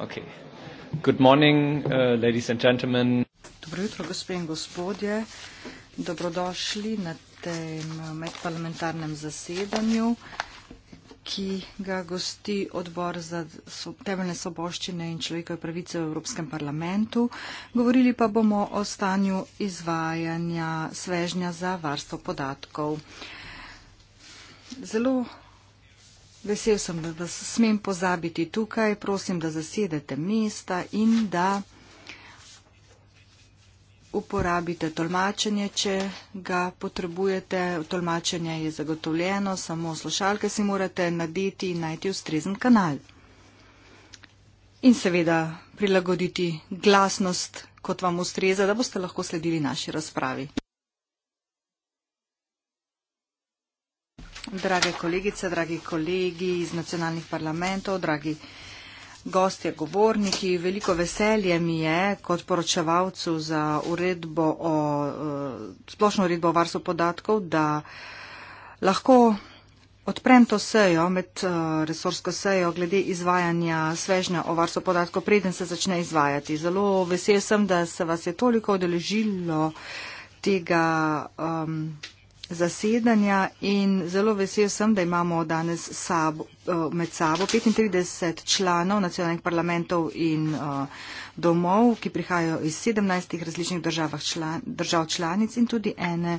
Okay. Good morning, uh, ladies and gentlemen. Dobro jutro, gospe in gospodje. Dobrodošli na tem medparlamentarnem zasedanju, ki ga gosti odbor za temeljne soboščine in človekove pravice v Evropskem parlamentu. Govorili pa bomo o stanju izvajanja svežnja za varstvo podatkov. Zelo Vesel sem, da vas smem pozabiti tukaj. Prosim, da zasedete mesta in da uporabite tolmačenje, če ga potrebujete. Tolmačenje je zagotovljeno, samo slušalke si morate nadeti in najti ustrezen kanal. In seveda prilagoditi glasnost, kot vam ustreza, da boste lahko sledili naši razpravi. Drage kolegice, dragi kolegi iz nacionalnih parlamentov, dragi gostje, govorniki, veliko veselje mi je kot poročevalcu za uredbo o, eh, splošno uredbo o varstvu podatkov, da lahko odprem to sejo med eh, resursko sejo glede izvajanja svežnja o varstvu podatkov, preden se začne izvajati. Zelo vesel sem, da se vas je toliko odeležilo tega. Um, zasedanja in zelo vesel sem, da imamo danes sabo, eh, med sabo 35 članov nacionalnih parlamentov in eh, domov, ki prihajajo iz 17 različnih držav članic in tudi ene eh,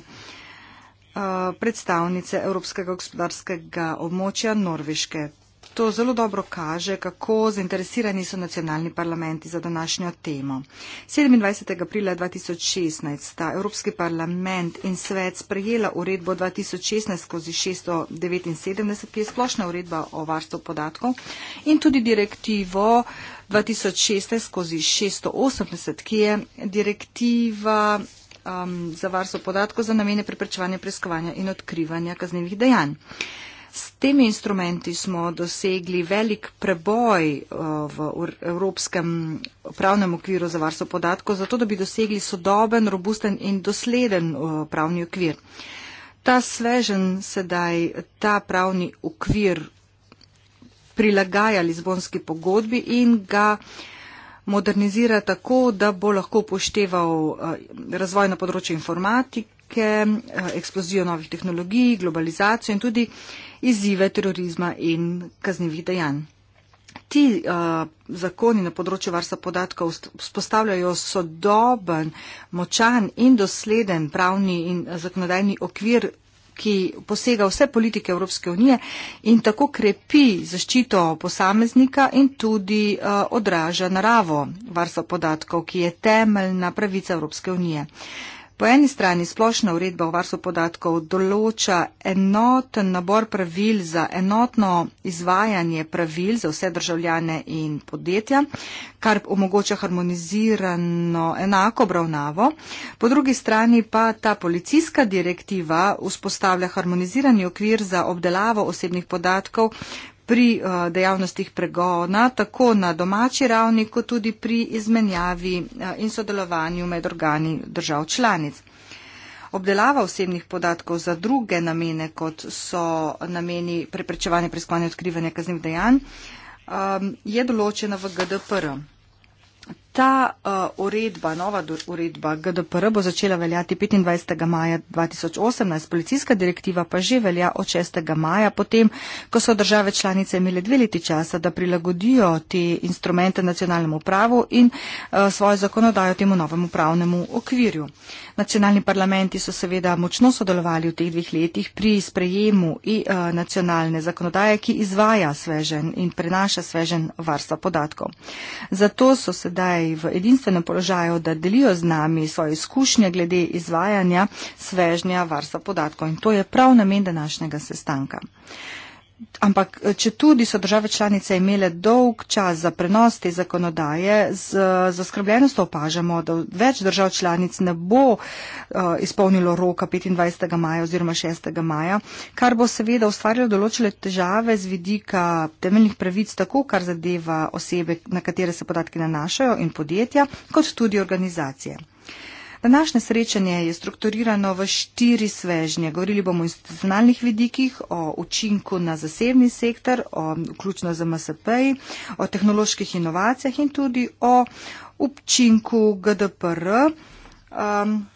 predstavnice Evropskega gospodarskega območja Norveške to zelo dobro kaže, kako zainteresirani so nacionalni parlamenti za današnjo temo. 27. aprila 2016 sta Evropski parlament in svet sprejela uredbo 2016 skozi 679, ki je splošna uredba o varstvu podatkov, in tudi direktivo 2016 skozi 680, ki je direktiva um, za varstvo podatkov za namene preprečevanja preiskovanja in odkrivanja kaznevih dejanj. S temi instrumenti smo dosegli velik preboj eh, v Evropskem pravnem okviru za varstvo podatkov, zato da bi dosegli sodoben, robusten in dosleden eh, pravni okvir. Ta svežen sedaj, ta pravni okvir prilagaja Lizbonski pogodbi in ga modernizira tako, da bo lahko upošteval eh, razvoj na področju informatik, politike, eh, eksplozijo novih tehnologij, globalizacijo in tudi izzive terorizma in kaznjivih dejanj. Ti uh, zakoni na področju varstva podatkov spostavljajo sodoben, močan in dosleden pravni in eh, zakonodajni okvir, ki posega vse politike Evropske unije in tako krepi zaščito posameznika in tudi uh, odraža naravo varstva podatkov, ki je temeljna pravica Evropske unije. Uh, Po eni strani splošna uredba o varstvu podatkov določa enoten nabor pravil za enotno izvajanje pravil za vse državljane in podjetja, kar omogoča harmonizirano enako obravnavo. Po drugi strani pa ta policijska direktiva vzpostavlja harmonizirani okvir za obdelavo osebnih podatkov, pri eh, dejavnostih pregona, tako na domači ravni, kot tudi pri izmenjavi eh, in sodelovanju med organi držav članic. Obdelava osebnih podatkov za druge namene, kot so nameni preprečevanja preiskovanja odkrivanja kaznih dejanj, eh, je določena v GDPR. Ta uh, uredba, nova uredba GDPR bo začela veljati 25. maja 2018, policijska direktiva pa že velja od 6. maja, potem, ko so države članice imele dve leti časa, da prilagodijo te instrumente nacionalnemu pravu in uh, svojo zakonodajo temu novemu pravnemu okvirju. Nacionalni parlamenti so seveda močno sodelovali v teh dveh letih pri sprejemu i, e, uh, nacionalne zakonodaje, ki izvaja svežen in prenaša svežen varstva podatkov. Zato so sedaj zdaj v edinstvenem položaju, da delijo z nami svoje izkušnje glede izvajanja svežnja varstva podatkov. In to je prav namen današnjega sestanka. Ampak, eh, če tudi so države članice imele dolg čas za prenos te zakonodaje, z zaskrbljenostjo opažamo, da več držav članic ne bo uh, izpolnilo roka 25. maja oziroma 6. maja, kar bo seveda ustvarjalo določile težave z vidika temeljnih pravic, tako kar zadeva osebe, na katere se podatki nanašajo in podjetja, kot tudi organizacije. Današnje srečanje je strukturirano v štiri svežnje. Govorili bomo o institucionalnih vidikih, o učinku na zasebni sektor, o vključno z MSP, o tehnoloških inovacijah in tudi o učinku GDPR. Um,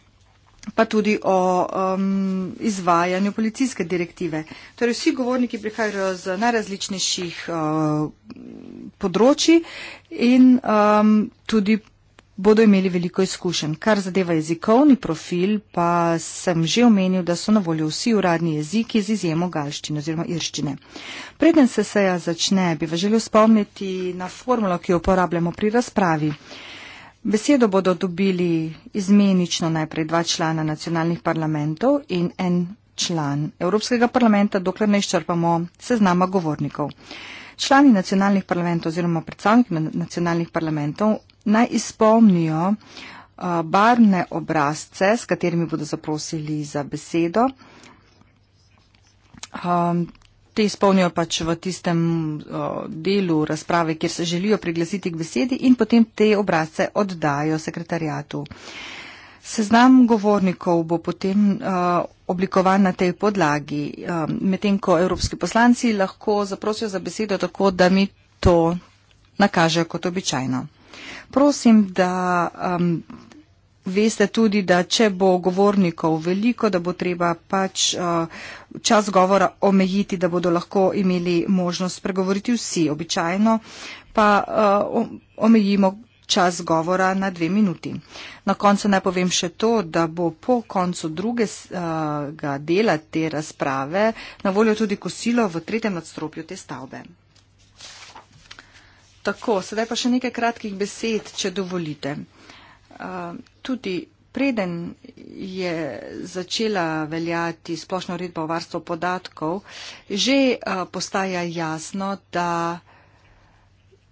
pa tudi o um, izvajanju policijske direktive. Torej vsi govorniki prihajajo z najrazličnejših uh, področji in um, tudi bodo imeli veliko izkušenj. Kar zadeva jezikovni profil, pa sem že omenil, da so na voljo vsi uradni jeziki z izjemo galščine oziroma irščine. Preden se seja začne, bi vas želel spomniti na formulo, ki jo uporabljamo pri razpravi. Besedo bodo dobili izmenično najprej dva člana nacionalnih parlamentov in en član Evropskega parlamenta, dokler ne izčrpamo seznama govornikov. Člani nacionalnih parlamentov oziroma predstavniki nacionalnih parlamentov naj izpolnijo uh, barvne obrazce, s katerimi bodo zaprosili za besedo. Um, te izpolnijo pač v tistem uh, delu razprave, kjer se želijo priglasiti k besedi in potem te obrazce oddajo sekretarjatu. Seznam govornikov bo potem uh, oblikovan na tej podlagi, uh, medtem ko evropski poslanci lahko zaprosijo za besedo tako, da mi to nakažejo kot običajno. Prosim, da um, veste tudi, da če bo govornikov veliko, da bo treba pač uh, čas govora omejiti, da bodo lahko imeli možnost pregovoriti vsi. Običajno pa uh, omejimo čas govora na dve minuti. Na koncu naj povem še to, da bo po koncu drugega dela te razprave na voljo tudi kosilo v tretjem nadstropju te stavbe. Tako, sedaj pa še nekaj kratkih besed, če dovolite. Uh, tudi preden je začela veljati splošna uredba o varstvu podatkov, že uh, postaja jasno, da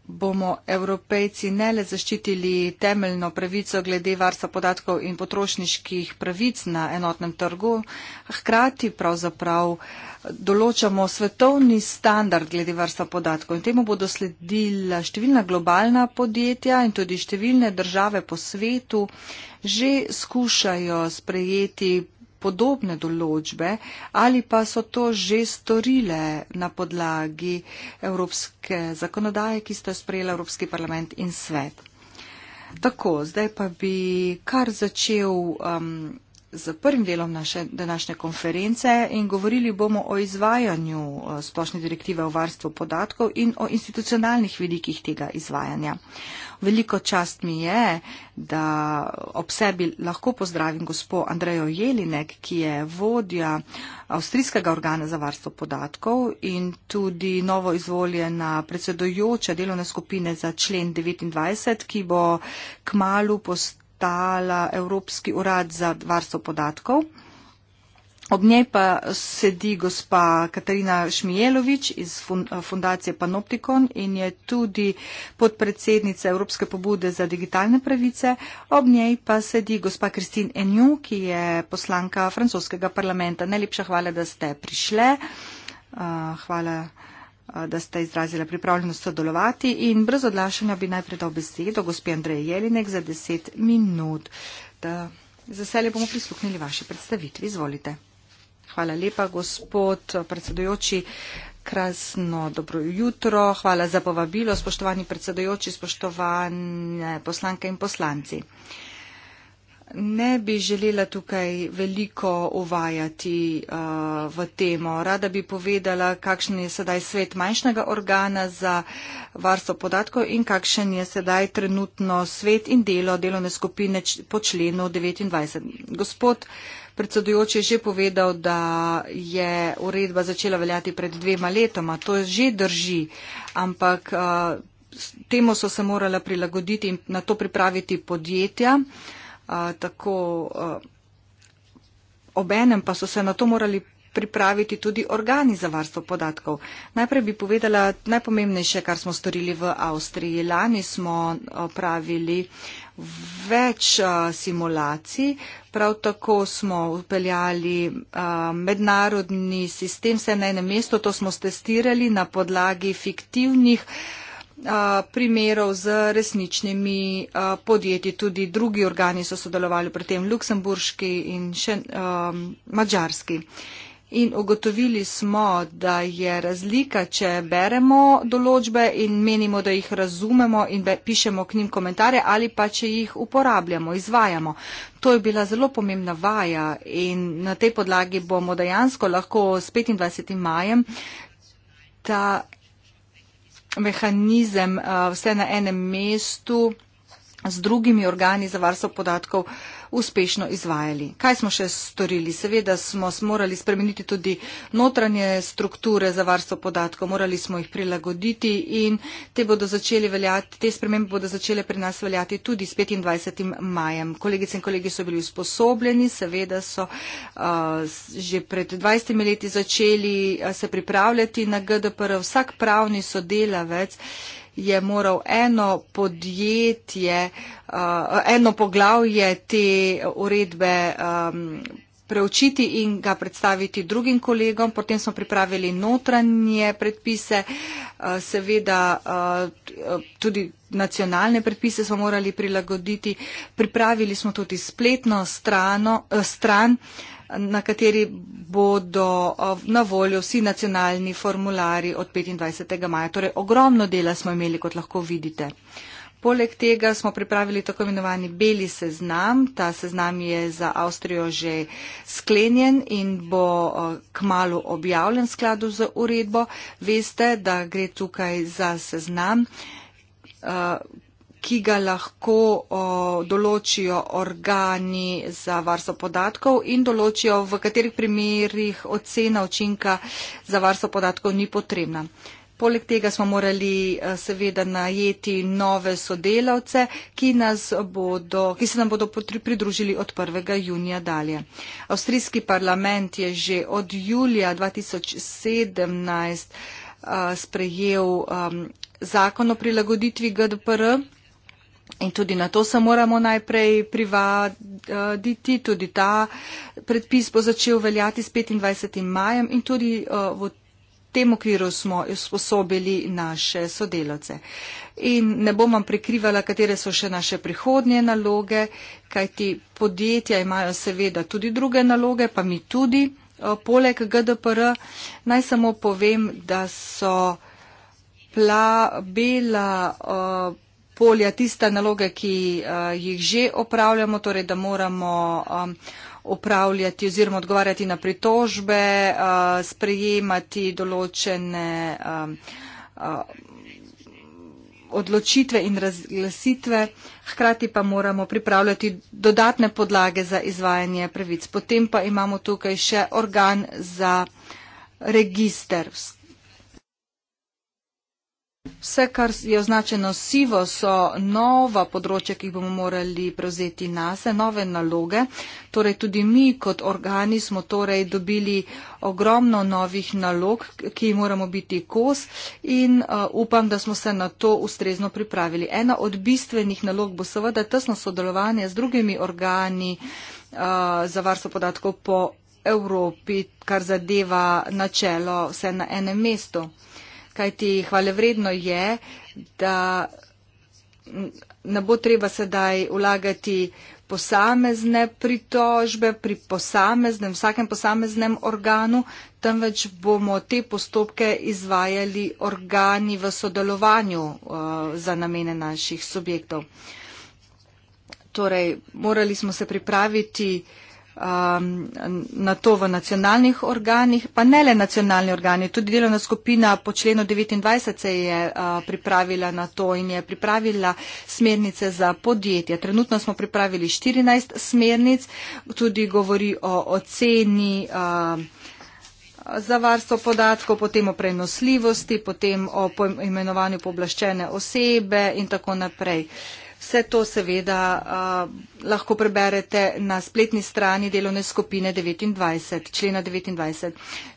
bomo evropejci ne le zaščitili temeljno pravico glede varstva podatkov in potrošniških pravic na enotnem trgu, hkrati pravzaprav določamo svetovni standard glede varstva podatkov in temu bodo sledila številna globalna podjetja in tudi številne države po svetu že skušajo sprejeti podobne določbe ali pa so to že storile na podlagi evropske zakonodaje, ki sta sprejela Evropski parlament in svet. Tako, zdaj pa bi kar začel um, z prvim delom naše današnje konference in govorili bomo o izvajanju uh, splošne direktive o varstvu podatkov in o institucionalnih vidikih tega izvajanja. Veliko čast mi je, da ob sebi lahko pozdravim gospo Andrejo Jelinek, ki je vodja Avstrijskega organa za varstvo podatkov in tudi novo izvoljena predsedojoča delovne skupine za člen 29, ki bo kmalu postala Evropski urad za varstvo podatkov. Ob njej pa sedi gospa Katarina Šmijelovič iz fundacije Panoptikon in je tudi podpredsednica Evropske pobude za digitalne pravice. Ob njej pa sedi gospa Kristin Enju, ki je poslanka francoskega parlamenta. Najlepša hvala, da ste prišle. Uh, hvala, uh, da ste izrazile pripravljenost sodelovati. In brez odlašanja bi najprej dal besedo gospe Andreje Jelinek za deset minut. Z veseljem bomo prisluhnili vaši predstavitvi. Izvolite. Hvala lepa, gospod predsedujoči. Krasno dobro jutro. Hvala za povabilo, spoštovani predsedujoči, spoštovane poslanke in poslanci. Ne bi želela tukaj veliko uvajati uh, v temo. Rada bi povedala, kakšen je sedaj svet manjšnega organa za varstvo podatkov in kakšen je sedaj trenutno svet in delo delovne skupine po členu 29. Gospod predsedujoči že povedal, da je uredba začela veljati pred dvema letoma. To že drži, ampak eh, temu so se morala prilagoditi in na to pripraviti podjetja. Eh, tako eh, obenem pa so se na to morali pripraviti tudi organi za varstvo podatkov. Najprej bi povedala najpomembnejše, kar smo storili v Avstriji. Lani smo opravili uh, več uh, simulacij. Prav tako smo upeljali uh, mednarodni sistem vse na enem mestu. To smo testirali na podlagi fiktivnih primerov z resničnimi podjetji. Tudi drugi organi so sodelovali pri tem, luksemburški in še um, mačarski. Uh, in ugotovili smo, da je razlika, če beremo določbe in menimo, da jih razumemo in pišemo k njim komentarje ali pa če jih uporabljamo, izvajamo. To je bila zelo pomembna vaja in na tej podlagi bomo dejansko lahko s 25. majem ta mehanizem eh, vse na enem mestu z drugimi organi za varstvo podatkov uh, uspešno izvajali. Kaj smo še storili? Seveda smo morali spremeniti tudi notranje strukture za varstvo podatkov, morali smo jih prilagoditi in te, veljati, te spremembe bodo začele pri nas veljati tudi s 25. majem. Kolegice in kolegi so bili usposobljeni, seveda so uh, že pred 20 leti začeli uh, se pripravljati na GDPR. Vsak pravni sodelavec je moral eno podjetje, eh, eno poglavje te uredbe preučiti in ga predstaviti drugim kolegom. Potem smo pripravili notranje predpise, eh, seveda eh, tudi nacionalne predpise smo morali prilagoditi. Pripravili smo tudi spletno strano, stran na kateri bodo na voljo vsi nacionalni formulari od 25. maja. Torej, ogromno dela smo imeli, kot lahko vidite. Poleg tega smo pripravili tako imenovani beli seznam. Ta seznam je za Avstrijo že sklenjen in bo kmalo objavljen skladu z uredbo. Veste, da gre tukaj za seznam ki ga lahko o, določijo organi za varstvo podatkov in določijo, v katerih primerjih ocena učinka za varstvo podatkov ni potrebna. Poleg tega smo morali e, seveda najeti nove sodelavce, ki, bodo, ki se nam bodo pridružili od 1. junija dalje. Avstrijski parlament je že od julija 2017 e, sprejel e, zakon o prilagoditvi GDPR, In tudi na to se moramo najprej privaditi. Tudi ta predpis bo začel veljati s 25. majem in tudi eh, v tem okviru smo usposobili naše sodelavce. In ne bom vam prikrivala, katere so še naše prihodnje naloge, kajti podjetja imajo seveda tudi druge naloge, pa mi tudi. Eh, poleg GDPR naj samo povem, da so plabela. Uh, eh, polja, tiste naloge, ki eh, jih že opravljamo, torej da moramo um, opravljati oziroma odgovarjati na pritožbe, eh, sprejemati določene um, eh, odločitve in razglasitve, hkrati pa moramo pripravljati dodatne podlage za izvajanje pravic. Potem pa imamo tukaj še organ za register, s Vse, kar je označeno sivo, so nova področja, ki jih bomo morali prevzeti na se, nove naloge. Torej tudi mi kot organi smo torej dobili ogromno novih nalog, ki jim moramo biti kos in uh, upam, da smo se na to ustrezno pripravili. Ena od bistvenih nalog bo seveda tesno sodelovanje z drugimi organi uh, za varstvo podatkov po Evropi, kar zadeva načelo vse na enem mestu kajti hvale vredno je, da ne bo treba sedaj vlagati posamezne pritožbe pri posameznem, vsakem posameznem organu, temveč bomo te postopke izvajali organi v sodelovanju eh, za namene naših subjektov. Torej, morali smo se pripraviti uh, um, na to v nacionalnih organih, pa ne le nacionalni organi, tudi delovna skupina po členu 29 se je uh, pripravila na to in je pripravila smernice za podjetja. Trenutno smo pripravili 14 smernic, tudi govori o oceni. Uh, za varstvo podatkov, potem o prenosljivosti, potem o imenovanju poblaščene osebe in tako naprej. Uh, Vse to seveda uh, lahko preberete na spletni strani delovne skupine 29, člena 29.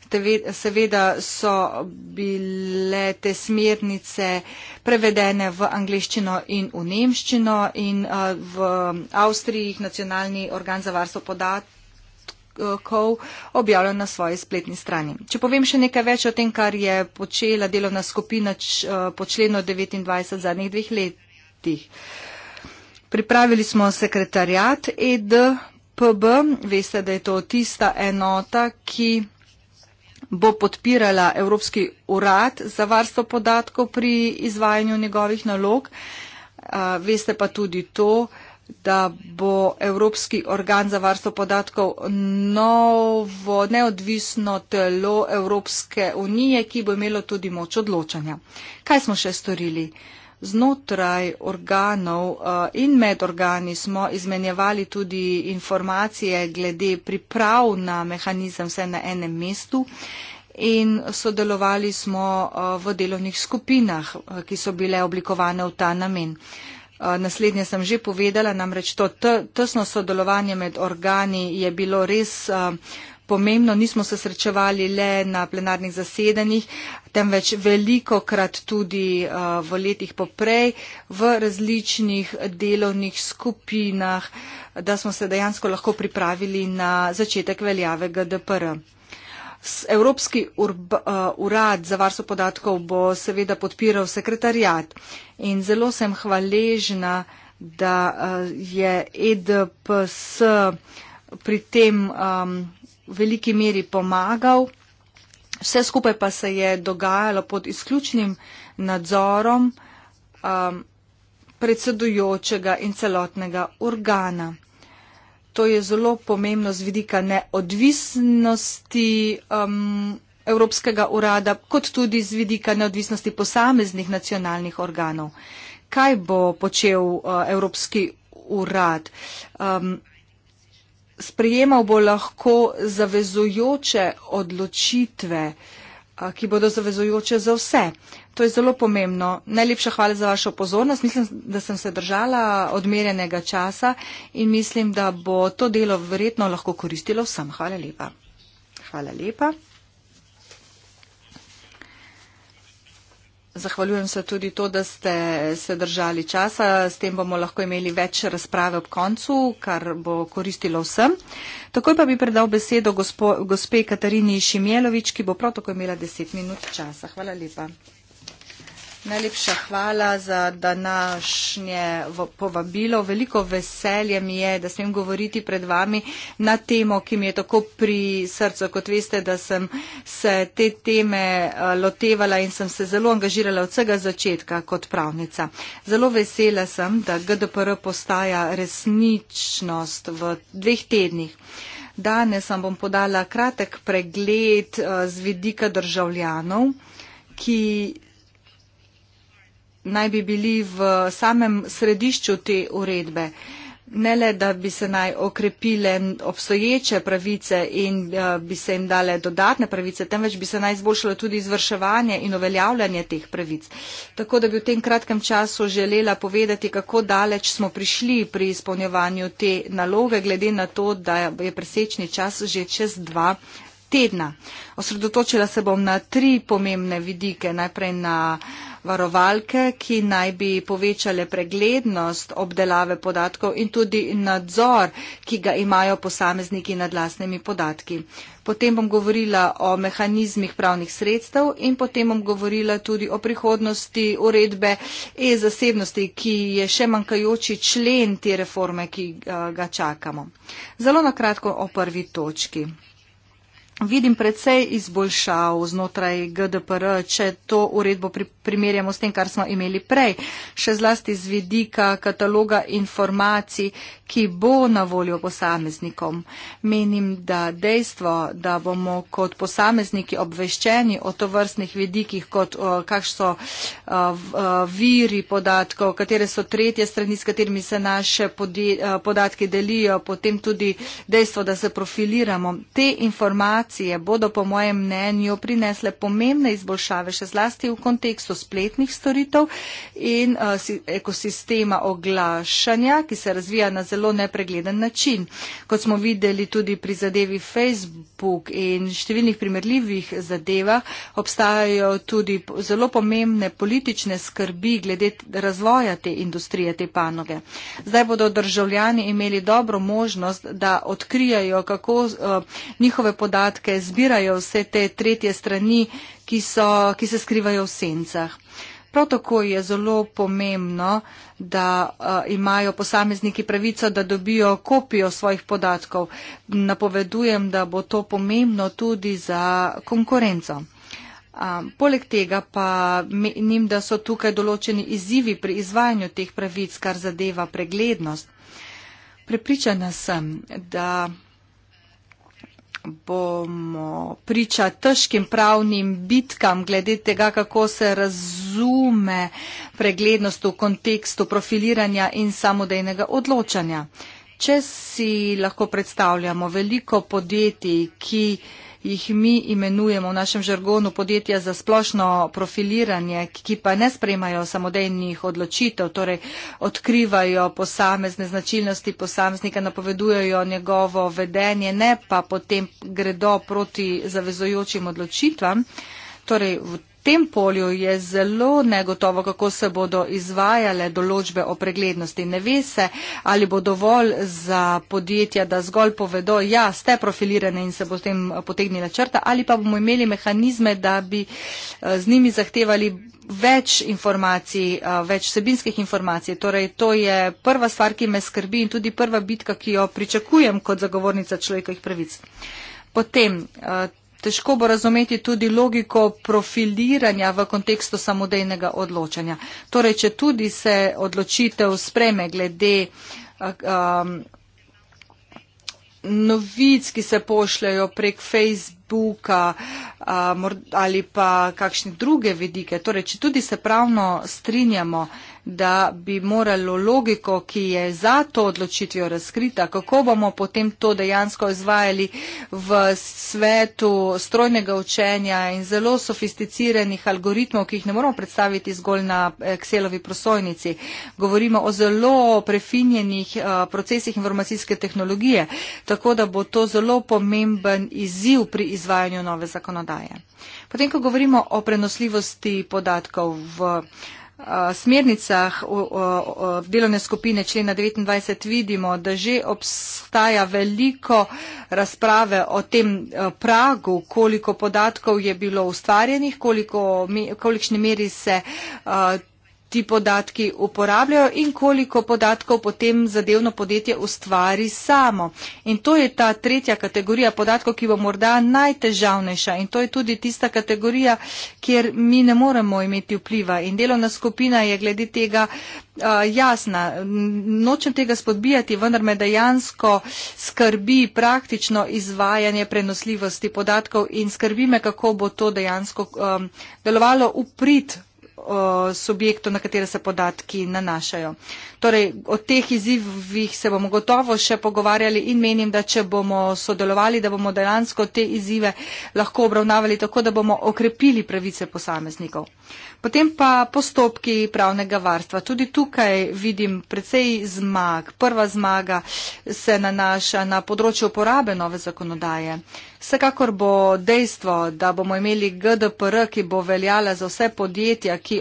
Teve, seveda so bile te smernice prevedene v angliščino in v nemščino in uh, v Avstriji nacionalni organ za varstvo podatkov objavljen na svoji spletni strani. Če povem še nekaj več o tem, kar je počela delovna skupina č, po členu 29 zadnjih dveh letih. Uh, Pripravili smo sekretarjat EDPB, veste, da je to tista enota, ki bo podpirala Evropski urad za varstvo podatkov pri izvajanju njegovih nalog. Veste pa tudi to, da bo Evropski organ za varstvo podatkov novo neodvisno telo Evropske unije, ki bo imelo tudi moč odločanja. Kaj smo še storili? Uh, znotraj organov eh, in med organi smo izmenjevali tudi informacije glede priprav na mehanizem vse na enem mestu in sodelovali smo eh, v delovnih skupinah, eh, ki so bile oblikovane v ta namen. Naslednje sem že povedala, namreč to tesno sodelovanje med organi je bilo res uh, pomembno, nismo se srečevali le na plenarnih zasedanjih, temveč veliko krat tudi eh, v letih poprej v različnih delovnih skupinah, da smo se dejansko lahko pripravili na začetek veljave GDPR. Evropski eh, urad za varstvo podatkov bo seveda podpiral sekretarjat in zelo sem hvaležna, da eh, je EDPS pri tem um, v veliki meri pomagal. Vse skupaj pa se je dogajalo pod izključnim nadzorom um, predsedujočega in celotnega organa. To je zelo pomembno z vidika neodvisnosti um, Evropskega urada, kot tudi z vidika neodvisnosti posameznih nacionalnih organov. Kaj bo počel uh, Evropski urad? Um, sprejemal bo lahko zavezujoče odločitve, ki bodo zavezujoče za vse. To je zelo pomembno. Najlepša hvala za vašo pozornost. Mislim, da sem se držala odmerjenega časa in mislim, da bo to delo verjetno lahko koristilo vsem. Hvala lepa. Hvala lepa. Zahvaljujem se tudi to, da ste se držali časa. S tem bomo lahko imeli več razprave ob koncu, kar bo koristilo vsem. Takoj pa bi predal besedo gospe Katarini Šimjelovič, ki bo prav tako imela deset minut časa. Hvala lepa. Najlepša hvala za današnje povabilo. Veliko veselje mi je, da smem govoriti pred vami na temo, ki mi je tako pri srcu. Kot veste, da sem se te teme eh, lotevala in sem se zelo angažirala od vsega začetka kot pravnica. Zelo vesela sem, da GDPR postaja resničnost v dveh tednih. Danes vam bom podala kratek pregled eh, z vidika državljanov ki naj bi bili v samem središču te uredbe. Ne le, da bi se naj okrepile obstoječe pravice in eh, bi se jim dale dodatne pravice, temveč bi se naj izboljšalo tudi izvrševanje in uveljavljanje teh pravic. Tako da bi v tem kratkem času želela povedati, kako daleč smo prišli pri izpolnjevanju te naloge, glede na to, da je presečni čas že čez dva tedna. Osredotočila se bom na tri pomembne vidike. Najprej na varovalke, ki naj bi povečale preglednost obdelave podatkov in tudi nadzor, ki ga imajo posamezniki nad lasnimi podatki. Potem bom govorila o mehanizmih pravnih sredstev in potem bom govorila tudi o prihodnosti uredbe e-zasebnosti, ki je še manjkajoči člen te reforme, ki ga čakamo. Zelo nakratko o prvi točki vidim precej izboljšav znotraj GDPR, če to uredbo pri, primerjamo s tem, kar smo imeli prej, še zlasti z vidika kataloga informacij, ki bo na voljo posameznikom. Menim, da dejstvo, da bomo kot posamezniki obveščeni o tovrstnih vidikih, kot kakšni so a, a, viri podatkov, katere so tretje strani, s katerimi se naše podje, a, podatki delijo, potem tudi dejstvo, da se profiliramo. Te informacije, aplikacije bodo po mojem mnenju prinesle pomembne izboljšave še zlasti v kontekstu spletnih storitev in eh, ekosistema oglašanja, ki se razvija na zelo nepregleden način. Kot smo videli tudi pri zadevi Facebook in številnih primerljivih zadevah, obstajajo tudi zelo pomembne politične skrbi glede razvoja te industrije, te panoge. Zdaj bodo državljani imeli dobro možnost, da odkrijajo, kako uh, njihove podatke podatke zbirajo vse te tretje strani, ki, so, ki se skrivajo v sencah. Prav tako je zelo pomembno, da uh, imajo posamezniki pravico, da dobijo kopijo svojih podatkov. Napovedujem, da bo to pomembno tudi za konkurenco. Um, poleg tega pa menim, da so tukaj določeni izzivi pri izvajanju teh pravic, kar zadeva preglednost. Prepričana sem, da bomo priča težkim pravnim bitkam glede tega, kako se razume preglednost v kontekstu profiliranja in samodejnega odločanja. Če si lahko predstavljamo veliko podjetij, ki jih mi imenujemo v našem žargonu podjetja za splošno profiliranje, ki pa ne sprejmajo samodejnih odločitev, torej odkrivajo posamezne značilnosti posameznika, napovedujejo njegovo vedenje, ne pa potem gredo proti zavezojočim odločitvam. Torej, v tem polju je zelo negotovo, kako se bodo izvajale določbe o preglednosti. Ne ve se, ali bo dovolj za podjetja, da zgolj povedo, ja, ste profilirane in se bo s tem potegnila črta, ali pa bomo imeli mehanizme, da bi eh, z njimi zahtevali več informacij, eh, več sebinskih informacij. Torej, to je prva stvar, ki me skrbi in tudi prva bitka, ki jo pričakujem kot zagovornica človekovih pravic. Potem, eh, težko bo razumeti tudi logiko profiliranja v kontekstu samodejnega odločanja. Torej, če tudi se odločitev spreme glede eh, um, novic, ki se pošljajo prek Facebooka uh, ali pa kakšne druge vidike, torej, če tudi se pravno strinjamo, da bi moralo logiko, ki je za to odločitvijo razkrita, kako bomo potem to dejansko izvajali v svetu strojnega učenja in zelo sofisticiranih algoritmov, ki jih ne moramo predstaviti zgolj na Excelovi prosojnici. Govorimo o zelo prefinjenih eh, procesih informacijske tehnologije, tako da bo to zelo pomemben izziv pri izvajanju nove zakonodaje. Potem, ko govorimo o prenosljivosti podatkov v smernicah delovne skupine člena 29 vidimo, da že obstaja veliko razprave o tem eh, pragu, koliko podatkov je bilo ustvarjenih, koliko, kolikšni meri se. Uh, ti podatki uporabljajo in koliko podatkov potem zadevno podjetje ustvari samo. In to je ta tretja kategorija podatkov, ki bo morda najtežavnejša in to je tudi tista kategorija, kjer mi ne moremo imeti vpliva. In delovna skupina je glede tega uh, jasna. Nočem tega spodbijati, vendar me dejansko skrbi praktično izvajanje prenosljivosti podatkov in skrbi me, kako bo to dejansko um, delovalo uprit subjektov, na katere se podatki nanašajo. Torej, o teh izzivih se bomo gotovo še pogovarjali in menim, da če bomo sodelovali, da bomo dejansko te izzive lahko obravnavali tako, da bomo okrepili pravice posameznikov. Potem pa postopki pravnega varstva. Tudi tukaj vidim precej zmag. Prva zmaga se nanaša na področje uporabe nove zakonodaje. Vsekakor bo dejstvo, da bomo imeli GDPR, ki bo veljala za vse podjetja, ki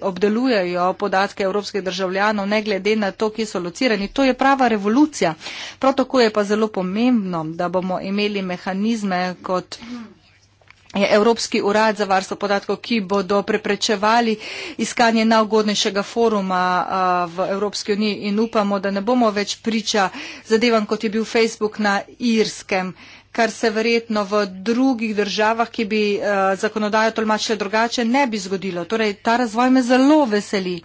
obdelujejo podatke evropskih državljanov, ne glede na to, kje so locirani. To je prava revolucija. Prav tako je pa zelo pomembno, da bomo imeli mehanizme kot. Je Evropski urad za varstvo podatkov, ki bodo preprečevali iskanje najugodnejšega foruma v Evropski uniji in upamo, da ne bomo več priča zadevam, kot je bil Facebook na Irskem kar se verjetno v drugih državah, ki bi eh, zakonodajo tolmačile drugače, ne bi zgodilo. Torej, ta razvoj me zelo veseli.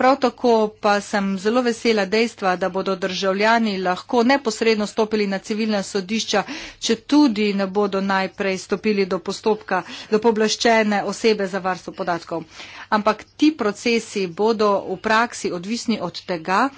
Prav tako pa sem zelo vesela dejstva, da bodo državljani lahko neposredno stopili na civilna sodišča, če tudi ne bodo najprej stopili do postopka, do poblaščene osebe za varstvo podatkov. Ampak ti procesi bodo v praksi odvisni od tega,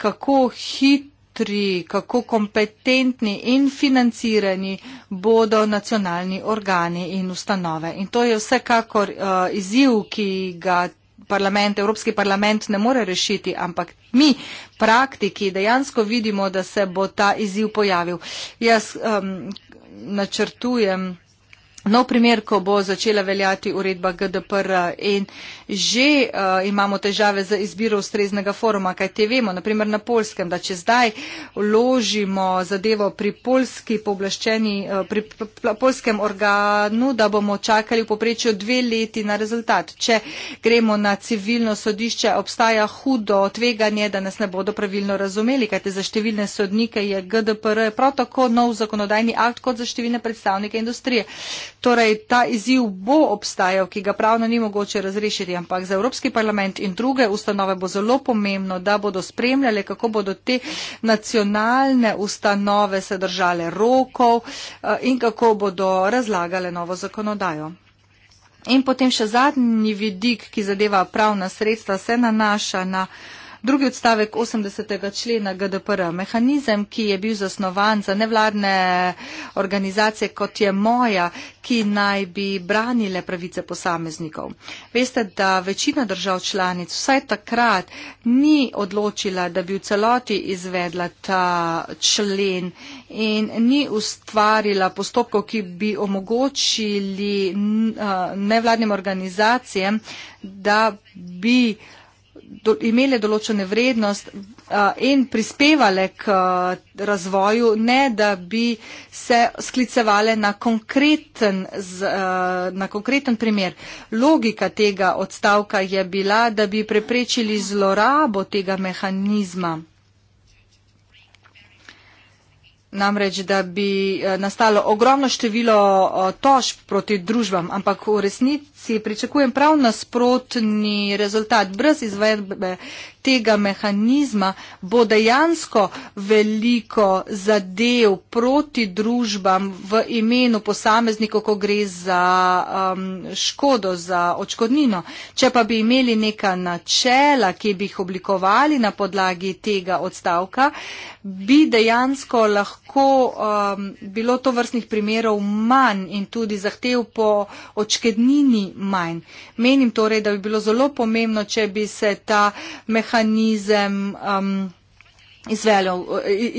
kako hitro jutri, kako kompetentni in financirani bodo nacionalni organi in ustanove. In to je vsekakor uh, izziv, ki ga. Parlament, Evropski parlament ne more rešiti, ampak mi, praktiki, dejansko vidimo, da se bo ta izziv pojavil. Jaz um, načrtujem Nov primer, ko bo začela veljati uredba GDPR in že uh, imamo težave z izbiro ustreznega foruma, kaj te vemo, naprimer na polskem, da če zdaj uložimo zadevo pri, eh, pri, pri polskem organu, da bomo čakali v poprečju dve leti na rezultat. Če gremo na civilno sodišče, obstaja hudo tveganje, da nas ne bodo pravilno razumeli, kajte za številne sodnike je GDPR prav tako nov zakonodajni akt kot za številne predstavnike industrije. Torej, ta izziv bo obstajal, ki ga pravno ni mogoče razrešiti, ampak za Evropski parlament in druge ustanove bo zelo pomembno, da bodo spremljali, kako bodo te nacionalne ustanove se držale rokov eh, in kako bodo razlagale novo zakonodajo. In potem še zadnji vidik, ki zadeva pravna sredstva, se nanaša na drugi odstavek 80. člena GDPR. Mehanizem, ki je bil zasnovan za nevladne organizacije, kot je moja, ki naj bi branile pravice posameznikov. Veste, da večina držav članic vsaj takrat ni odločila, da bi v celoti izvedla ta člen in ni ustvarila postopkov, ki bi omogočili nevladnim organizacijam, da bi do, imele določene vrednost a, uh, in prispevale k a, uh, razvoju, ne da bi se sklicevale na konkreten, z, a, uh, na konkreten primer. Logika tega odstavka je bila, da bi preprečili zlorabo tega mehanizma. Namreč, da bi nastalo ogromno število tožb proti družbam, ampak v resnici si pričakujem prav nasprotni rezultat. Brez izvedbe tega mehanizma bo dejansko veliko zadev proti družbam v imenu posameznikov, ko gre za um, škodo, za očkodnino. Če pa bi imeli neka načela, ki bi jih oblikovali na podlagi tega odstavka, bi dejansko lahko um, bilo to vrstnih primerov manj in tudi zahtev po očkodnini manj. Menim torej, da bi bilo zelo pomembno, če bi se ta mehanizem um, izvelil,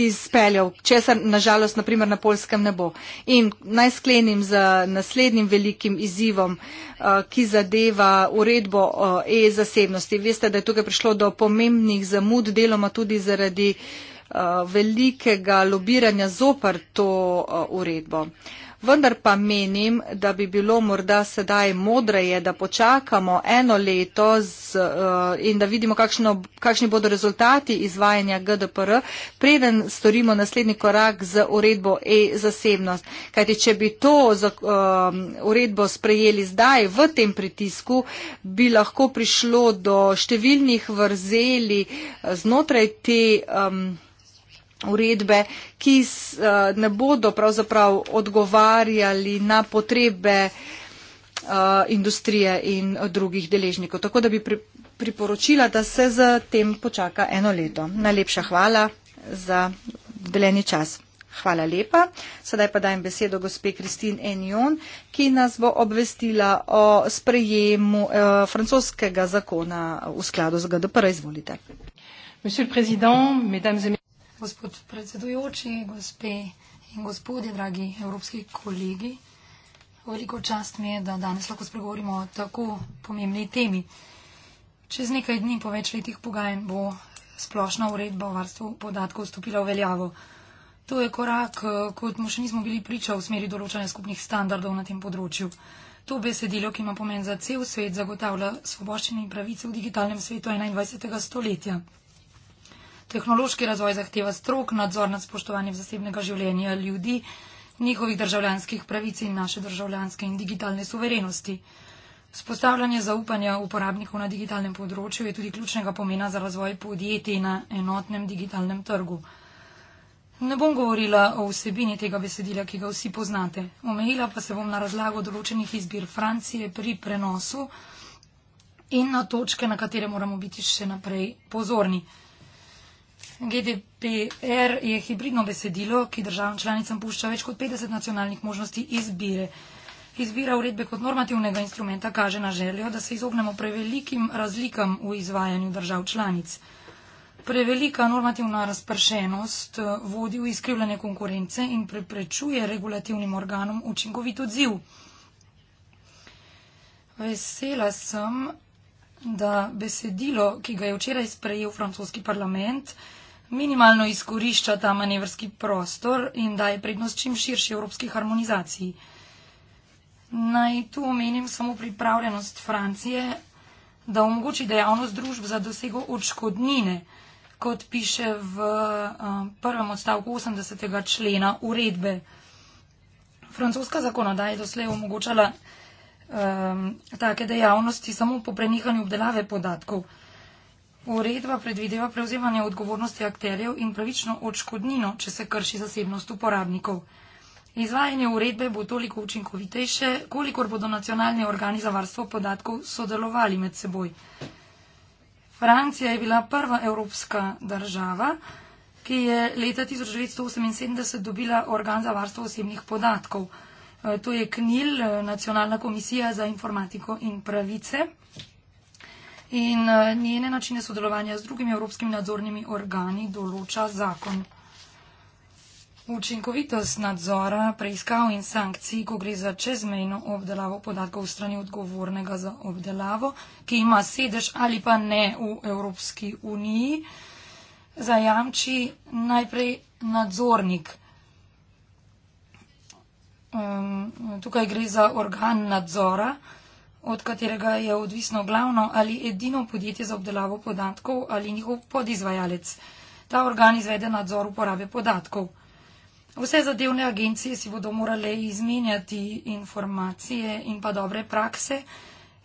izpeljal, če se nažalost naprimer na polskem ne bo. In naj sklenim z naslednjim velikim izzivom, uh, ki zadeva uredbo e-zasebnosti. Veste, da je tukaj prišlo do pomembnih zamud, deloma tudi zaradi uh, velikega lobiranja zopr to uh, uredbo. Uh, vendar pa menim, da bi bilo morda sedaj modreje, da počakamo eno leto z, uh, in da vidimo, kakšno, kakšni bodo rezultati izvajanja GDPR, preden storimo naslednji korak z uredbo e-zasebnost. Kajti, če bi to z, uh, eh, uredbo sprejeli zdaj v tem pritisku, bi lahko prišlo do številnih vrzeli eh, znotraj te. Um, uredbe, ki eh, ne bodo pravzaprav odgovarjali na potrebe eh, industrije in drugih deležnikov. Tako da bi priporočila, da se z tem počaka eno leto. Najlepša hvala za deljeni čas. Hvala lepa. Sedaj pa dajem besedo gospe Kristin Enjon, ki nas bo obvestila o sprejemu eh, francoskega zakona v skladu z GDPR. Izvolite gospod predsedujoči, gospe in gospodje, dragi evropski kolegi. Veliko čast mi je, da danes lahko spregovorimo o tako pomembni temi. Čez nekaj dni po večletih pogajanj bo splošna uredba o varstvu podatkov vstopila v veljavo. To je korak, kot mu še nismo bili priča v smeri določanja skupnih standardov na tem področju. To besedilo, ki ima pomen za cel svet, zagotavlja svoboščine in pravice v digitalnem svetu 21. stoletja. Tehnološki razvoj zahteva strok nadzor nad spoštovanjem zasebnega življenja ljudi, njihovih državljanskih pravic in naše državljanske in digitalne suverenosti. Spostavljanje zaupanja uporabnikov na digitalnem področju je tudi ključnega pomena za razvoj podjetij na enotnem digitalnem trgu. Ne bom govorila o vsebini tega besedila, ki ga vsi poznate. Omejila pa se bom na razlago določenih izbir Francije pri prenosu in na točke, na katere moramo biti še naprej pozorni. GDPR je hibridno besedilo, ki državam članicam pušča več kot 50 nacionalnih možnosti izbire. Izbira uredbe kot normativnega instrumenta kaže na željo, da se izognemo prevelikim razlikam v izvajanju držav članic. Prevelika normativna razpršenost eh, vodi v izkrivljanje konkurence in preprečuje regulativnim organom učinkovit odziv. Vesela sem, da besedilo, ki ga je včeraj sprejel francoski parlament, minimalno izkorišča ta manevrski prostor in daje prednost čim širši evropski harmonizaciji. Naj tu omenim samo pripravljenost Francije, da omogoči dejavnost družb za dosego odškodnine, kot piše v eh, prvem odstavku 80. člena uredbe. Francoska zakonodaja je doslej omogočala um, take dejavnosti samo po prenehanju obdelave podatkov. Uredba predvideva prevzemanje odgovornosti akterjev in pravično odškodnino, če se krši zasebnost uporabnikov. Izvajanje uredbe bo toliko učinkovitejše, kolikor bodo nacionalni organi za varstvo podatkov sodelovali med seboj. Francija je bila prva evropska država, ki je leta 1978 dobila organ za varstvo osebnih podatkov. E, to je KNIL, e, Nacionalna komisija za informatiko in pravice in eh, njene načine sodelovanja z drugimi evropskimi nadzornimi organi določa zakon. Učinkovitost nadzora, preiskav in sankcij, ko gre za čezmejno obdelavo podatkov v strani odgovornega za obdelavo, ki ima sedež ali pa ne v Evropski uniji, zajamči najprej nadzornik. Um, tukaj gre za organ nadzora, od katerega je odvisno glavno ali edino podjetje za obdelavo podatkov ali njihov podizvajalec. Ta organ izvede nadzor uporabe podatkov. Vse zadevne agencije si bodo morale izmenjati informacije in pa dobre prakse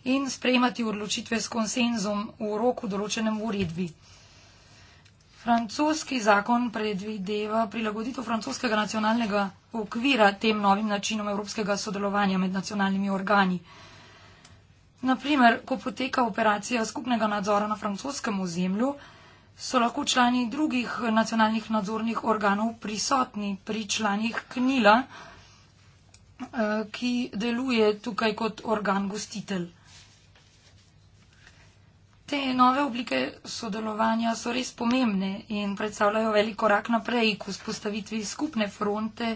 in sprejemati odločitve s konsenzom v roku določenem v uredbi. Francoski zakon predvideva prilagoditev francoskega nacionalnega okvira tem novim načinom evropskega sodelovanja med nacionalnimi organi. Naprimer, ko poteka operacija skupnega nadzora na francoskem ozemlju, so lahko člani drugih nacionalnih nadzornih organov prisotni pri članih Knila, eh, ki deluje tukaj kot organ gostitelj. Te nove oblike sodelovanja so res pomembne in predstavljajo velik korak naprej k vzpostavitvi skupne fronte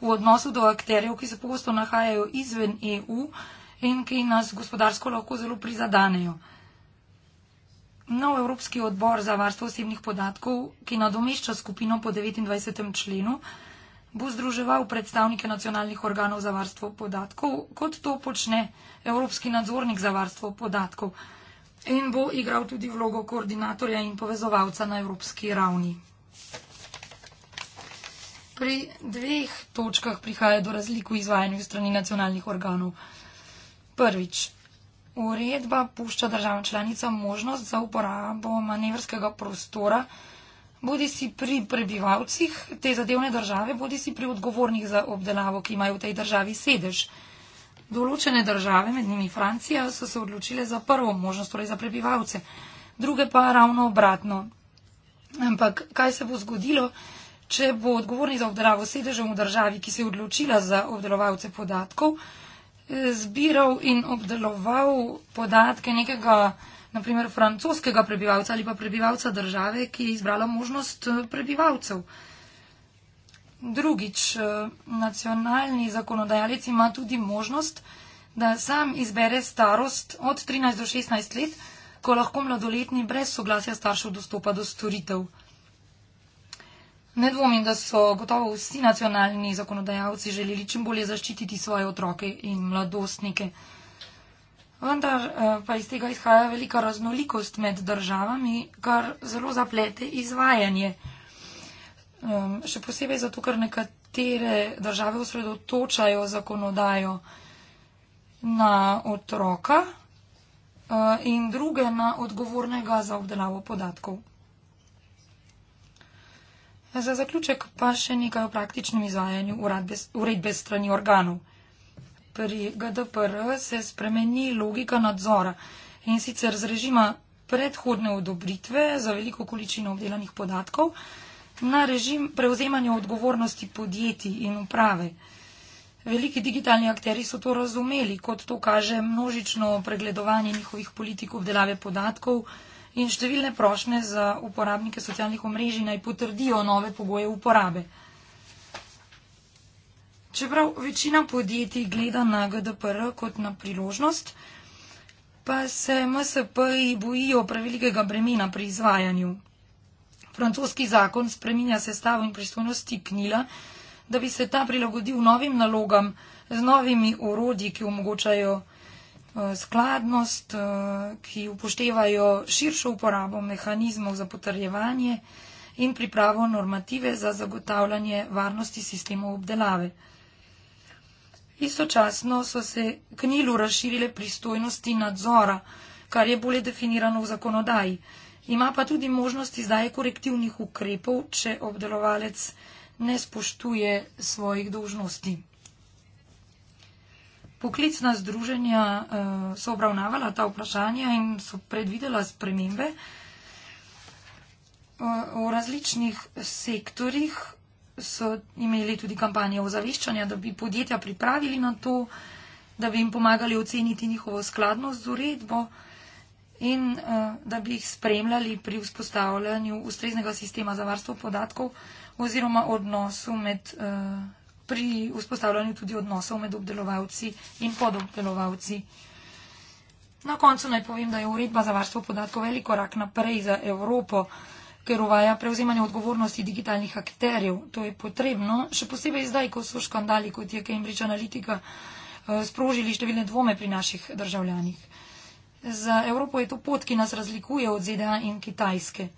v odnosu do akterjev, ki se pogosto nahajajo izven EU in ki nas gospodarsko lahko zelo prizadanejo. Nov Evropski odbor za varstvo osebnih podatkov, ki nadomešča skupino po 29. členu, bo združeval predstavnike nacionalnih organov za varstvo podatkov, kot to počne Evropski nadzornik za varstvo podatkov in bo igral tudi vlogo koordinatorja in povezovalca na evropski ravni. Pri dveh točkah prihaja do razliku izvajanja v strani nacionalnih organov. Prvič. Uredba pušča državam članicam možnost za uporabo manevrskega prostora, bodi si pri prebivalcih te zadevne države, bodi si pri odgovornih za obdelavo, ki imajo v tej državi sedež. Določene države, med njimi Francija, so se odločile za prvo možnost, torej za prebivalce, druge pa ravno obratno. Ampak kaj se bo zgodilo, če bo odgovorni za obdelavo sedežem v državi, ki se je odločila za obdelovalce podatkov? zbiral in obdeloval podatke nekega, naprimer, francoskega prebivalca ali pa prebivalca države, ki je izbrala možnost eh, prebivalcev. Drugič, eh, nacionalni zakonodajalec ima tudi možnost, da sam izbere starost od 13 do 16 let, ko lahko mladoletni brez soglasja staršev dostopa do storitev. Ne dvomim, da so gotovo vsi nacionalni zakonodajalci želeli čim bolje zaščititi svoje otroke in mladostnike. Vendar eh, pa iz tega izhaja velika raznolikost med državami, kar zelo zaplete izvajanje. Ehm, še posebej zato, ker nekatere države osredotočajo zakonodajo na otroka eh, in druge na odgovornega za obdelavo podatkov. Za zaključek pa še nekaj o praktičnem izvajanju uredbe strani organov. Pri GDPR se spremeni logika nadzora in sicer z režima predhodne odobritve za veliko količino obdelanih podatkov na režim prevzemanja odgovornosti podjetij in uprave. Veliki digitalni akteri so to razumeli, kot to kaže množično pregledovanje njihovih politik obdelave podatkov in številne prošnje za uporabnike socialnih omrežij naj potrdijo nove pogoje uporabe. Čeprav večina podjetij gleda na GDPR kot na priložnost, pa se MSP-ji bojijo prevelikega bremena pri izvajanju. Francoski zakon spreminja sestavo in pristojnosti KNILA, da bi se ta prilagodil novim nalogam z novimi urodji, ki omogočajo Eh, skladnost, eh, ki upoštevajo širšo uporabo mehanizmov za potrjevanje in pripravo normative za zagotavljanje varnosti sistemov obdelave. Istočasno so se k Nilu razširile pristojnosti nadzora, kar je bolje definirano v zakonodaji. Ima pa tudi možnost izdaje korektivnih ukrepov, če obdelovalec ne spoštuje svojih dolžnosti poklicna združenja eh, so obravnavala ta vprašanja in so predvidela spremembe v eh, različnih sektorjih so imeli tudi kampanje ozaveščanja, da bi podjetja pripravili na to, da bi jim pomagali oceniti njihovo skladnost z uredbo in eh, da bi jih spremljali pri vzpostavljanju ustreznega sistema za varstvo podatkov oziroma odnosu med pri vzpostavljanju tudi odnosov med obdelovalci in podobdelovalci. Na koncu naj povem, da je uredba za varstvo podatkov velik korak naprej za Evropo, ker uvaja prevzemanje odgovornosti digitalnih akterjev. To je potrebno, še posebej zdaj, ko so škandali, kot je Cambridge Analytica, eh, sprožili številne dvome pri naših državljanih. Za Evropo je to pot, ki nas razlikuje od ZDA in Kitajske.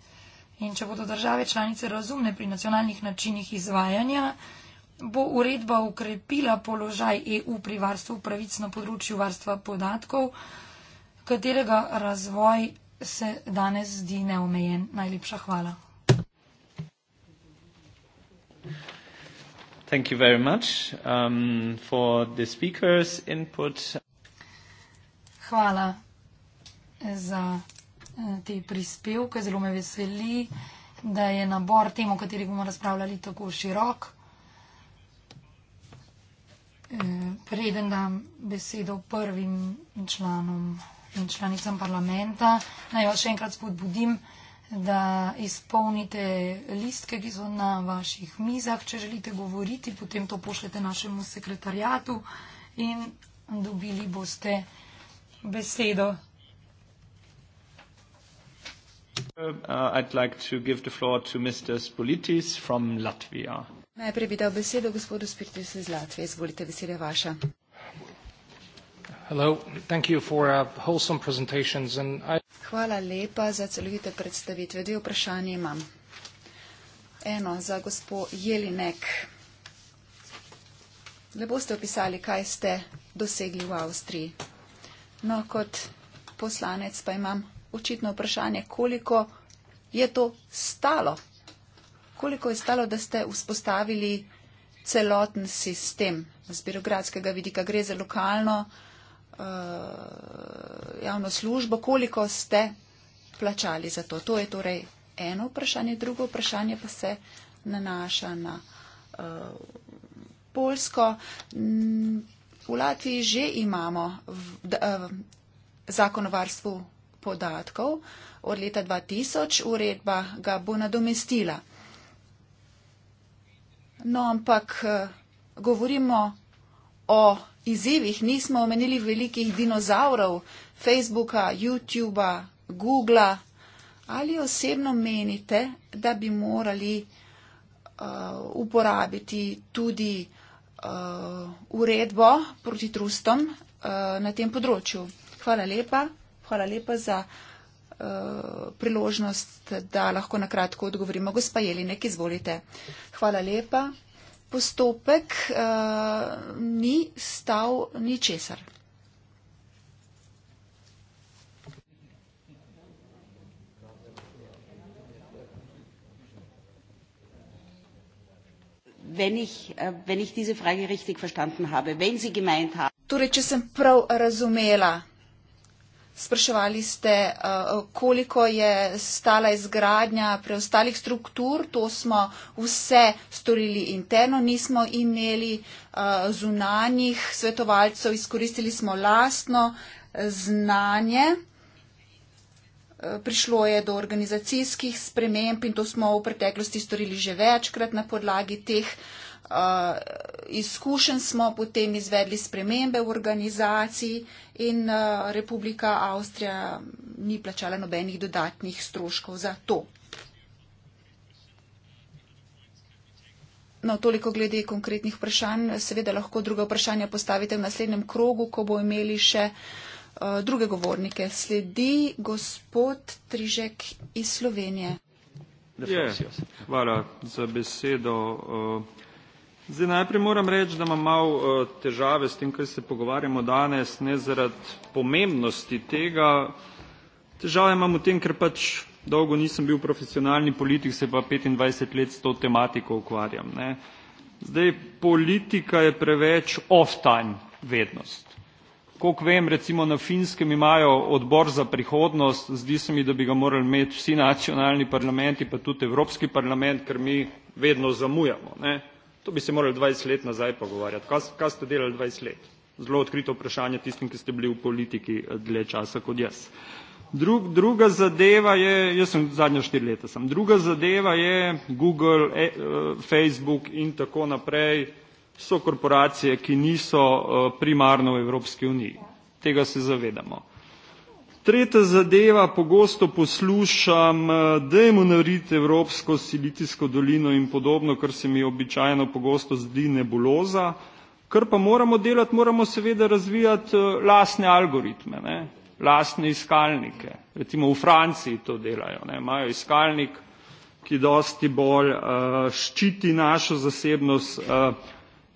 In če bodo države članice razumne pri nacionalnih načinih izvajanja, bo uredba ukrepila položaj EU pri varstvu pravic na področju varstva podatkov, katerega razvoj se danes zdi neomejen. Najlepša hvala. Thank you very much um, for the speaker's input. Hvala za eh, te prispevke. Zelo me veseli, da je nabor tem, o katerih bomo razpravljali, tako širok. Eh, preden dam besedo prvim članom in članicam parlamenta, naj vas še enkrat spodbudim, da izpolnite listke, ki so na vaših mizah. Če želite govoriti, potem to pošljete našemu sekretarjatu in dobili boste besedo. Uh, I'd like to give the floor to Mr. Spolitis from Latvia. Najprej bi dal besedo gospodu Spiritusu iz Latvije. Izvolite, beseda je vaša. Uh, Hvala lepa za celovite predstavitve. Dve vprašanje imam. Eno za gospo Jelinek. Lepo ste opisali, kaj ste dosegli v Avstriji. No, kot poslanec pa imam očitno vprašanje, koliko je to stalo koliko je stalo, da ste vzpostavili celoten sistem z birokratskega vidika? Gre za lokalno uh, javno službo. Koliko ste plačali za to? To je torej eno vprašanje. Drugo vprašanje pa se nanaša na uh, eh, Polsko. V Latviji že imamo v, d, uh, zakon o varstvu podatkov od leta 2000, uredba ga bo nadomestila. No, ampak eh, govorimo o izzivih. Nismo omenili velikih dinozavrov, Facebooka, YouTuba, Googla. Ali osebno menite, da bi morali uh, uporabiti tudi uh, uredbo proti trustom uh, na tem področju? Hvala lepa. Hvala lepa za. Eh, priložnost, da lahko na kratko odgovorimo. Gospa Jelinek, izvolite. Hvala lepa. Postopek uh, ni stal ničesar. Äh, torej, če sem prav razumela, Spraševali ste, eh, koliko je stala izgradnja preostalih struktur, to smo vse storili interno, nismo imeli eh, zunanjih svetovalcev, izkoristili smo lastno eh, znanje. Prišlo je do organizacijskih sprememb in to smo v preteklosti storili že večkrat na podlagi teh uh, Eh, izkušenj smo potem izvedli spremembe v organizaciji in eh, Republika Avstrija ni plačala nobenih dodatnih stroškov za to. No, toliko glede konkretnih vprašanj. Seveda lahko druga vprašanja postavite v naslednjem krogu, ko bo imeli še uh, druge govornike. Sledi gospod Trižek iz Slovenije. Je, hvala za besedo. Uh, Zdaj, najprej moram reči, da imam malo uh, težave s tem, kar se pogovarjamo danes, ne zaradi pomembnosti tega. Težave imam v tem, ker pač dolgo nisem bil profesionalni politik, se pa 25 let s to tematiko ukvarjam. Ne. Zdaj, politika je preveč off-time vednost. Koliko vem, recimo na Finskem imajo odbor za prihodnost, zdi se mi, da bi ga morali imeti vsi nacionalni parlamenti, pa tudi Evropski parlament, ker mi vedno zamujamo. Ne. To bi se morali 20 let nazaj pogovarjati. Kaj, kaj ste delali 20 let? Zelo odkrito vprašanje tistim, ki ste bili v politiki eh, dlje časa kot jaz. Drug, druga zadeva je, jaz sem zadnja štiri leta sem, druga zadeva je Google, e, eh, Facebook in tako naprej so korporacije, ki niso eh, primarno v Evropski uniji. Tega se zavedamo. Tretja zadeva, pogosto poslušam, eh, dajmo narediti Evropsko silicijsko dolino in podobno, kar se mi običajno pogosto zdi nebuloza. Kar pa moramo delati, moramo seveda razvijati eh, lastne algoritme, ne? lastne iskalnike. Recimo v Franciji to delajo, ne? imajo iskalnik, ki dosti bolj uh, ščiti našo zasebnost uh,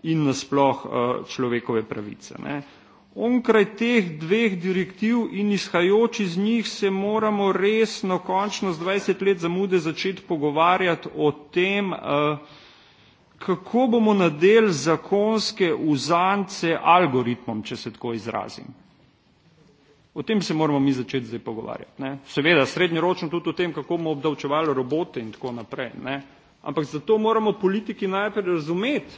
in nasploh uh, človekove pravice. Ne? Uh, onkraj teh dveh direktiv in izhajajoč iz njih se moramo resno, končno z 20 let zamude začeti pogovarjati o tem, eh, kako bomo nadel zakonske uzance algoritmom, če se tako izrazim. O tem se moramo mi začeti zdaj pogovarjati. Ne? Seveda srednjeročno tudi o tem, kako bomo obdavčevali robote in tako naprej. Ne? Ampak zato moramo politiki najprej razumeti,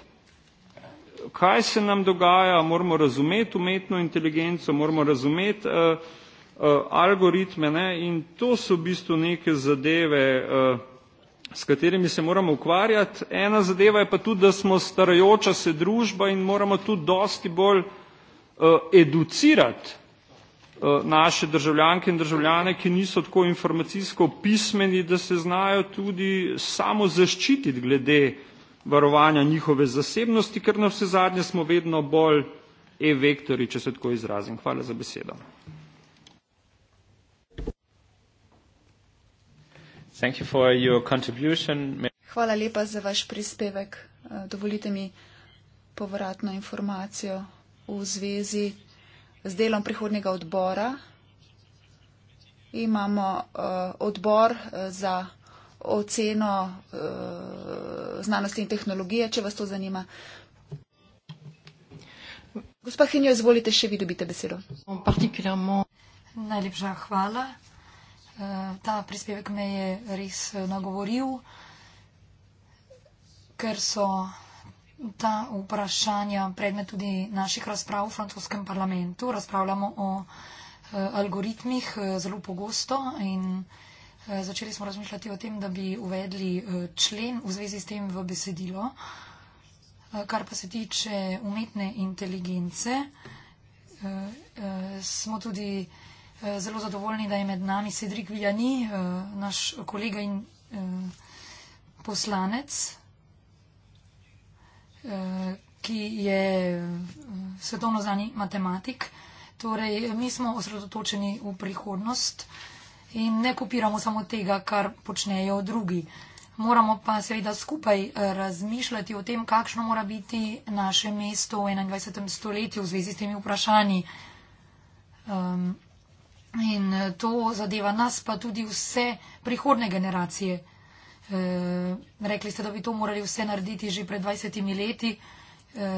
kaj se nam dogaja, moramo razumeti umetno inteligenco, moramo razumeti uh, uh, algoritme ne? in to so v bistvu neke zadeve, uh, s katerimi se moramo ukvarjati. Ena zadeva je pa tudi, da smo starajoča se družba in moramo tudi dosti bolj uh, educirati naše državljanke in državljane, ki niso tako informacijsko pismeni, da se znajo tudi samo zaščititi glede uh, varovanja njihove zasebnosti, ker na vse zadnje smo vedno bolj e-vektori, če se tako izrazim. Hvala za besedo. Thank you for your contribution. Hvala lepa za vaš prispevek. Eh, dovolite mi povratno informacijo v zvezi z delom prihodnjega odbora. Imamo uh, odbor eh, za oceno uh, znanosti in tehnologije, če vas to zanima. Gospa Henjo, izvolite še vi dobite besedo. Najlepša hvala. Eh, ta prispevek me je res eh, nagovoril, ker so ta vprašanja predmet tudi naših razprav v francoskem parlamentu. Razpravljamo o algoritmih zelo pogosto in Eh, začeli smo razmišljati o tem, da bi uvedli eh, člen v zvezi s tem v besedilo. Eh, kar pa se tiče umetne inteligence, smo tudi zelo zadovoljni, da je med nami Cedric Villani, naš kolega in poslanec, ki je svetovno znani matematik. Torej, mi smo osredotočeni v prihodnost in ne kopiramo samo tega, kar počnejo drugi. Moramo pa seveda skupaj eh, razmišljati o tem, kakšno mora biti naše mesto v 21. stoletju v zvezi s temi vprašanji. Um, in eh, to zadeva nas, pa tudi vse prihodne generacije. E, rekli ste, da bi to morali vse narediti že pred 20 leti. E,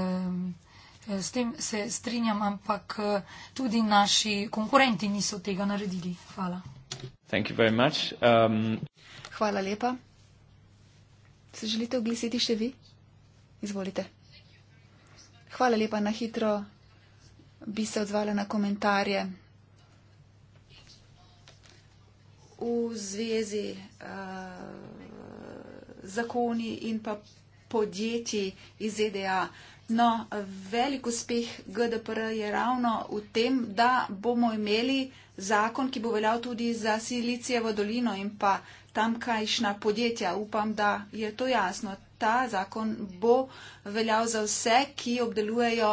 s tem se strinjam, ampak eh, tudi naši konkurenti niso tega naredili. Hvala. Thank you very much. Um... Hvala lepa. Se želite oglasiti še vi? Izvolite. Hvala lepa na hitro. Bi se odzvala na komentarje. V zvezi uh, zakoni in pa podjetji iz ZDA. No, velik uspeh GDPR je ravno v tem, da bomo imeli zakon, ki bo veljal tudi za Silicijevo dolino in pa tamkajšnja podjetja. Upam, da je to jasno. Ta zakon bo veljal za vse, ki obdelujejo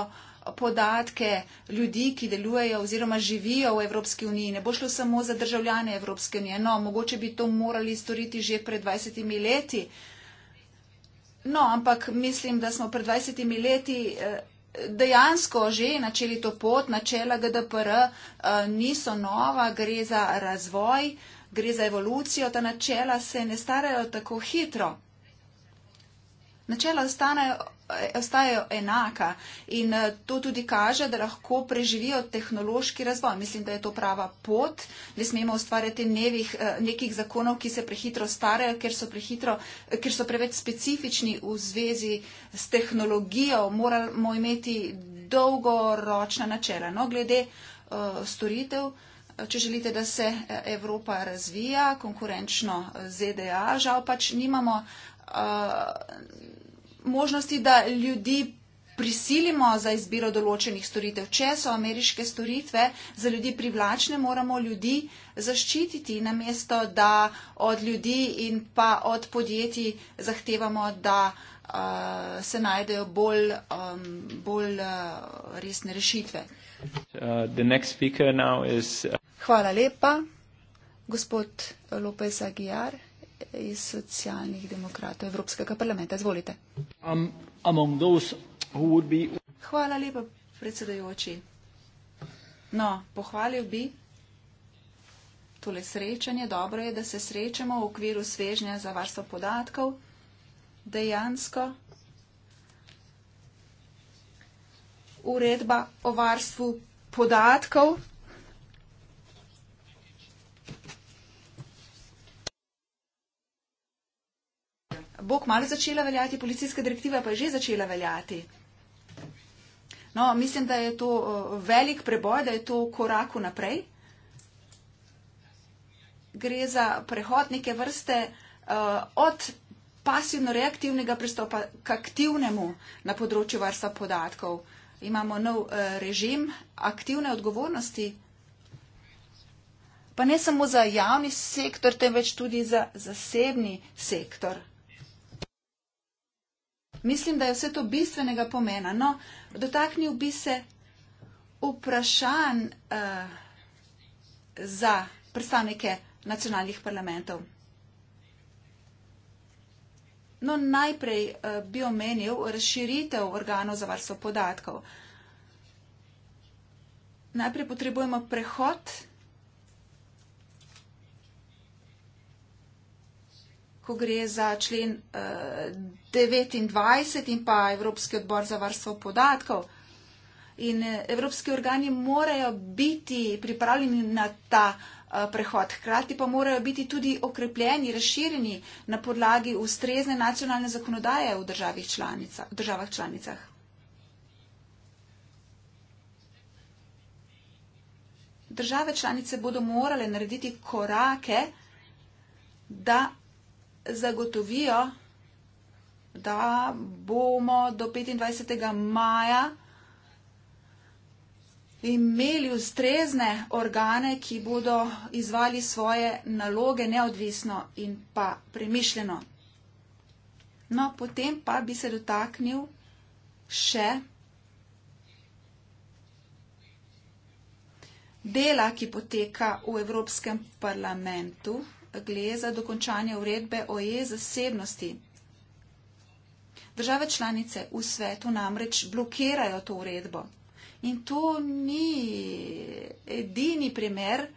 podatke ljudi, ki delujejo oziroma živijo v Evropski uniji. Ne bo šlo samo za državljane Evropske unije. No, mogoče bi to morali storiti že pred 20 leti. No, ampak mislim, da smo pred 20 leti. Eh, dejansko že načeli to pot, načela GDPR eh, niso nova, gre za razvoj, gre za evolucijo, ta načela se ne starajo tako hitro. Načela ostanejo, ostajajo enaka in eh, to tudi kaže, da lahko preživijo tehnološki razvoj. Mislim, da je to prava pot. Ne smemo ustvarjati nevih, eh, nekih zakonov, ki se prehitro starajo, ker so, prehitro, eh, ker so preveč specifični v zvezi s tehnologijo. Moramo imeti dolgoročna načela. No, glede uh, storitev. Če želite, da se Evropa razvija konkurenčno ZDA, žal pač nimamo. Uh, možnosti, da ljudi prisilimo za izbiro določenih storitev. Če so ameriške storitve za ljudi privlačne, moramo ljudi zaščititi, namesto da od ljudi in pa od podjetij zahtevamo, da uh, se najdejo bolj, um, bolj uh, resne rešitve. Uh, is, uh... Hvala lepa, gospod Lopez Aguiar iz socialnih demokratov Evropskega parlamenta. Izvolite. Um, be... Hvala lepa, predsedajoči. No, pohvalil bi tole srečanje. Dobro je, da se srečamo v okviru svežnja za varstvo podatkov. Dejansko uredba o varstvu podatkov. bo kmalo začela veljati, policijska direktiva pa je že začela veljati. No, mislim, da je to eh, velik preboj, da je to korak naprej. Gre za prehod neke vrste uh, od pasivno-reaktivnega pristopa k aktivnemu na področju varstva podatkov. Imamo nov uh, režim aktivne odgovornosti, pa ne samo za javni sektor, temveč tudi za zasebni sektor. Mislim, da je vse to bistvenega pomena. No, dotaknil bi se vprašanj uh, za predstavnike nacionalnih parlamentov. No, najprej uh, bi omenil razširitev organov za varstvo podatkov. Najprej potrebujemo prehod. ko gre za člen 29 eh, in pa Evropski odbor za varstvo podatkov. In eh, evropski organi morajo biti pripravljeni na ta eh, prehod, hkrati pa morajo biti tudi okrepljeni, razširjeni na podlagi ustrezne nacionalne zakonodaje v državah, članica, državah članicah. Države članice bodo morale narediti korake, da zagotovijo, da bomo do 25. maja imeli ustrezne organe, ki bodo izvali svoje naloge neodvisno in pa premišljeno. No, potem pa bi se dotaknil še dela, ki poteka v Evropskem parlamentu gre za dokončanje uredbe o e-zasebnosti. Države članice v svetu namreč blokirajo to uredbo. In to ni edini primer,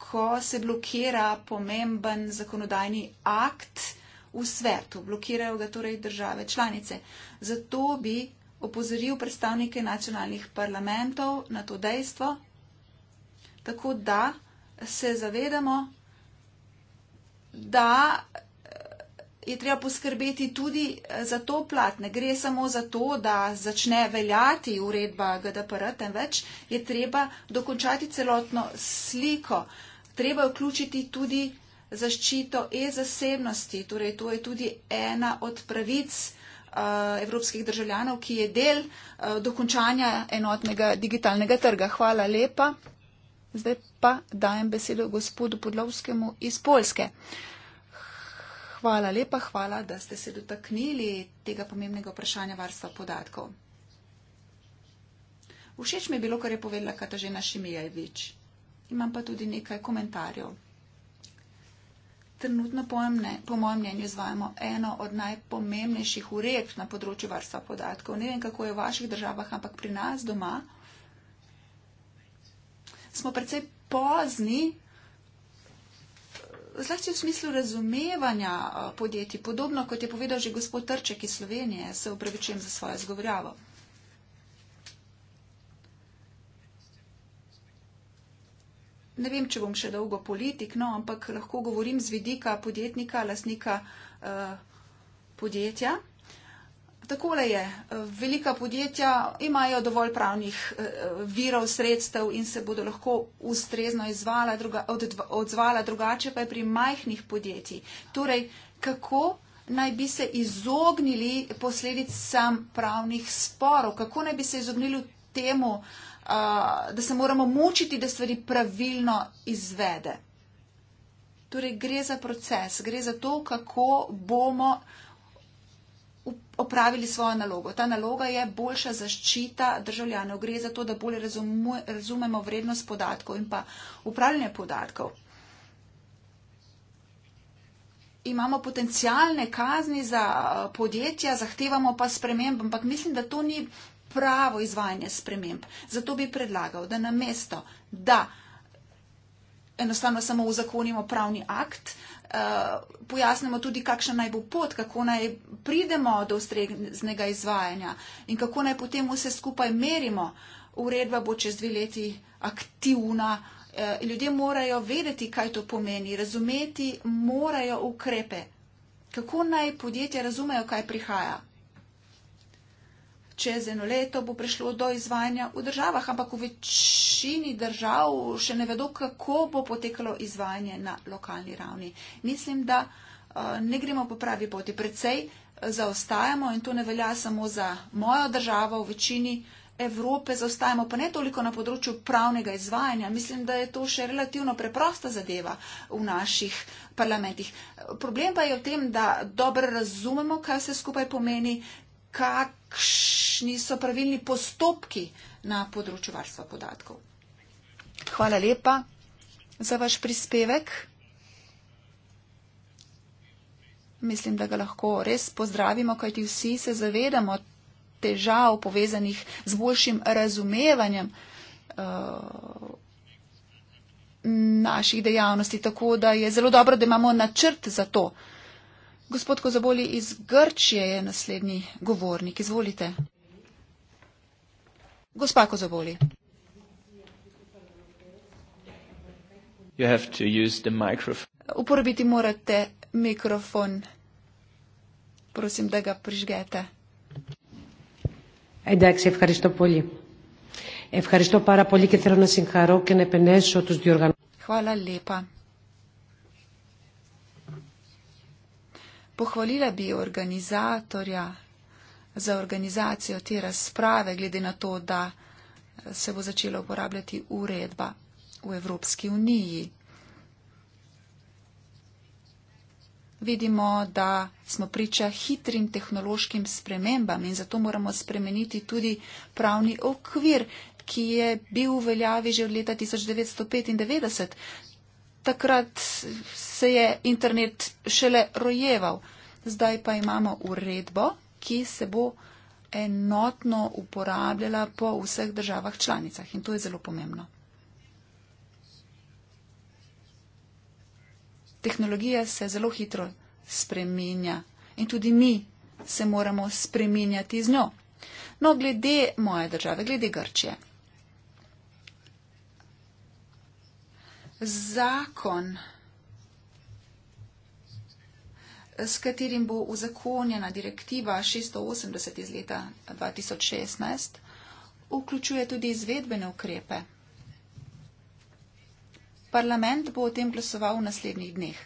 ko se blokira pomemben zakonodajni akt v svetu. Blokirajo ga torej države članice. Zato bi opozoril predstavnike nacionalnih parlamentov na to dejstvo, tako da se zavedamo, da eh, je treba poskrbeti tudi eh, za to plat. Ne gre samo za to, da začne veljati uredba GDPR, temveč je treba dokončati celotno sliko. Treba vključiti tudi zaščito e-zasebnosti, torej to je tudi ena od pravic eh, evropskih državljanov, ki je del dokončanja enotnega digitalnega trga. Hvala lepa. Zdaj pa dajem besedo gospodu Podlovskemu iz Polske. Hvala lepa, hvala, da ste se dotaknili tega pomembnega vprašanja varstva podatkov. Všeč mi je bilo, kar je povedala Katažena Šimijajvič. Imam pa tudi nekaj komentarjev. Trenutno po mojem mnenju izvajamo eno od najpomembnejših urek na področju varstva podatkov. Ne vem, kako je v vaših državah, ampak pri nas doma smo precej pozni, zlasti v smislu razumevanja eh, podjetij, podobno kot je povedal že gospod Trček iz Slovenije, se upravičujem za svojo zgovorjavo. Ne vem, če bom še dolgo politik, no, ampak lahko govorim z vidika podjetnika, lasnika eh, podjetja takole je. Velika podjetja imajo dovolj pravnih eh, virov, sredstev in se bodo lahko ustrezno izvala, druga, od, odzvala, drugače pa je pri majhnih podjetij. Torej, kako naj bi se izognili posledicam pravnih sporov, kako naj bi se izognili temu, da se moramo mučiti, da stvari pravilno izvede. Torej, gre za proces, gre za to, kako bomo opravili svojo nalogo. Ta naloga je boljša zaščita državljanov. Gre za to, da bolje razumemo vrednost podatkov in pa upravljanje podatkov. Imamo potencijalne kazni za eh, podjetja, zahtevamo pa sprememb, ampak mislim, da to ni pravo izvajanje sprememb. Zato bi predlagal, da na mesto, da enostavno samo uzakonimo pravni akt, Eh, pojasnimo tudi, kakšna naj bo pot, kako naj pridemo do ustreznega izvajanja in kako naj potem vse skupaj merimo. Uredba bo čez dve leti aktivna. Eh, ljudje morajo vedeti, kaj to pomeni, razumeti morajo ukrepe. Kako naj podjetja razumejo, kaj prihaja? čez eno leto bo prišlo do izvajanja v državah, ampak v večini držav še ne vedo, kako bo potekalo izvajanje na lokalni ravni. Mislim, da eh, ne gremo po pravi poti. Predvsej eh, zaostajamo in to ne velja samo za mojo državo, v večini Evrope zaostajamo, pa ne toliko na področju pravnega izvajanja. Mislim, da je to še relativno preprosta zadeva v naših parlamentih. Problem pa je v tem, da dobro razumemo, kaj vse skupaj pomeni, kakšni so pravilni postopki na področju varstva podatkov. Hvala lepa za vaš prispevek. Mislim, da ga lahko res pozdravimo, kajti vsi se zavedamo težav povezanih z boljšim razumevanjem uh, naših dejavnosti, tako da je zelo dobro, da imamo načrt za to. Gospod Kozoboli iz Grčije je naslednji govornik. Izvolite. Gospa Kozoboli. You have to use the Uporabiti morate mikrofon. Prosim, da ga prižgete. Εντάξει, hey, ευχαριστώ πολύ. Ευχαριστώ πάρα πολύ και θέλω να συγχαρώ και να επενέσω τους διοργανώσεις. Pohvalila bi organizatorja za organizacijo te razprave, glede na to, da se bo začela uporabljati uredba v Evropski uniji. Vidimo, da smo priča hitrim tehnološkim spremembam in zato moramo spremeniti tudi pravni okvir, ki je bil v veljavi že od leta 1995. Takrat se je internet šele rojeval. Zdaj pa imamo uredbo, ki se bo enotno uporabljala po vseh državah članicah in to je zelo pomembno. Tehnologija se zelo hitro spreminja in tudi mi se moramo spreminjati z njo. No, glede moje države, glede Grčije. Zakon. s katerim bo uzakonjena direktiva 680 iz leta 2016, vključuje tudi izvedbene ukrepe. Parlament bo o tem glasoval v naslednjih dneh.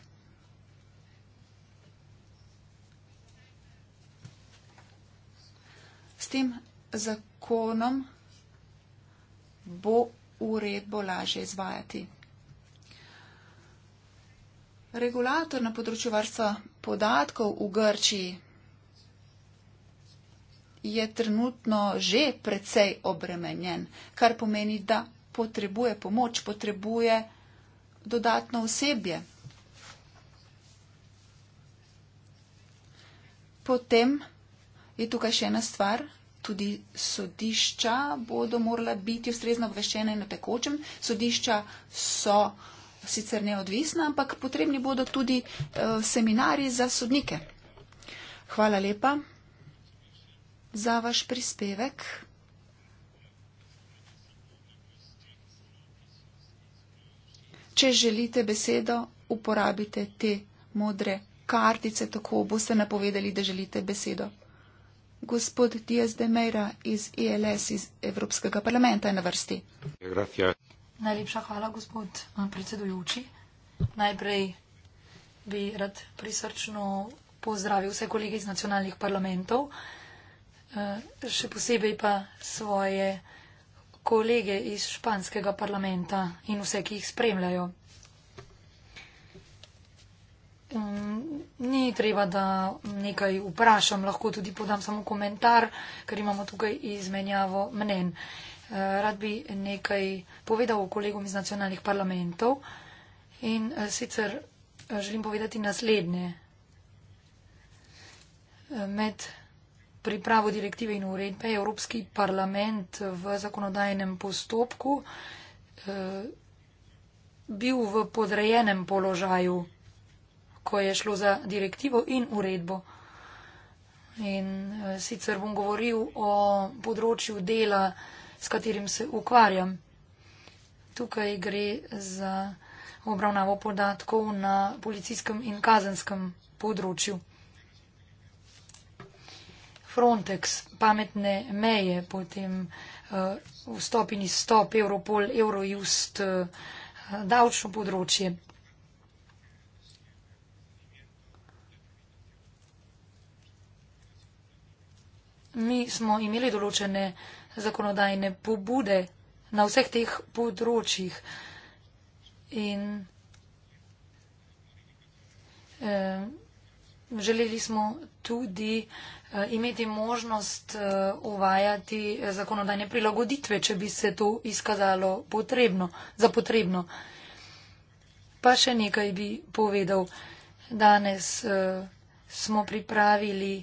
S tem zakonom bo uredbo lažje izvajati. Regulator na področju varstva podatkov v Grčiji je trenutno že precej obremenjen, kar pomeni, da potrebuje pomoč, potrebuje dodatno osebje. Potem je tukaj še ena stvar, tudi sodišča bodo morala biti ustrezno obveščene na tekočem. Sodišča so sicer neodvisna, ampak potrebni bodo tudi eh, seminari za sodnike. Hvala lepa za vaš prispevek. Če želite besedo, uporabite te modre kartice, tako boste napovedali, da želite besedo. Gospod Diaz de Meira iz ILS, e iz Evropskega parlamenta, je na vrsti. Gracias. Najlepša hvala, gospod eh, predsedujoči. Najprej bi rad prisrčno pozdravil vse kolege iz nacionalnih parlamentov, eh, še posebej pa svoje kolege iz španskega parlamenta in vse, ki jih spremljajo. Mm, ni treba, da nekaj vprašam, lahko tudi podam samo komentar, ker imamo tukaj izmenjavo mnen. Eh, rad bi nekaj povedal kolegom iz nacionalnih parlamentov in eh, sicer eh, želim povedati naslednje. Med pripravo direktive in uredbe je Evropski parlament v zakonodajnem postopku bil v podrejenem položaju, ko je šlo za direktivo in uredbo. In sicer bom govoril o področju dela, s katerim se ukvarjam. Tukaj gre za obravnavo podatkov na policijskem in kazenskem področju. Frontex, pametne meje, potem uh, vstop in izstop, Europol, Eurojust, uh, davčno področje. Mi smo imeli določene uh, zakonodajne pobude na vseh teh področjih. In eh, želeli smo tudi eh, imeti možnost eh, uvajati zakonodajne prilagoditve, če bi se to izkazalo potrebno, za potrebno. Pa še nekaj bi povedal. Danes eh, smo pripravili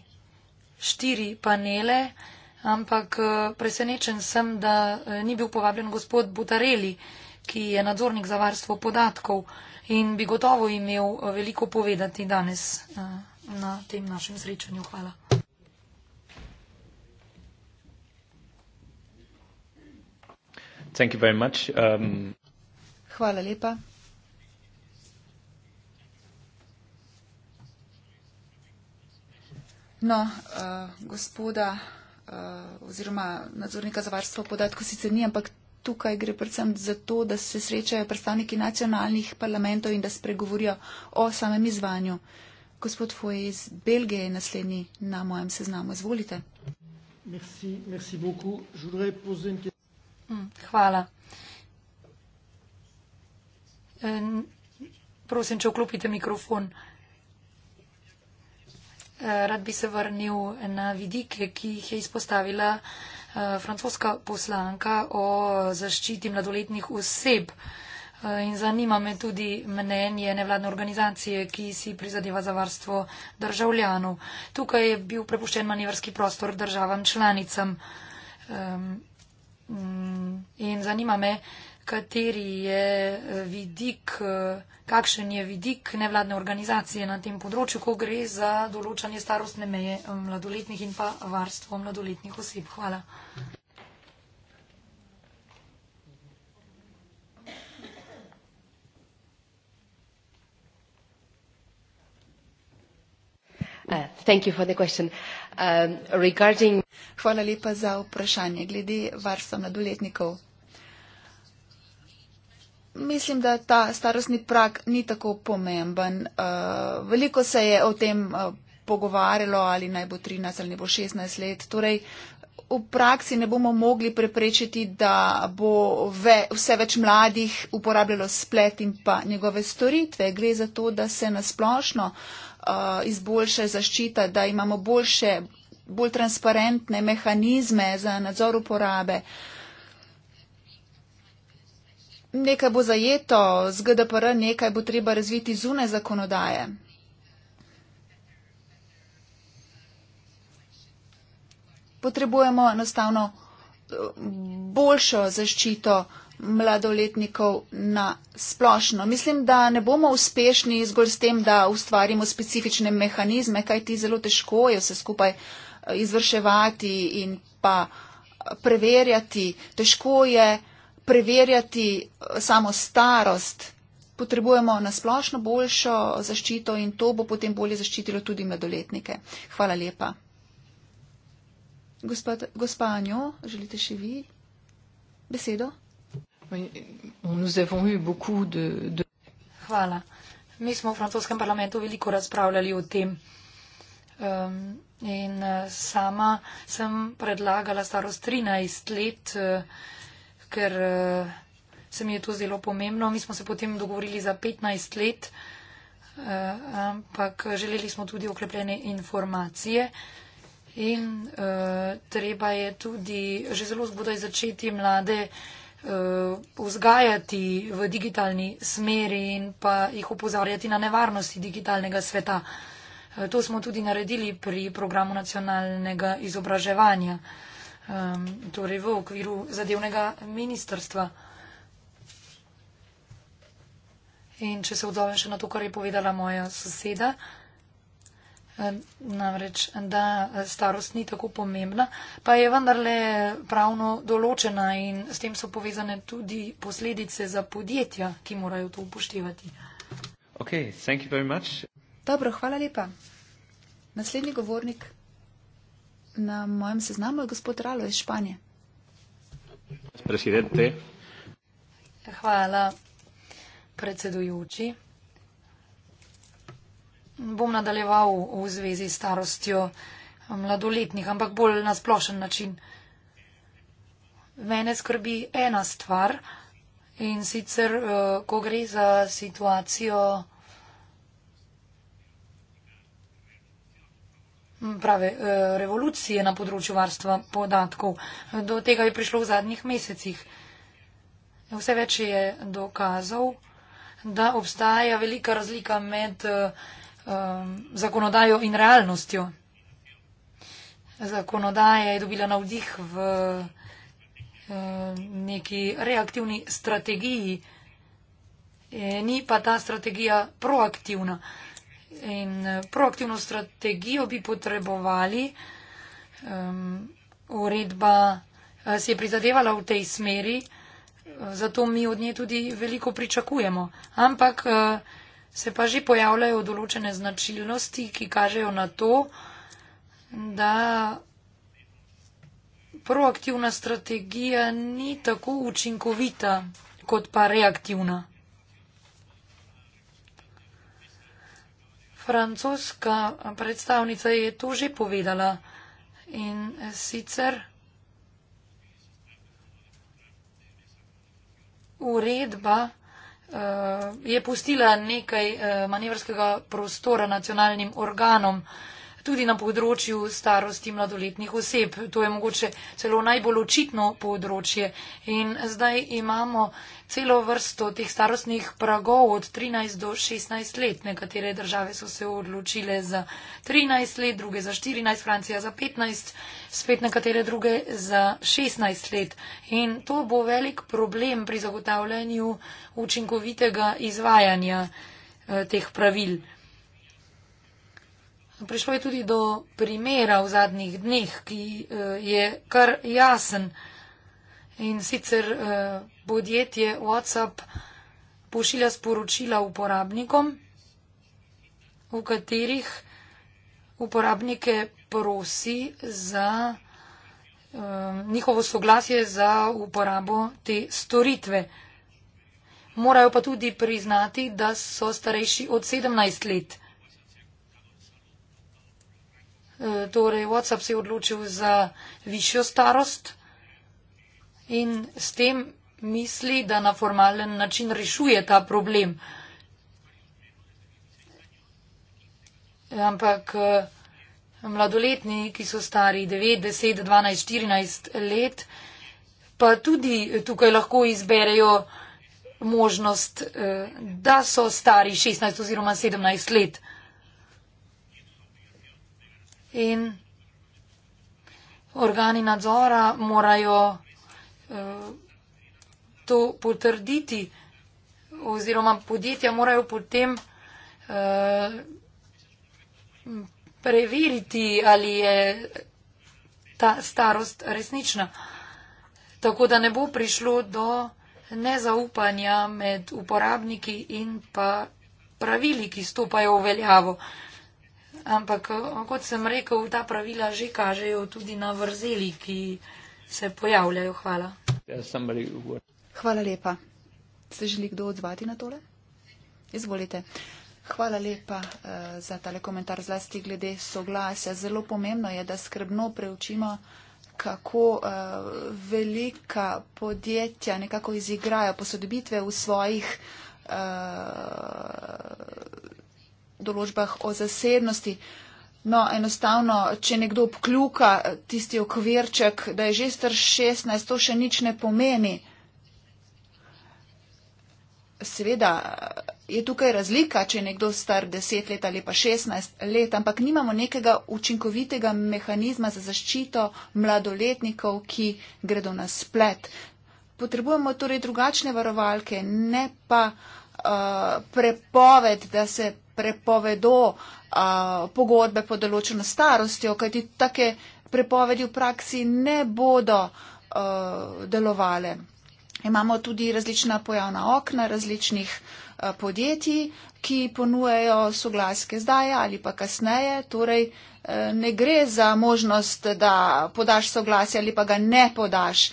štiri panele. Eh, ampak eh, presenečen sem, da eh, ni bil povabljen gospod Butareli, ki je nadzornik za varstvo podatkov in bi gotovo imel eh, veliko povedati danes na tem našem srečanju. Hvala. Thank you very much. Um... Hvala lepa. No, uh, gospoda. Eh, oziroma nadzornika za varstvo podatkov sicer ni, ampak tukaj gre predvsem za to, da se srečajo predstavniki nacionalnih parlamentov in da spregovorijo o samem izvanju. Gospod Foje iz Belgije je naslednji na mojem seznamu. Izvolite. Merci, merci beaucoup. Mm, hvala. Eh, prosim, če vklopite mikrofon. Uh, Eh, rad bi se vrnil na vidike, ki jih je izpostavila eh, francoska poslanka o zaščiti mladoletnih oseb. Eh, in zanima me tudi mnenje nevladne organizacije, ki si prizadeva za varstvo državljanov. Tukaj je bil prepuščen manevrski prostor državam članicam. Mm, in zanima me, kateri je eh, vidik, eh, kakšen je vidik nevladne organizacije na tem področju, ko gre za določanje starostne meje eh, mladoletnih in pa varstvo mladoletnih oseb. Hvala. Uh, um, Hvala lepa za vprašanje glede varstva mladoletnikov. Mislim, da ta starostni prak ni tako pomemben. Uh, veliko se je o tem uh, pogovarjalo, ali naj bo 13 ali ne bo 16 let. Torej, v praksi ne bomo mogli preprečiti, da bo ve, vse več mladih uporabljalo splet in pa njegove storitve. Gre za to, da se nasplošno uh, eh, izboljša zaščita, da imamo boljše, bolj transparentne mehanizme za nadzor uporabe. Uh, nekaj bo zajeto z GDPR, nekaj bo treba razviti zune zakonodaje. Potrebujemo enostavno eh, boljšo zaščito mladoletnikov na splošno. Mislim, da ne bomo uspešni zgolj s tem, da ustvarimo specifične mehanizme, kaj ti zelo težko je vse skupaj eh, izvrševati in pa eh, preverjati. Težko je uh, preverjati eh, samo starost, potrebujemo nasplošno boljšo zaščito in to bo potem bolje zaščitilo tudi mladoletnike. Hvala lepa. Gospod, gospa Anjo, želite še vi besedo? Hvala. Mi smo v francoskem parlamentu veliko razpravljali o tem. Um, in eh, sama sem predlagala starost 13 let. Uh, ker uh, se mi je to zelo pomembno. Mi smo se potem dogovorili za 15 let, uh, ampak želeli smo tudi okrepljene informacije. In uh, treba je tudi že zelo zgodaj začeti mlade uh, vzgajati v digitalni smeri in pa jih upozarjati na nevarnosti digitalnega sveta. Uh, to smo tudi naredili pri programu nacionalnega izobraževanja. Uh, um, torej v okviru zadevnega ministrstva. In če se odzovem še na to, kar je povedala moja soseda, namreč, da eh, starost ni tako pomembna, pa je vendarle pravno določena in s tem so povezane tudi posledice za podjetja, ki morajo to upoštevati. Okay, Dobro, hvala lepa. Naslednji govornik na mojem seznamu je gospod Ralo iz Španije. Presidente. Hvala, predsedujoči. Bom nadaljeval v zvezi s starostjo um, mladoletnih, ampak bolj na splošen način. Mene skrbi ena stvar in sicer, uh, ko gre za situacijo, Mm, prave eh, revolucije na področju varstva podatkov. Do tega je prišlo v zadnjih mesecih. Vse več je dokazov, da obstaja velika razlika med um, zakonodajo in realnostjo. Zakonodaja je dobila navdih v um, neki reaktivni strategiji, e, ni pa ta strategija proaktivna in eh, proaktivno strategijo bi potrebovali. Um, uredba eh, se je prizadevala v tej smeri, eh, zato mi od nje tudi veliko pričakujemo. Ampak se pa že pojavljajo določene značilnosti, ki kažejo na to, da proaktivna strategija ni tako učinkovita kot pa reaktivna. Francoska predstavnica je to že povedala in sicer uredba uh, je pustila nekaj uh, manevrskega prostora nacionalnim organom. Uh, tudi na področju starosti mladoletnih oseb. To je mogoče celo najbolj očitno področje. In zdaj imamo celo vrsto teh starostnih pragov od 13 do 16 let. Nekatere države so se odločile za 13 let, druge za 14, Francija za 15, spet nekatere druge za 16 let. In to bo velik problem pri zagotavljanju učinkovitega izvajanja eh, teh pravil. Prišlo je tudi do primera v zadnjih dneh, ki eh, je kar jasen. In sicer eh, podjetje WhatsApp pošilja sporočila uporabnikom, v katerih uporabnike prosi za eh, njihovo soglasje za uporabo te storitve. Morajo pa tudi priznati, da so starejši od 17 let. E, torej, WhatsApp se je odločil za višjo starost in s tem misli, da na formalen način rešuje ta problem. Ampak e, mladoletni, ki so stari 9, 10, 12, 14 let, pa tudi tukaj lahko izberejo možnost, e, da so stari 16 oziroma 17 let in organi nadzora morajo eh, to potrditi oziroma podjetja morajo potem eh, preveriti, ali je ta starost resnična. Tako da ne bo prišlo do nezaupanja med uporabniki in pa pravili, ki stopajo v veljavo. Ampak, eh, kot sem rekel, ta pravila že kažejo tudi na vrzeli, ki se pojavljajo. Hvala. Hvala lepa. Se želi kdo odzvati na tole? Izvolite. Hvala lepa uh, za tale komentar, zlasti glede soglasja. Zelo pomembno je, da skrbno preučimo, kako uh, velika podjetja nekako izigrajo posodobitve v svojih. Uh, določbah o zasebnosti. No, enostavno, če nekdo obkljuka eh, tisti okvirček, da je že star 16, to še nič ne pomeni. Seveda je tukaj razlika, če je nekdo star 10 let ali pa 16 let, ampak nimamo nekega učinkovitega mehanizma za zaščito mladoletnikov, ki gredo na splet. Potrebujemo torej drugačne varovalke, ne pa uh, prepoved, da se prepovedo uh, pogodbe po določeno starostjo, kajti take prepovedi v praksi ne bodo uh, delovale. Imamo tudi različna pojavna okna različnih uh, podjetij, ki ponujejo soglaske zdaj ali pa kasneje. Torej, uh, ne gre za možnost, da podaš soglasje ali pa ga ne podaš.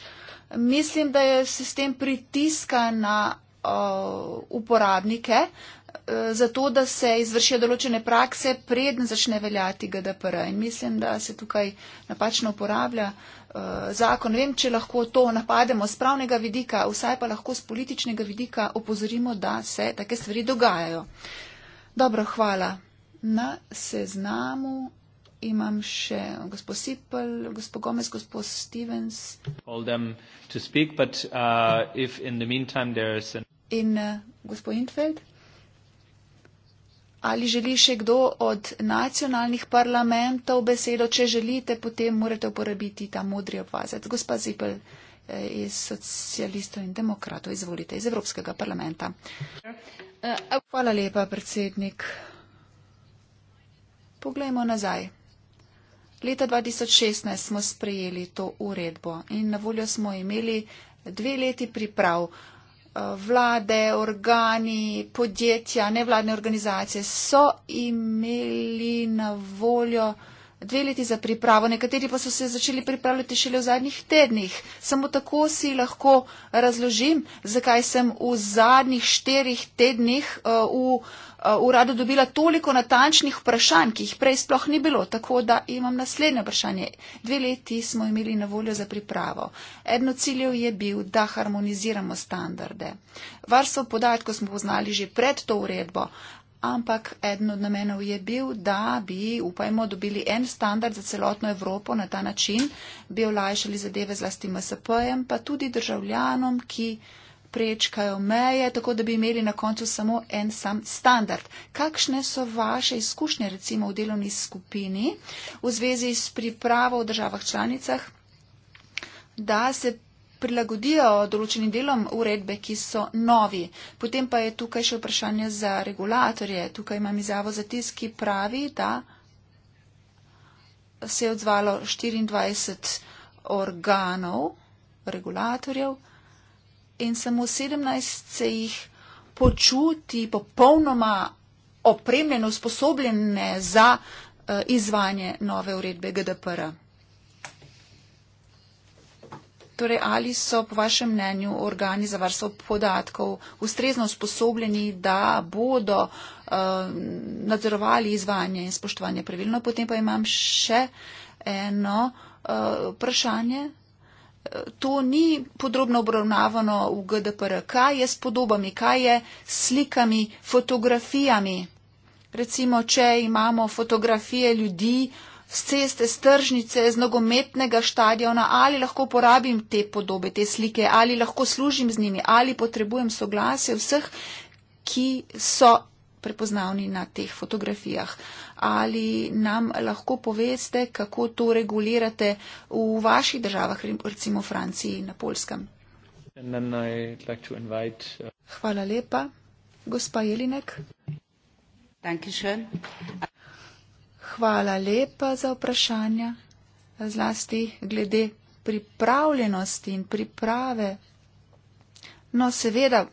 Mislim, da je sistem pritiska na uh, uporabnike, uh, Eh, zato, da se izvršijo določene prakse, preden začne veljati GDPR. In mislim, da se tukaj napačno uporablja eh, zakon. Ne vem, če lahko to napademo z pravnega vidika, vsaj pa lahko z političnega vidika opozorimo, da se take stvari dogajajo. Dobro, hvala. Na seznamu imam še gospod Sipel, gospod Gomez, gospod Stevens. Speak, but, uh, an... In uh, gospod Intfeld. Ali želi še kdo od nacionalnih parlamentov besedo? Če želite, potem morate uporabiti ta modri opazec. Gospa Zipel eh, iz socialistov in demokratov, izvolite iz Evropskega parlamenta. Hvala lepa, predsednik. Poglejmo nazaj. Leta 2016 smo sprejeli to uredbo in na voljo smo imeli dve leti priprav. Eh, vlade, organi, podjetja, nevladne organizacije so imeli na voljo dve leti za pripravo, nekateri pa so se začeli pripravljati šele v zadnjih tednih. Samo tako si lahko razložim, zakaj sem v zadnjih štirih tednih uh, v Eh, urada dobila toliko natančnih vprašanj, ki jih prej sploh ni bilo. Tako da imam naslednje vprašanje. Dve leti smo imeli na voljo za pripravo. Edno ciljev je bil, da harmoniziramo standarde. Varstvo podatkov smo poznali že pred to uredbo. Ampak eden od namenov je bil, da bi, upajmo, dobili en standard za celotno Evropo na ta način, bi olajšali zadeve zlasti MSP-jem, pa tudi državljanom, ki prečkajo meje, tako da bi imeli na koncu samo en sam standard. Kakšne so vaše izkušnje recimo v delovni skupini v zvezi s pripravo v državah članicah, da se prilagodijo določenim delom uredbe, ki so novi. Potem pa je tukaj še vprašanje za regulatorje. Tukaj imam izjavo za tisk, ki pravi, da se je odzvalo 24 organov, regulatorjev in samo 17 se jih počuti popolnoma opremljeno, usposobljene za eh, izvajanje nove uredbe GDPR. Torej, ali so po vašem mnenju organi za varstvo podatkov ustrezno usposobljeni, da bodo uh, nadzorovali izvajanje in spoštovanje pravilno? Potem pa imam še eno uh, vprašanje to ni podrobno obravnavano v GDPR. Kaj je s podobami, kaj je s slikami, fotografijami? Recimo, če imamo fotografije ljudi z ceste, z tržnice, z nogometnega stadiona, ali lahko uporabim te podobe, te slike, ali lahko služim z njimi, ali potrebujem soglasje vseh, ki so prepoznavni na teh fotografijah ali nam lahko poveste, kako to regulirate v vaših državah, recimo v Franciji in na Polskem. Like invite, uh... Hvala lepa. Gospa Jelinek. Hvala lepa za vprašanja, zlasti glede pripravljenosti in priprave. No, seveda,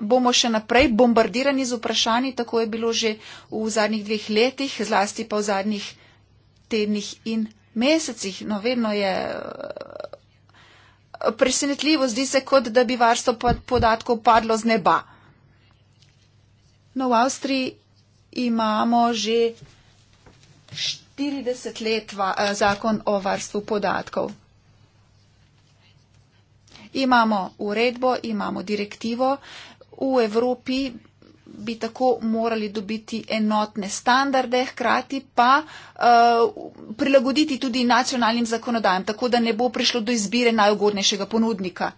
bomo še naprej bombardirani z vprašanji, tako je bilo že v zadnjih dveh letih, zlasti pa v zadnjih tednih in mesecih. No, vedno je eh, presenetljivo, zdi se, kot da bi varstvo podatkov padlo z neba. No, v Avstriji imamo že 40 let eh, zakon o varstvu podatkov. Imamo uredbo, imamo direktivo, v Evropi bi tako morali dobiti enotne standarde, hkrati pa uh, prilagoditi tudi nacionalnim zakonodajam, tako da ne bo prišlo do izbire najugodnejšega ponudnika.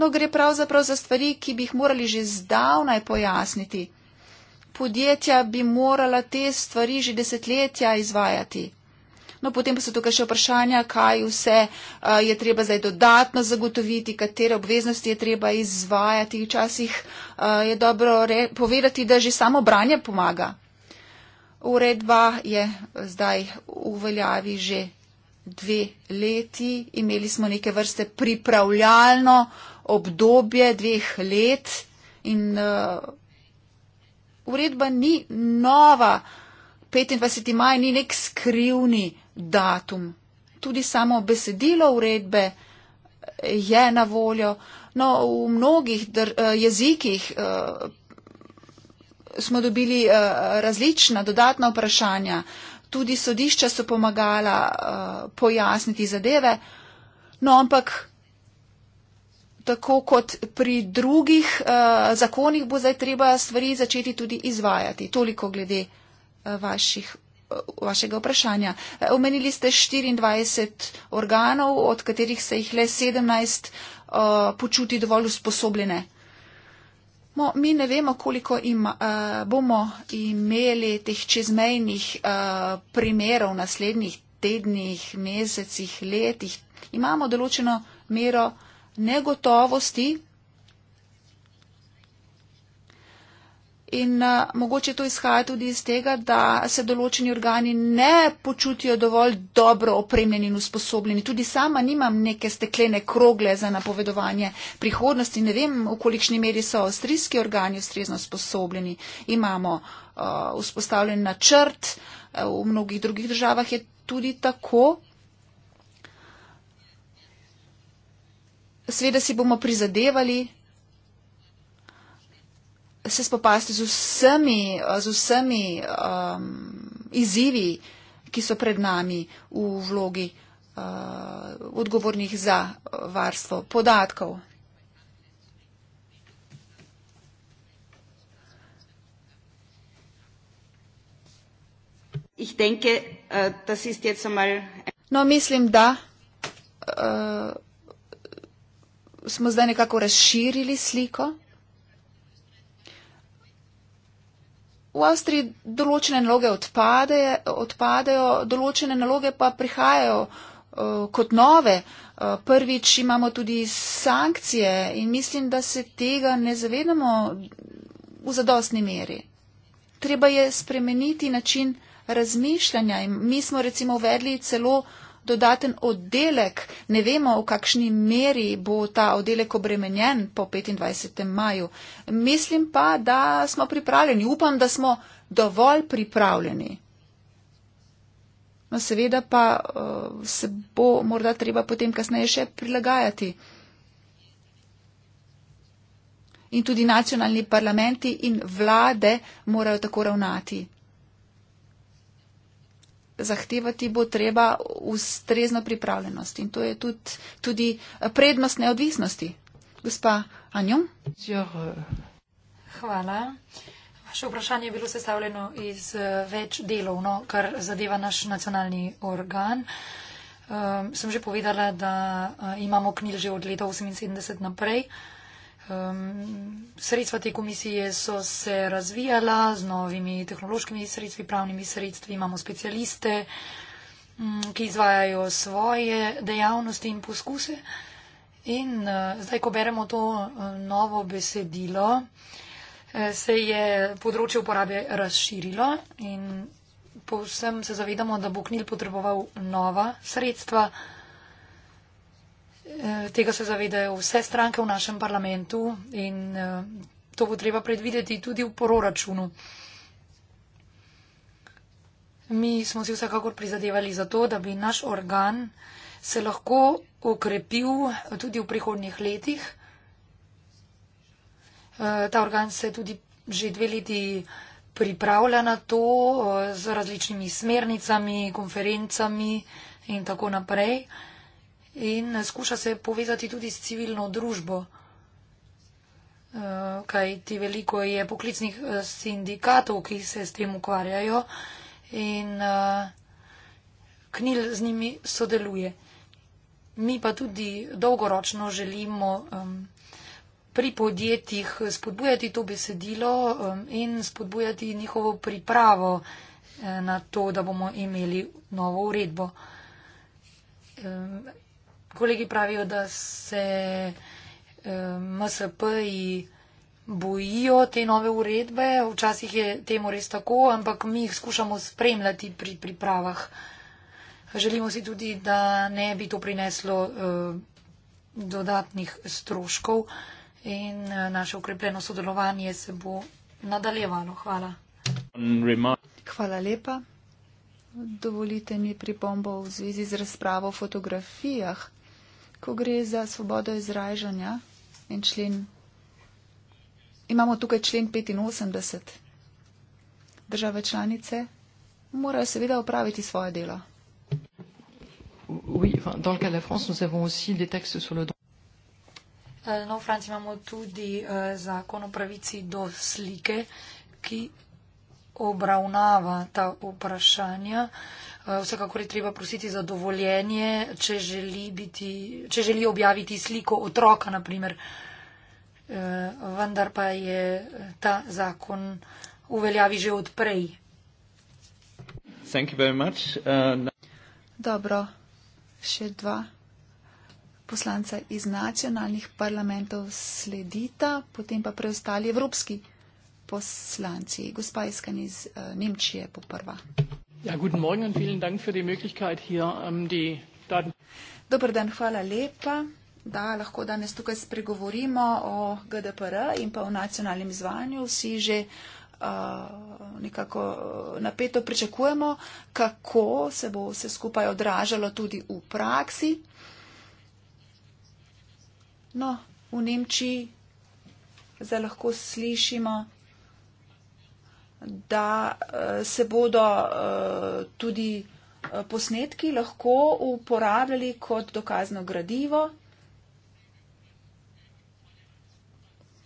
No, gre pravzaprav za stvari, ki bi jih morali že zdavnaj pojasniti. Podjetja bi morala te stvari že desetletja izvajati. No, potem pa so tukaj še vprašanja, kaj vse eh, je treba zdaj dodatno zagotoviti, katere obveznosti je treba izvajati. Včasih eh, je dobro povedati, da že samo branje pomaga. Uredba je eh, zdaj uveljavi že dve leti. Imeli smo neke vrste pripravljalno obdobje dveh let in uh, uredba ni nova. 25. maj ni nek skrivni datum. Tudi samo besedilo uredbe je na voljo. No, v mnogih eh, jezikih eh, smo dobili eh, različna dodatna vprašanja. Tudi sodišča so pomagala pojasniti zadeve. No, ampak tako kot pri drugih zakonih bo zdaj treba stvari začeti tudi izvajati. Toliko glede vaših vašega vprašanja. Omenili ste 24 organov, od katerih se jih le 17 uh, počuti dovolj usposobljene. No, mi ne vemo, koliko im, uh, bomo imeli teh čezmejnih uh, primerov v naslednjih tednih, mesecih, letih. Imamo določeno mero negotovosti, In uh, mogoče to izhaja tudi iz tega, da se določeni organi ne počutijo dovolj dobro opremljeni in usposobljeni. Tudi sama nimam neke steklene krogle za napovedovanje prihodnosti. Ne vem, v kolikšni meri so avstrijski organi ustrezno usposobljeni. Imamo uh, vzpostavljen načrt, uh, v mnogih drugih državah je tudi tako. Sveda si bomo prizadevali se spopasti z vsemi, z vsemi um, izzivi, ki so pred nami v vlogi uh, odgovornih za varstvo podatkov. Denke, uh, einmal... No, mislim, da uh, smo zdaj nekako razširili sliko. v Avstriji določene naloge odpade, odpadejo, določene naloge pa prihajajo uh, kot nove. Uh, prvič imamo tudi sankcije in mislim, da se tega ne zavedamo v zadostni meri. Treba je spremeniti način razmišljanja in mi smo recimo uvedli celo uh, dodaten oddelek. Ne vemo, v kakšni meri bo ta oddelek obremenjen po 25. maju. Mislim pa, da smo pripravljeni. Upam, da smo dovolj pripravljeni. No, seveda pa uh, se bo morda treba potem kasneje še prilagajati. In tudi nacionalni parlamenti in vlade morajo tako ravnati zahtevati bo treba ustrezno pripravljenost in to je tudi, tudi eh, prednost neodvisnosti. Gospa Anjo. Hvala. Vaše vprašanje je bilo sestavljeno iz eh, več delov, no, kar zadeva naš nacionalni organ. Um, sem že povedala, da uh, imamo knjil že od leta 1978 naprej. Um, sredstva te komisije so se razvijala z novimi tehnološkimi sredstvi, pravnimi sredstvi. Imamo specialiste, um, ki izvajajo svoje dejavnosti in poskuse. In uh, zdaj, ko beremo to uh, novo besedilo, uh, se je področje uporabe razširilo in povsem se zavedamo, da bo knil potreboval nova sredstva. Uh, Eh, tega se zavedajo vse stranke v našem parlamentu in eh, to bo treba predvideti tudi v proračunu. Mi smo si vsekakor prizadevali za to, da bi naš organ se lahko okrepil tudi v prihodnjih letih. Eh, ta organ se tudi že dve leti pripravlja na to z različnimi smernicami, konferencami in tako naprej in skuša se povezati tudi s civilno družbo, eh, kajti veliko je poklicnih eh, sindikatov, ki se s tem ukvarjajo in eh, knil z njimi sodeluje. Mi pa tudi dolgoročno želimo pri podjetjih spodbujati to besedilo in spodbujati njihovo pripravo na to, da bomo imeli novo uredbo kolegi pravijo, da se eh, MSP bojijo te nove uredbe. Včasih je temu res tako, ampak mi jih skušamo spremljati pri pripravah. Želimo si tudi, da ne bi to prineslo eh, dodatnih stroškov in eh, naše ukrepljeno sodelovanje se bo nadaljevalo. Hvala. Hvala lepa. Dovolite mi pripombo v zvezi z razpravo o fotografijah ko gre za svobodo izražanja in člen. Imamo tukaj člen 85. Države članice morajo seveda opraviti svoje delo. Eh, no, v Franciji imamo tudi uh, zakon o pravici do slike, ki obravnava ta vprašanja. Uh, Eh, vsekakor je treba prositi za dovoljenje, če želi, biti, če želi objaviti sliko otroka, naprimer. Eh, vendar pa je ta zakon uveljavi že odprej. Uh, na... No- Dobro, še dva poslanca iz nacionalnih parlamentov sledita, potem pa preostali evropski poslanci. Gospa iz Kanis, uh, eh, Nemčije poprva. Ja, guten Morgen und vielen Dank für die Möglichkeit, hier um, die Daten. Dobr dan, hvala lepa, da lahko danes tukaj spregovorimo o GDPR in pa o nacionalnem izvanju. Vsi že uh, nekako napeto pričakujemo, kako se bo vse skupaj odražalo tudi v praksi. No, v Nemčiji zdaj lahko slišimo, da eh, se bodo eh, tudi eh, posnetki lahko uporabljali kot dokazno gradivo.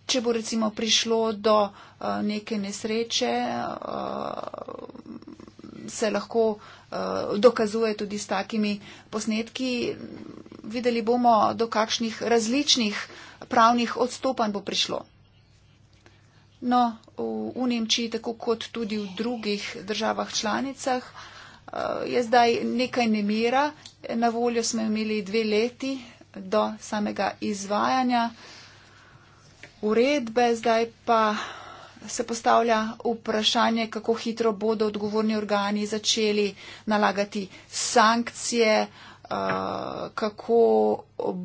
Če bo recimo prišlo do neke nesreče, se lahko dokazuje tudi s takimi posnetki. Videli bomo, do kakšnih različnih pravnih odstopanj bo prišlo. No, v, v Nemčiji, tako kot tudi v drugih državah članicah, eh, je zdaj nekaj nemira. Na voljo smo imeli dve leti do samega izvajanja uredbe, zdaj pa se postavlja vprašanje, kako hitro bodo odgovorni organi začeli nalagati sankcije, eh, kako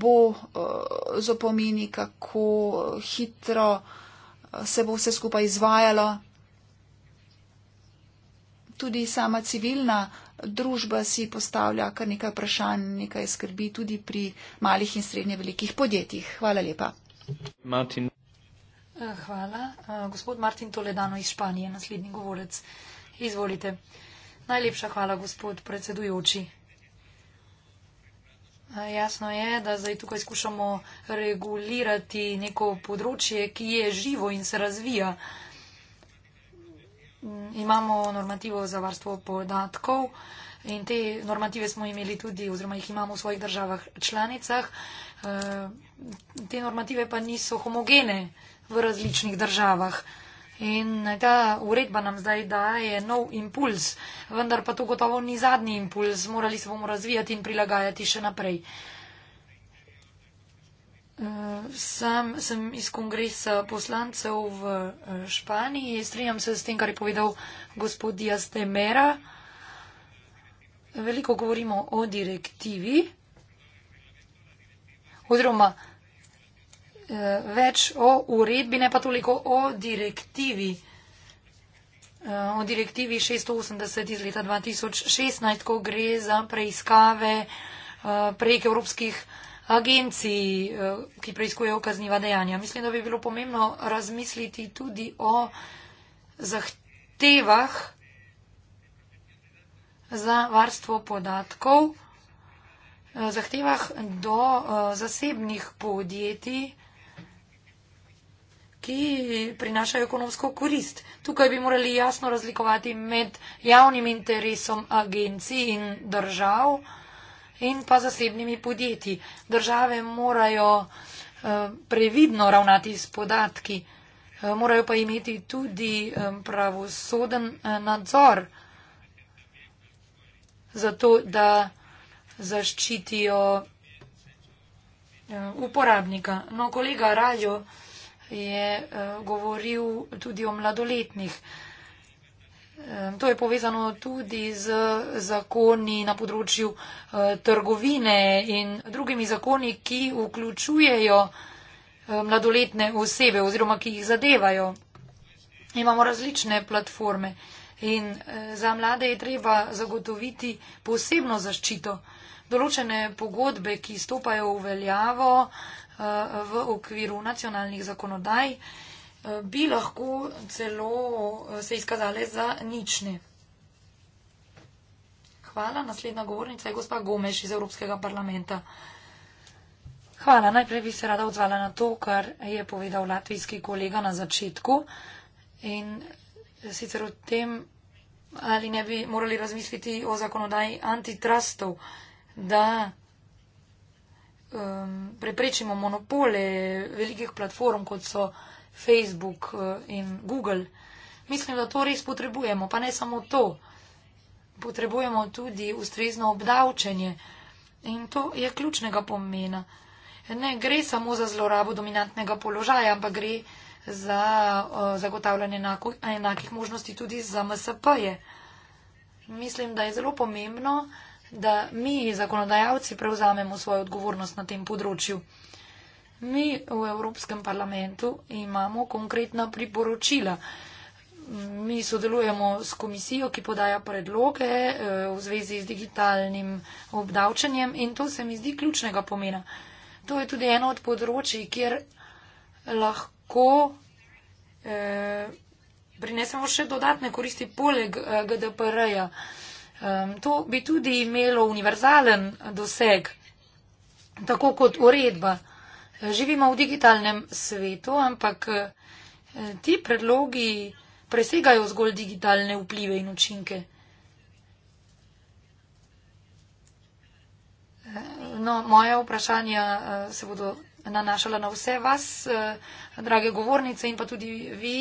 bo eh, z opomini, kako hitro se bo vse skupaj izvajalo. Tudi sama civilna družba si postavlja kar nekaj vprašanj, nekaj skrbi tudi pri malih in srednje velikih podjetjih. Hvala lepa. Martin. Eh, hvala. Eh, gospod Martin Toledano iz Španije, naslednji govorec. Izvolite. Najlepša hvala, gospod predsedujoči. Jasno je, da zdaj tukaj skušamo regulirati neko področje, ki je živo in se razvija. Imamo normativo za varstvo podatkov in te normative smo imeli tudi oziroma jih imamo v svojih državah članicah. Eh, te normative pa niso homogene v različnih državah. In ta uredba nam zdaj daje nov impuls, vendar pa to gotovo ni zadnji impuls, morali se bomo razvijati in prilagajati še naprej. Eh, sam sem iz kongresa poslancev v eh, Španiji, strinjam se s tem, kar je povedal gospod Dias de Mera. Veliko govorimo o direktivi, oziroma eh, več o uredbi, ne pa toliko o direktivi. Eh, o direktivi 680 iz leta 2016, ko gre za preiskave eh, prek evropskih agencij, eh, ki preiskujejo kazniva dejanja. Mislim, da bi bilo pomembno razmisliti tudi o zahtevah za varstvo podatkov, zahtevah do zasebnih podjetij ki prinašajo ekonomsko korist. Tukaj bi morali jasno razlikovati med javnim interesom agencij in držav in pa zasebnimi podjetji. Države morajo eh, previdno ravnati s podatki, eh, morajo pa imeti tudi eh, pravosoden nadzor za to, da zaščitijo uporabnika. No, kolega Rajo, je eh, govoril tudi o mladoletnih. Eh, to je povezano tudi z zakoni na področju eh, trgovine in drugimi zakoni, ki vključujejo mladoletne osebe oziroma ki jih zadevajo. Imamo različne platforme in za mlade je treba zagotoviti posebno zaščito. Določene pogodbe, ki stopajo v veljavo, Eh, v okviru nacionalnih zakonodaj, eh, bi lahko celo eh, se izkazale za nične. Hvala. Naslednja govornica je gospa Gomeš iz Evropskega parlamenta. Hvala. Najprej bi se rada odzvala na to, kar je povedal latvijski kolega na začetku. In sicer o tem, ali ne bi morali razmisliti o zakonodaji antitrustov, da um, preprečimo monopole velikih platform, kot so Facebook uh, in Google. Mislim, da to res potrebujemo, pa ne samo to. Potrebujemo tudi ustrezno obdavčenje in to je ključnega pomena. Ne gre samo za zlorabo dominantnega položaja, ampak gre za uh, zagotavljanje enako, enakih možnosti tudi za MSP-je. Mislim, da je zelo pomembno, da mi, zakonodajalci, prevzamemo svojo odgovornost na tem področju. Mi v Evropskem parlamentu imamo konkretna priporočila. Mi sodelujemo s komisijo, ki podaja predloge eh, v zvezi z digitalnim obdavčanjem in to se mi zdi ključnega pomena. To je tudi eno od področji, kjer lahko eh, prinesemo še dodatne koristi poleg eh, GDPR-ja. Eh, Um, to bi tudi imelo univerzalen doseg, tako kot uredba. Živimo v digitalnem svetu, ampak eh, ti predlogi presegajo zgolj digitalne vplive in učinke. Eh, no, moja vprašanja eh, se bodo nanašala na vse vas, drage govornice in pa tudi vi.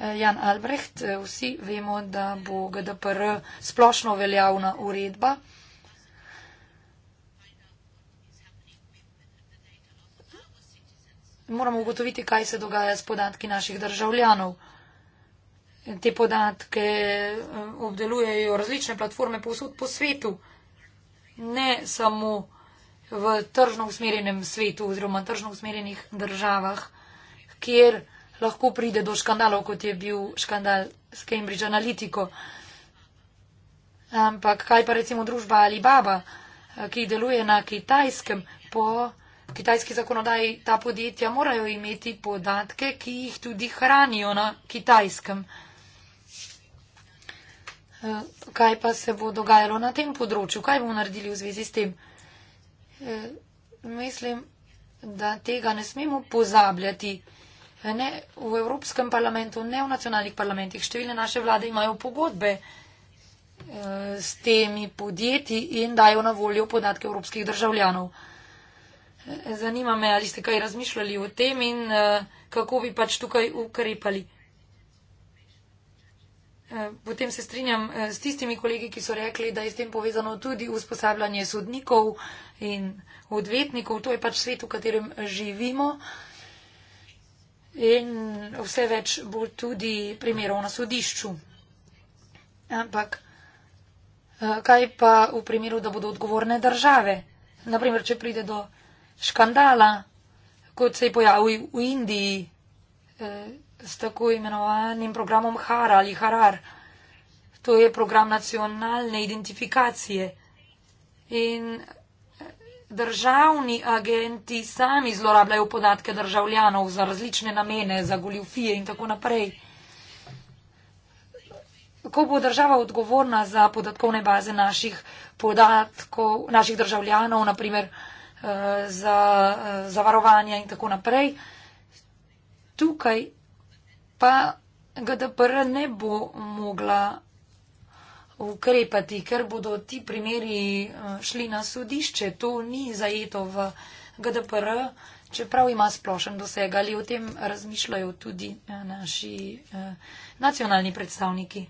Eh, Jan Albrecht. Eh, vsi vemo, da bo GDPR splošno veljavna uredba. Moramo ugotoviti, kaj se dogaja s podatki naših državljanov. Te podatke eh, obdelujejo različne platforme posod po svetu, ne samo v tržno usmerjenem svetu oziroma tržno usmerjenih državah, kjer lahko pride do škandalov, kot je bil škandal s Cambridge Analytico. Ampak kaj pa recimo družba Alibaba, eh, ki deluje na kitajskem, po kitajski zakonodaji ta podjetja morajo imeti podatke, ki jih tudi hranijo na kitajskem. Eh, kaj pa se bo dogajalo na tem področju? Kaj bomo naredili v zvezi s tem? Eh, mislim, da tega ne smemo pozabljati ne v Evropskem parlamentu, ne v nacionalnih parlamentih. Številne naše vlade imajo pogodbe eh, s temi podjetji in dajo na voljo podatke evropskih državljanov. Eh, zanima me, ali ste kaj razmišljali o tem in eh, kako bi pač tukaj ukrepali. Potem se strinjam s tistimi kolegi, ki so rekli, da je s tem povezano tudi usposabljanje sodnikov in odvetnikov. To je pač svet, v katerem živimo in vse več bo tudi primerov na sodišču. Ampak eh, kaj pa v primeru, da bodo odgovorne države? Naprimer, če pride do škandala, kot se je pojavil v Indiji eh, s tako imenovanim programom Hara ali Harar. To je program nacionalne identifikacije. In državni agenti sami zlorabljajo podatke državljanov za različne namene, za goljufije in tako naprej. Ko bo država odgovorna za podatkovne baze naših podatkov, naših državljanov, naprimer eh, za eh, zavarovanja in tako naprej, tukaj pa GDPR ne bo mogla ukrepati, ker bodo ti primeri eh, šli na sodišče. To ni zajeto v GDPR, čeprav ima splošen doseg ali o tem razmišljajo tudi eh, naši eh, nacionalni predstavniki.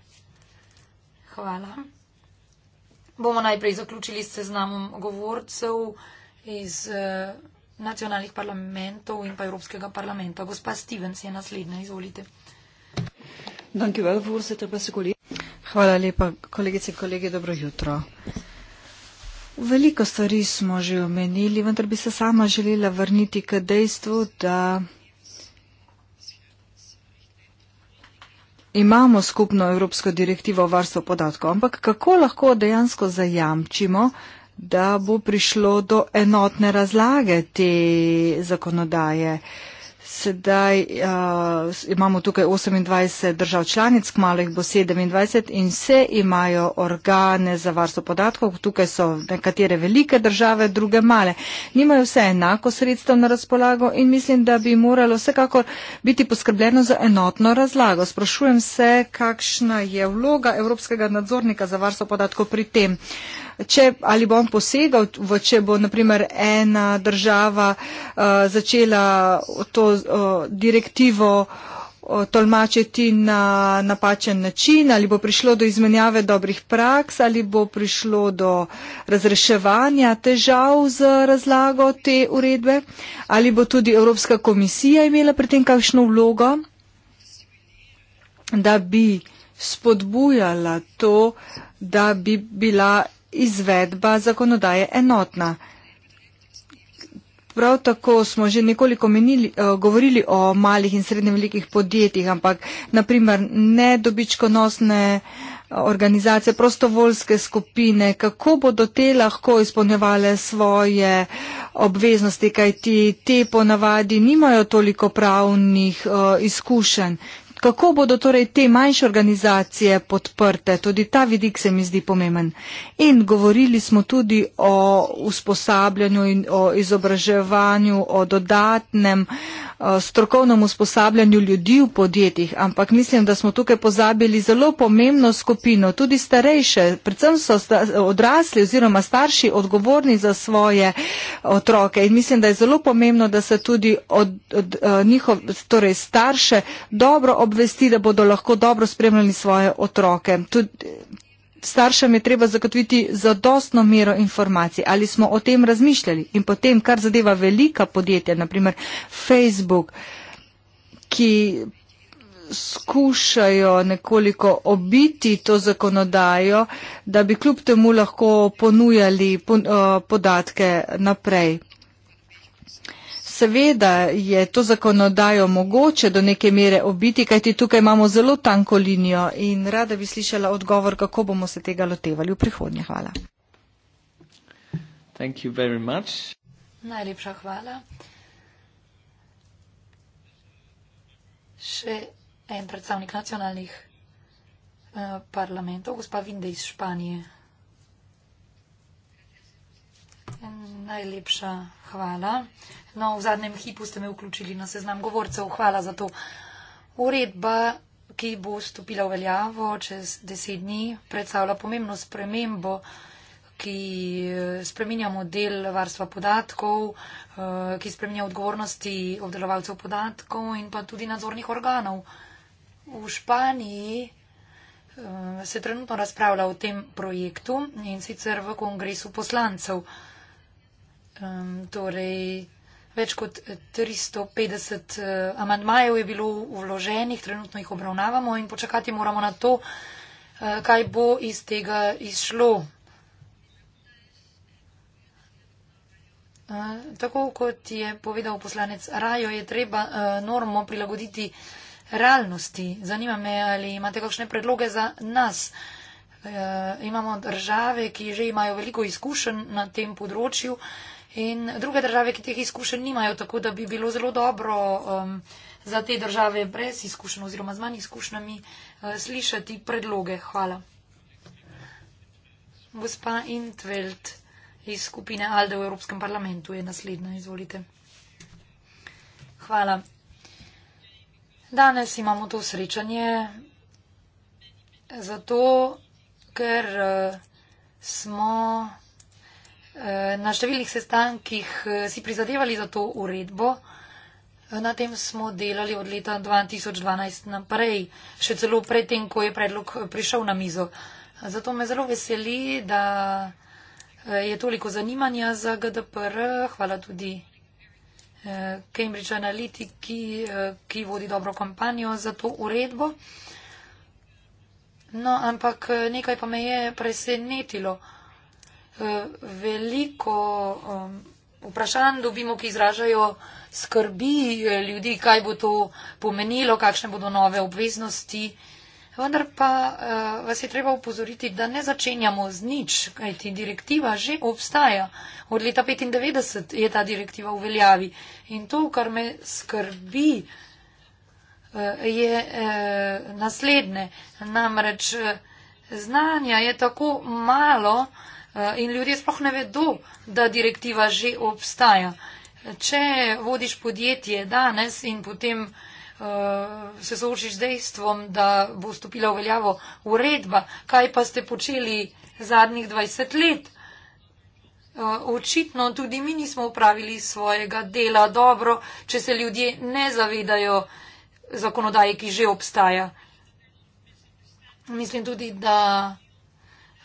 Hvala. Bomo najprej zaključili s seznamom govorcev iz nacionalnih parlamentov in pa Evropskega parlamenta. Gospa Stevens je naslednja, izvolite. Danke, Hvala lepa, kolegice in kolege, dobro jutro. Veliko stvari smo že omenili, vendar bi se sama želela vrniti k dejstvu, da imamo skupno evropsko direktivo o varstvu podatkov, ampak kako lahko dejansko zajamčimo, da bo prišlo do enotne razlage te zakonodaje? Uh, sedaj uh, imamo tukaj 28 držav članic, kmalo jih bo 27 in vse imajo organe za varstvo podatkov. Tukaj so nekatere velike države, druge male. Nimajo vse enako sredstev na razpolago in mislim, da bi moralo vsekakor biti poskrbljeno za enotno razlago. Sprašujem se, kakšna je vloga Evropskega nadzornika za varstvo podatkov pri tem. Uh, če, ali bo on posegal, v, če bo naprimer ena država uh, začela to uh, direktivo uh, tolmačiti na napačen način, ali bo prišlo do izmenjave dobrih praks, ali bo prišlo do razreševanja težav z razlago te uredbe, ali bo tudi Evropska komisija imela pri tem kakšno vlogo, da bi spodbujala to, da bi bila izvedba zakonodaje enotna. Prav tako smo že nekoliko menili, eh, govorili o malih in srednje velikih podjetjih, ampak naprimer nedobičkonosne eh, organizacije, prostovoljske skupine, kako bodo te lahko izpolnjevale svoje eh, obveznosti, kajti te ponavadi nimajo toliko pravnih uh, izkušenj. Kako bodo torej te manjše organizacije podprte? Tudi ta vidik se mi zdi pomemben. In govorili smo tudi o usposabljanju in o izobraževanju, o dodatnem. Uh, Eh, strokovnem usposabljanju ljudi v podjetjih, ampak mislim, da smo tukaj pozabili zelo pomembno skupino, tudi starejše, predvsem so odrasli oziroma starši odgovorni za svoje eh, otroke in mislim, da je zelo pomembno, da se tudi od, od, eh, njihov, torej starše dobro obvesti, da bodo lahko dobro spremljali svoje otroke. Tud, staršem je treba zagotoviti zadostno mero informacij, ali smo o tem razmišljali in potem, kar zadeva velika podjetja, naprimer Facebook, ki skušajo nekoliko obiti to zakonodajo, da bi kljub temu lahko ponujali eh, podatke naprej. Seveda je to zakonodajo mogoče do neke mere obiti, kajti tukaj imamo zelo tanko linijo in rada bi slišala odgovor, kako bomo se tega lotevali v prihodnje. Hvala. Najlepša hvala. Še en predstavnik nacionalnih eh, parlamentov, gospa Vinde iz Španije. Najlepša hvala. No, v zadnjem hipu ste me vključili na seznam govorcev. Hvala za to. Uredba, ki bo stopila v veljavo čez deset dni, predstavlja pomembno spremembo, ki eh, spreminja model varstva podatkov, eh, ki spreminja odgovornosti obdelovalcev podatkov in pa tudi nadzornih organov. V Španiji eh, se trenutno razpravlja o tem projektu in sicer v kongresu poslancev. Torej, Več kot 350 eh, amantmajev je bilo vloženih, trenutno jih obravnavamo in počakati moramo na to, eh, kaj bo iz tega izšlo. Eh, tako kot je povedal poslanec Rajo, je treba normo prilagoditi realnosti. Zanima me, ali imate kakšne predloge za nas. Imamo države, ki že imajo veliko izkušenj na tem področju. In druge države, ki teh izkušenj nimajo, tako da bi bilo zelo dobro um, za te države brez izkušenj oziroma z manj izkušnjami uh, slišati predloge. Hvala. Gospa Intveld iz skupine ALDE v Evropskem parlamentu je naslednja. Izvolite. Hvala. Danes imamo to srečanje zato, ker uh, smo. Eh, na številnih sestankih eh, si prizadevali za to uredbo. Eh, na tem smo delali od leta 2012 naprej, še celo predtem, ko je predlog prišel na mizo. Zato me zelo veseli, da je toliko zanimanja za GDPR. Hvala tudi Cambridge Analytiki, ki vodi dobro kampanjo za to uredbo. No, ampak nekaj pa me je presenetilo veliko um, vprašanj dobimo, ki izražajo skrbi ljudi, kaj bo to pomenilo, kakšne bodo nove obveznosti. Vendar pa uh, vas je treba upozoriti, da ne začenjamo z nič, kajti direktiva že obstaja. Od leta 1995 je ta direktiva v veljavi. In to, kar me skrbi, uh, je uh, naslednje. Namreč uh, znanja je tako malo, uh, Eh, in ljudje sploh ne vedo, da direktiva že obstaja. Če vodiš podjetje danes in potem uh, se soočiš dejstvom, da bo stopila v veljavo uredba, kaj pa ste počeli zadnjih 20 let? Eh, očitno tudi mi nismo upravili svojega dela dobro, če se ljudje ne zavedajo zakonodaje, ki že obstaja. Mislim tudi, da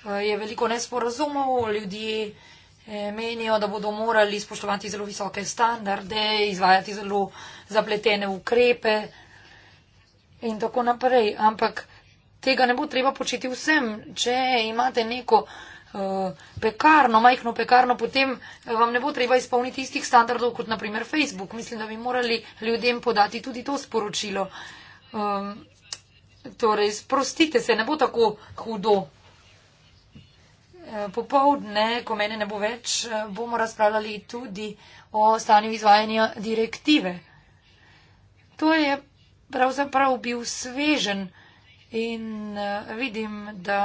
Eh, je veliko nesporazumov, ljudje eh, menijo, da bodo morali spoštovati zelo visoke standarde, izvajati zelo zapletene ukrepe in tako naprej. Ampak tega ne bo treba početi vsem. Če imate neko eh, pekarno, majhno pekarno, potem vam ne bo treba izpolniti istih standardov kot naprimer Facebook. Mislim, da bi morali ljudem podati tudi to sporočilo. Ehm, torej, sprostite se, ne bo tako hudo. Eh, popovdne, ko mene ne bo več, eh, bomo razpravljali tudi o stanju izvajanja direktive. To je pravzaprav bil svežen in eh, vidim, da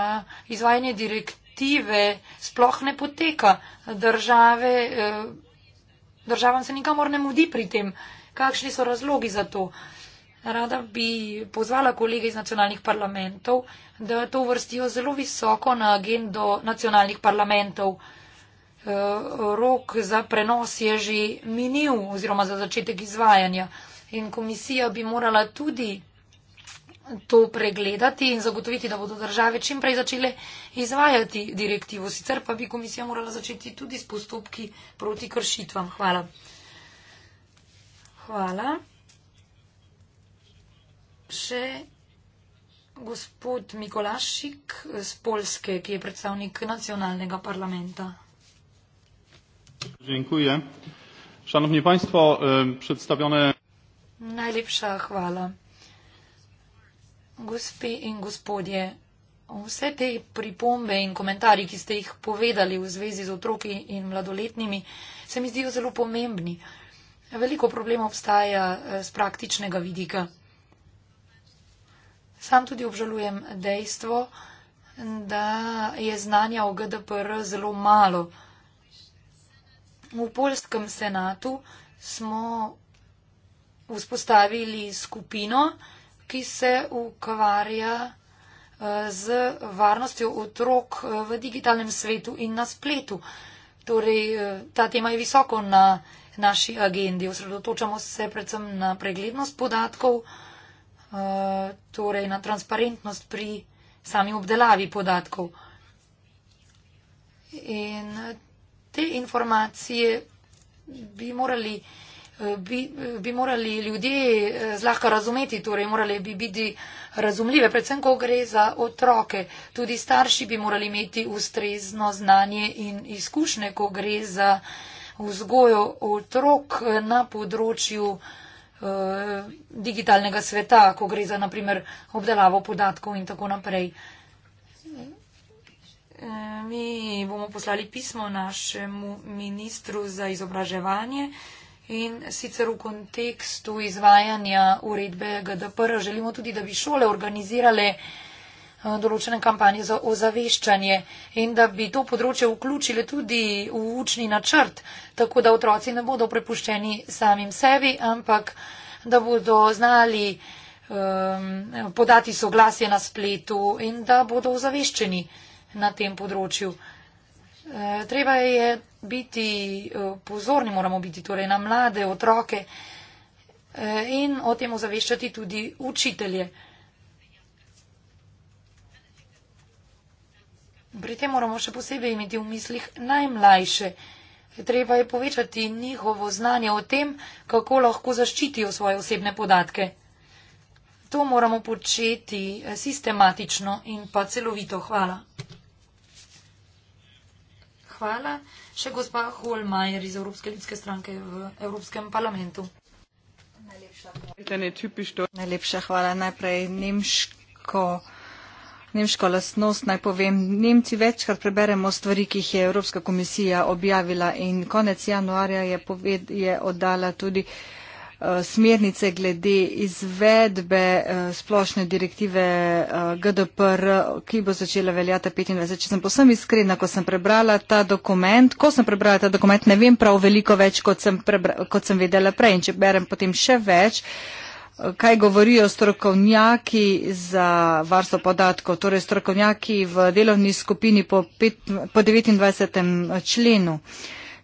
izvajanje direktive sploh ne poteka. Države, državam se nikamor ne mudi pri tem. Kakšni so razlogi za to? Rada bi pozvala kolege iz nacionalnih parlamentov, da to vrstijo zelo visoko na agendo nacionalnih parlamentov. E, rok za prenos je že minil oziroma za začetek izvajanja in komisija bi morala tudi to pregledati in zagotoviti, da bodo države čim prej začele izvajati direktivo. Sicer pa bi komisija morala začeti tudi s postopki proti kršitvam. Hvala. Hvala še gospod Mikolašik z Polske, ki je predstavnik nacionalnega parlamenta. Dziękuję. Szanowni Państwo, przedstawione. Najlepsza chwała. Gospi in gospodje, vse te pripombe in komentarji, ki ste jih povedali v zvezi z otroki in mladoletnimi, se mi zdijo zelo pomembni. Veliko problemov obstaja eh, z praktičnega vidika. Sam tudi obžalujem dejstvo, da je znanja o GDPR zelo malo. V Poljskem senatu smo vzpostavili skupino, ki se ukvarja eh, z varnostjo otrok eh, v digitalnem svetu in na spletu. Torej, eh, ta tema je visoko na naši agendi. Osredotočamo se predvsem na preglednost podatkov. Eh, torej na transparentnost pri sami obdelavi podatkov. In eh, te informacije bi morali, eh, bi, bi morali ljudje zlahka razumeti, torej morali bi biti razumljive, predvsem, ko gre za otroke. Tudi starši bi morali imeti ustrezno znanje in izkušnje, ko gre za vzgojo otrok na področju uh, Eh, digitalnega sveta, ko gre za naprimer obdelavo podatkov in tako naprej. Eh, mi bomo poslali pismo našemu ministru za izobraževanje in sicer v kontekstu izvajanja uredbe GDPR želimo tudi, da bi šole organizirale uh, Eh, določene kampanje za ozaveščanje in da bi to področje vključili tudi v učni načrt, tako da otroci ne bodo prepuščeni samim sebi, ampak da bodo znali um, podati soglasje na spletu in da bodo ozaveščeni na tem področju. E, treba je biti eh, pozorni, moramo biti torej na mlade, otroke e, in o tem ozaveščati tudi učitelje. Pri tem moramo še posebej imeti v mislih najmlajše. Treba je povečati njihovo znanje o tem, kako lahko zaščitijo svoje osebne podatke. To moramo početi eh, sistematično in pa celovito. Hvala. Hvala. Še gospa Holmajer iz Evropske ljudske stranke v Evropskem parlamentu. Najlepša hvala. Najlepša hvala. Najprej nemško nemško lastnost, naj povem, Nemci večkrat preberemo stvari, ki jih je Evropska komisija objavila in konec januarja je, poved, je oddala tudi eh, smernice glede izvedbe eh, splošne direktive eh, GDPR, ki bo začela veljati 25. Če sem posem iskrena, ko sem prebrala ta dokument, ko sem prebrala ta dokument, ne vem prav veliko več, kot sem, prebra, kot sem vedela prej. In če berem potem še več, kaj govorijo strokovnjaki za varstvo podatkov, torej strokovnjaki v delovni skupini po, pet, po 29. členu.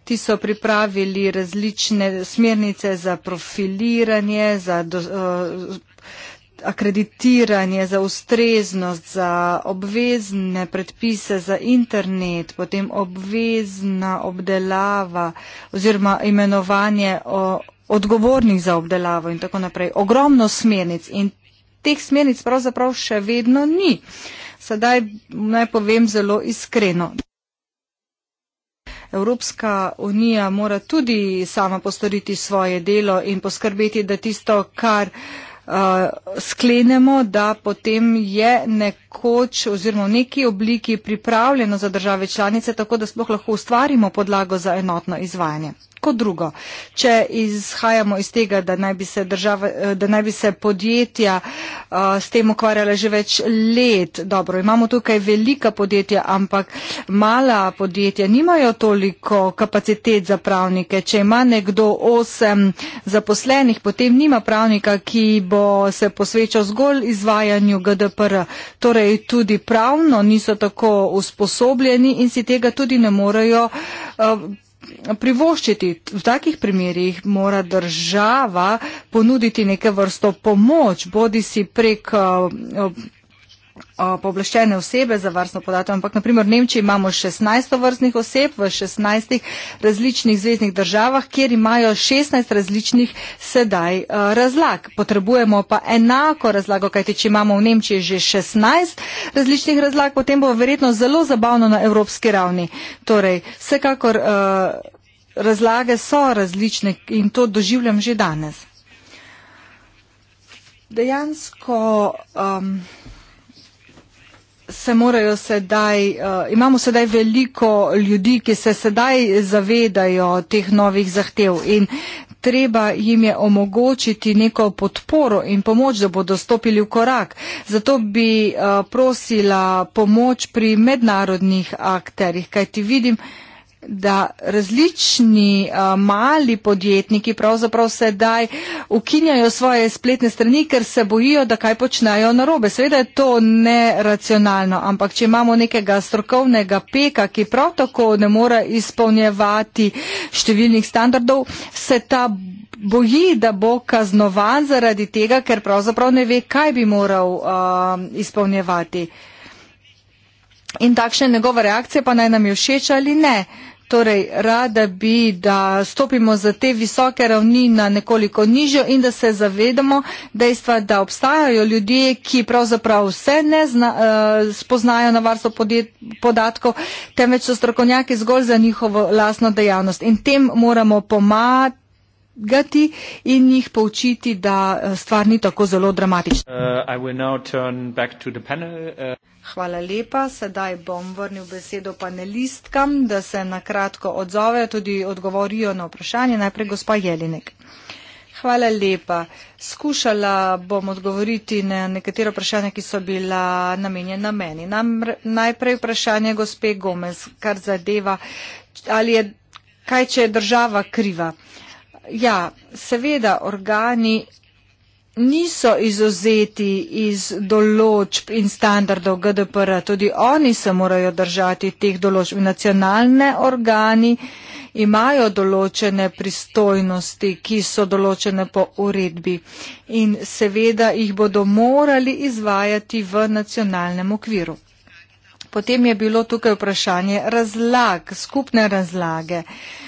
Ti so pripravili različne smernice za profiliranje, za do, uh, akreditiranje, za ustreznost, za obvezne predpise za internet, potem obvezna obdelava oziroma imenovanje o odgovornih za obdelavo in tako naprej. Ogromno smernic in teh smernic pravzaprav še vedno ni. Sedaj naj povem zelo iskreno. Evropska unija mora tudi sama postoriti svoje delo in poskrbeti, da tisto, kar uh, sklenemo, da potem je nekoč oziroma v neki obliki pripravljeno za države članice, tako da sploh lahko ustvarimo podlago za enotno izvajanje. Kako drugo, če izhajamo iz tega, da naj bi se, država, eh, da naj bi se podjetja a, eh, s tem ukvarjala že več let, dobro, imamo tukaj velika podjetja, ampak mala podjetja nimajo toliko kapacitet za pravnike. Če ima nekdo osem zaposlenih, potem nima pravnika, ki bo se posvečal zgolj izvajanju GDPR. Torej tudi pravno niso tako usposobljeni in si tega tudi ne morejo. A, eh, privoščiti. V takih primerjih mora država ponuditi neke vrsto pomoč, bodi si prek. Uh, uh, pooblaščene osebe za varstvo podatkov, ampak naprimer v Nemčiji imamo 16 vrstnih oseb v 16 različnih zvezdnih državah, kjer imajo 16 različnih sedaj e, razlag. Potrebujemo pa enako razlago, kajti če imamo v Nemčiji že 16 različnih razlag, potem bo verjetno zelo zabavno na evropski ravni. Torej, vsekakor e, razlage so različne in to doživljam že danes. Dejansko. Um, se morajo sedaj, uh, imamo sedaj veliko ljudi, ki se sedaj zavedajo teh novih zahtev in treba jim je omogočiti neko podporo in pomoč, da bodo stopili v korak. Zato bi uh, prosila pomoč pri mednarodnih akterjih, kajti vidim, da različni uh, mali podjetniki pravzaprav sedaj ukinjajo svoje spletne strani, ker se bojijo, da kaj počnejo narobe. Seveda je to neracionalno, ampak če imamo nekega strokovnega peka, ki prav tako ne more izpolnjevati številnih standardov, se ta boji, da bo kaznovan zaradi tega, ker pravzaprav ne ve, kaj bi moral uh, izpolnjevati. In takšne njegove reakcije pa naj nam je všeč ali ne. Torej, rada bi, da stopimo za te visoke ravni na nekoliko nižjo in da se zavedamo dejstva, da obstajajo ljudje, ki pravzaprav vse ne zna, uh, spoznajo na varstvo podatkov, temveč so strokovnjaki zgolj za njihovo lastno dejavnost. In tem moramo pomagati pomagati in jih poučiti, da eh, stvar ni tako zelo dramatična. Uh, panel, uh. Hvala lepa. Sedaj bom vrnil besedo panelistkam, da se na kratko odzovejo, tudi odgovorijo na vprašanje. Najprej gospa Jelinek. Hvala lepa. Skušala bom odgovoriti na nekatero vprašanje, ki so bila namenjena meni. Nam, najprej vprašanje gospe Gomez, kar zadeva, ali je kaj, če je država kriva. Uh, Ja, seveda organi niso izuzeti iz določb in standardov GDPR, tudi oni se morajo držati teh določb. Nacionalne organi imajo določene pristojnosti, ki so določene po uredbi in seveda jih bodo morali izvajati v nacionalnem okviru. Potem je bilo tukaj vprašanje razlag, skupne razlage. Uh,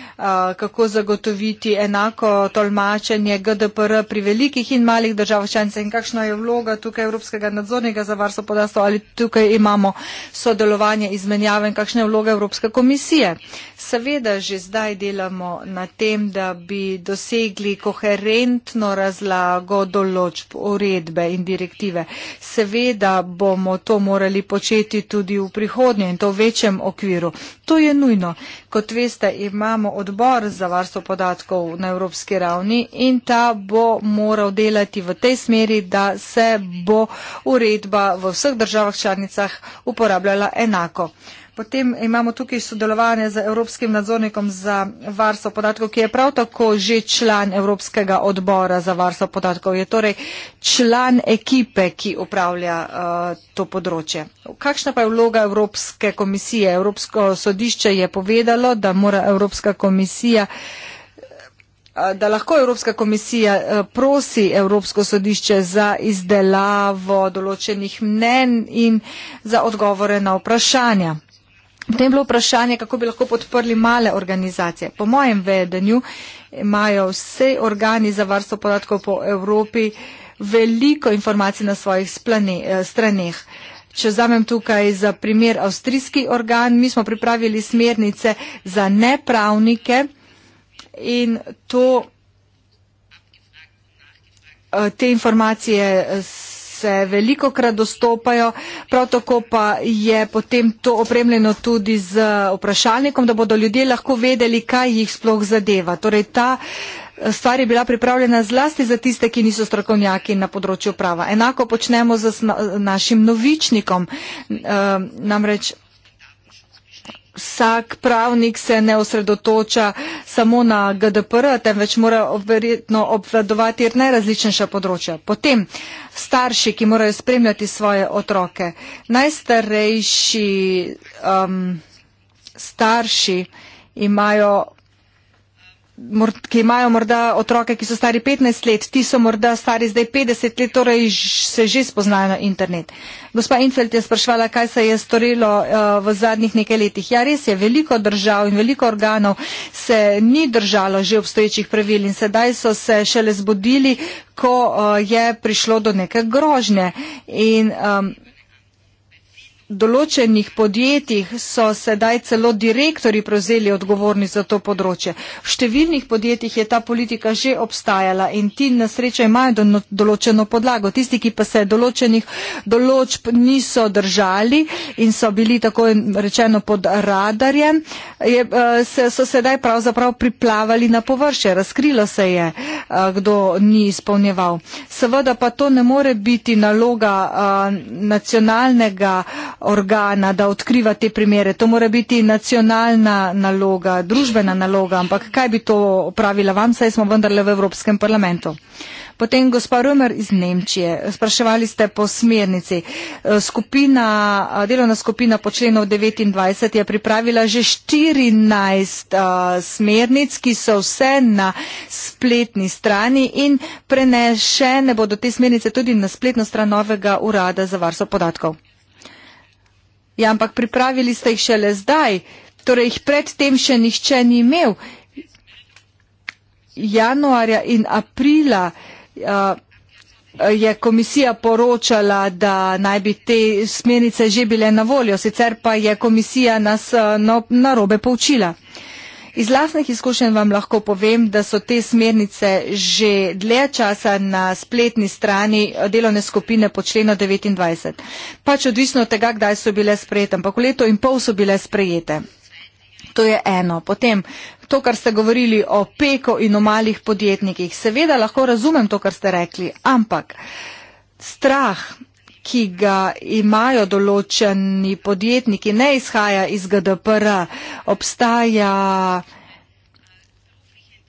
kako zagotoviti enako tolmačenje GDPR pri velikih in malih državah članicah in kakšna je vloga tukaj Evropskega nadzornega za varstvo podatkov ali tukaj imamo sodelovanje izmenjave in kakšna je vloga Evropske komisije. Seveda že zdaj delamo na tem, da bi dosegli koherentno razlago določb uredbe in direktive. Seveda bomo to morali početi tudi v prihodnje in to v večjem okviru. To je nujno. Kot veste, imamo od odbor za varstvo podatkov na evropski ravni in ta bo moral delati v tej smeri, da se bo uredba v vseh državah članicah uporabljala enako. Potem imamo tukaj sodelovanje z Evropskim nadzornikom za varstvo podatkov, ki je prav tako že član Evropskega odbora za varstvo podatkov. Je torej član ekipe, ki upravlja uh, to področje. Kakšna pa je vloga Evropske komisije? Evropsko sodišče je povedalo, da mora Evropska komisija eh, da lahko Evropska komisija eh, prosi Evropsko sodišče za izdelavo določenih mnen in za odgovore na vprašanja. Potem je bilo vprašanje, kako bi lahko podprli male organizacije. Po mojem vedenju imajo vse organi za varstvo podatkov po Evropi veliko informacij na svojih splane, eh, straneh. Če vzamem tukaj za primer avstrijski organ, mi smo pripravili smernice za nepravnike in to, eh, te informacije. S, se veliko krat dostopajo, prav tako pa je potem to opremljeno tudi z vprašalnikom, da bodo ljudje lahko vedeli, kaj jih sploh zadeva. Torej, ta eh, stvar je bila pripravljena zlasti za tiste, ki niso strokovnjaki na področju prava. Enako počnemo z našim novičnikom. Uh, namreč vsak pravnik se ne osredotoča samo na GDPR, temveč mora verjetno obvladovati najrazličnejša področja. Potem starši, ki morajo spremljati svoje otroke, najstarejši um, starši imajo ki imajo morda otroke, ki so stari 15 let, ti so morda stari zdaj 50 let, torej se že spoznajo na internet. Gospa Infeld je sprašvala, kaj se je storilo uh, v zadnjih nekaj letih. Ja, res je, veliko držav in veliko organov se ni držalo že obstoječih pravil in sedaj so se šele zbudili, ko uh, je prišlo do neke grožnje. In, um, določenih podjetjih so sedaj celo direktori prevzeli odgovorni za to področje. V številnih podjetjih je ta politika že obstajala in ti na srečo imajo no, določeno podlago. Tisti, ki pa se določenih določb niso držali in so bili tako rečeno pod radarjem, je, eh, se, so sedaj pravzaprav priplavali na površje. Razkrilo se je, eh, kdo ni izpolnjeval. Seveda pa to ne more biti naloga eh, nacionalnega organa, da odkriva te primere. To mora biti nacionalna naloga, družbena naloga, ampak kaj bi to opravila vam, saj smo vendarle v Evropskem parlamentu. Potem gospod Römer iz Nemčije. Spraševali ste po smernici. Skupina, delovna skupina po členu 29 je pripravila že 14 uh, smernic, ki so vse na spletni strani in prenešene bodo te smernice tudi na spletno stran novega urada za varstvo podatkov. Ja, ampak pripravili ste jih šele zdaj, torej jih predtem še nihče ni imel. Januarja in aprila uh, je komisija poročala, da naj bi te smernice že bile na voljo, sicer pa je komisija nas uh, narobe poučila. Uh, Iz lasnih izkušenj vam lahko povem, da so te smernice že dlje časa na spletni strani delovne skupine po členu 29. Pač odvisno od tega, kdaj so bile sprejete, ampak leto in pol so bile sprejete. To je eno. Potem to, kar ste govorili o peko in o malih podjetnikih. Seveda lahko razumem to, kar ste rekli, ampak strah ki ga imajo določeni podjetniki, ne izhaja iz GDPR, obstaja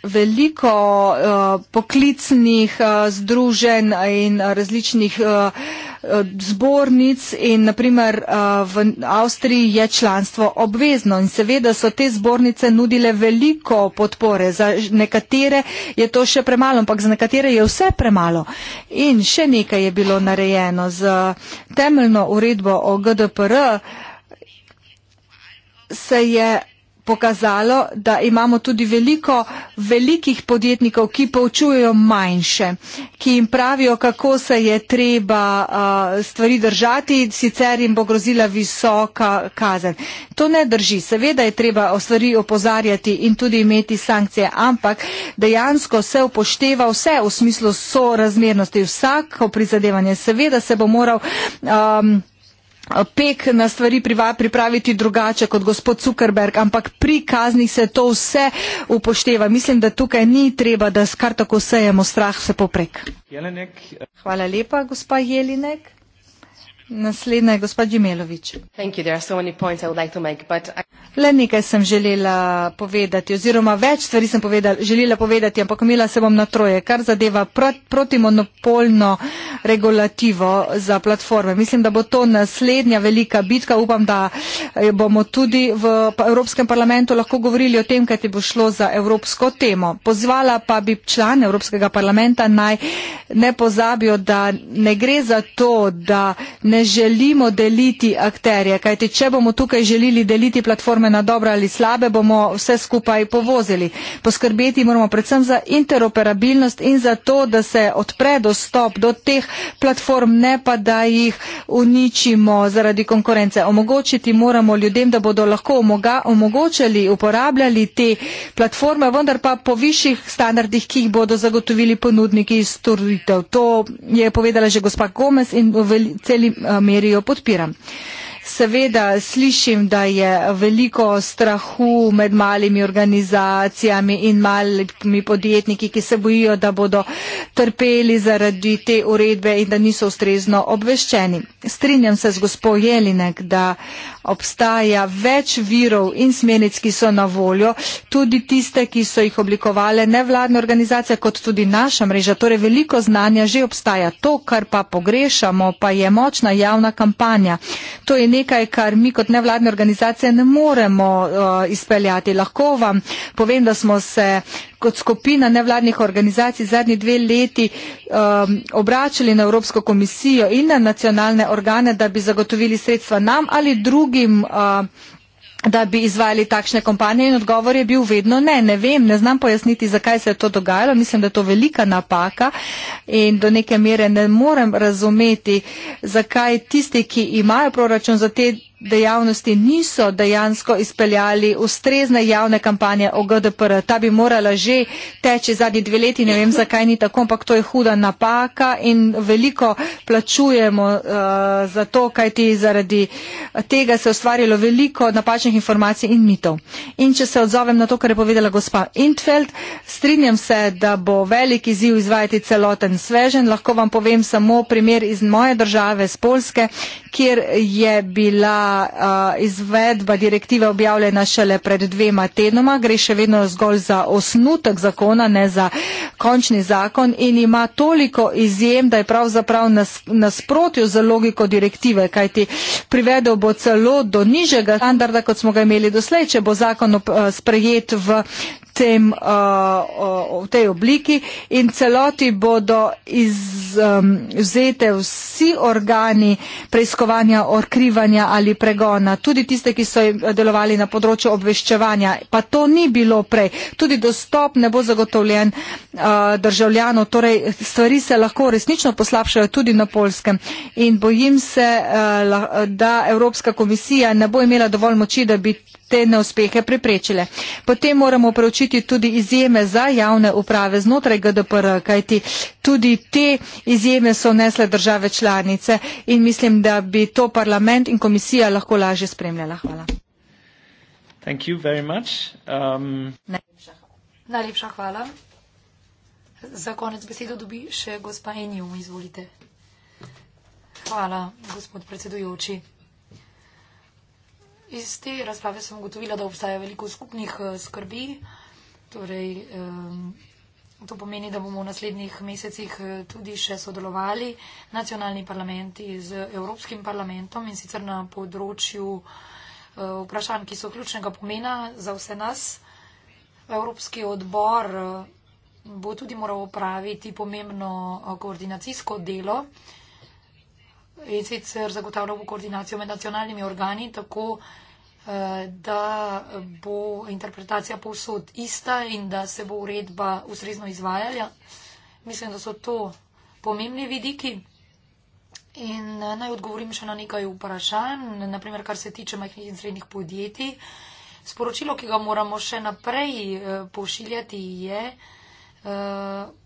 veliko uh, poklicnih uh, združenj in uh, različnih uh, zbornic in naprimer uh, v Avstriji je članstvo obvezno in seveda so te zbornice nudile veliko podpore. Za nekatere je to še premalo, ampak za nekatere je vse premalo. In še nekaj je bilo narejeno z temeljno uredbo o GDPR se je pokazalo, da imamo tudi veliko velikih podjetnikov, ki poučujejo manjše, ki jim pravijo, kako se je treba uh, stvari držati, sicer jim bo grozila visoka kazen. To ne drži. Seveda je treba o stvari opozarjati in tudi imeti sankcije, ampak dejansko se upošteva vse v smislu sorazmernosti, vsako prizadevanje. Seveda se bo moral. Um, pek na stvari pripraviti drugače kot gospod Zuckerberg, ampak pri kaznih se to vse upošteva. Mislim, da tukaj ni treba, da kar tako sejemo strah vse poprek. Jelenek. Eh, Hvala lepa, gospa Jelinek. Naslednja je gospod Džimelovič. So like I... Le nekaj sem želela povedati, oziroma več stvari sem povedala, želela povedati, ampak omila se bom na troje, kar zadeva pr protimonopolno regulativo za platforme. Mislim, da bo to naslednja velika bitka. Upam, da eh, bomo tudi v Evropskem parlamentu lahko govorili o tem, kaj ti bo šlo za evropsko temo. Pozvala pa bi član Evropskega parlamenta naj ne pozabijo, da ne gre za to, da ne ne želimo deliti akterje, kajti če bomo tukaj želeli deliti platforme na dobre ali slabe, bomo vse skupaj povozili. Poskrbeti moramo predvsem za interoperabilnost in za to, da se odpre dostop do teh platform, ne pa da jih uničimo zaradi konkurence. Omogočiti moramo ljudem, da bodo lahko omogočali, uporabljali te platforme, vendar pa po višjih standardih, ki jih bodo zagotovili ponudniki iz storitev. To je povedala že gospa Gomez in v celi merijo podpiram. Seveda slišim, da je veliko strahu med malimi organizacijami in malimi podjetniki, ki se bojijo, da bodo trpeli zaradi te uredbe in da niso ustrezno obveščeni. Strinjam se z gospod Jelinek, da obstaja več virov in smernic, ki so na voljo, tudi tiste, ki so jih oblikovale nevladne organizacije, kot tudi naša mreža. Torej veliko znanja že obstaja. To, kar pa pogrešamo, pa je močna javna kampanja. To je nekaj, kar mi kot nevladne organizacije ne moremo uh, izpeljati. Lahko vam povem, da smo se kot skupina nevladnih organizacij zadnji dve leti um, obračali na Evropsko komisijo in na nacionalne organe, da bi zagotovili sredstva nam ali drugim. Uh, da bi izvajali takšne kampanje in odgovor je bil vedno ne, ne vem, ne znam pojasniti, zakaj se je to dogajalo, mislim, da je to velika napaka in do neke mere ne morem razumeti, zakaj tisti, ki imajo proračun za te dejavnosti niso dejansko izpeljali ustrezne javne kampanje o GDPR. Ta bi morala že teči zadnji dve leti, ne vem zakaj ni tako, ampak to je huda napaka in veliko plačujemo uh, za to, kaj ti zaradi tega se je ustvarjalo veliko napačnih informacij in mitov. In če se odzovem na to, kar je povedala gospa Intfeld, strinjam se, da bo velik izziv izvajati celoten svežen. Lahko vam povem samo primer iz moje države, iz Polske, kjer je bila Uh, Eh, izvedba direktive objavljena šele pred dvema tednoma, gre še vedno zgolj za osnutek zakona, ne za končni zakon in ima toliko izjem, da je pravzaprav nasprotju nas za logiko direktive, kajti privedel bo celo do nižjega standarda, kot smo ga imeli doslej, če bo zakon eh, sprejet v tem, uh, v tej obliki in celoti bodo izvzete um, vsi organi preiskovanja, orkrivanja ali pregona, tudi tiste, ki so delovali na področju obveščevanja. Pa to ni bilo prej. Tudi dostop ne bo zagotovljen uh, državljanov, torej stvari se lahko resnično poslabšajo tudi na polskem. In bojim se, uh, da Evropska komisija ne bo imela dovolj moči, da bi te neuspehe preprečile. Potem moramo preučiti tudi izjeme za javne uprave znotraj GDPR, kajti tudi te izjeme so nesle države članice in mislim, da bi to parlament in komisija lahko lažje spremljala. Hvala. Thank you very much. Um... Najlepša, hvala. Najlepša hvala. Za konec besedo dobi še gospa Enjum, izvolite. Hvala, gospod predsedujoči. Iz te razprave sem ugotovila, da obstaja veliko skupnih eh, skrbi. Torej, ehm, to pomeni, da bomo v naslednjih mesecih eh, tudi še sodelovali nacionalni parlamenti z Evropskim parlamentom in sicer na področju eh, vprašanj, ki so ključnega pomena za vse nas. Evropski odbor bo tudi moral opraviti pomembno koordinacijsko delo in sicer zagotavljamo koordinacijo med nacionalnimi organi, tako eh, da bo interpretacija povsod ista in da se bo uredba ustrezno izvajala. Mislim, da so to pomembni vidiki. In eh, naj odgovorim še na nekaj vprašanj, naprimer, kar se tiče majhnih in srednjih podjetij. Sporočilo, ki ga moramo še naprej eh, pošiljati, je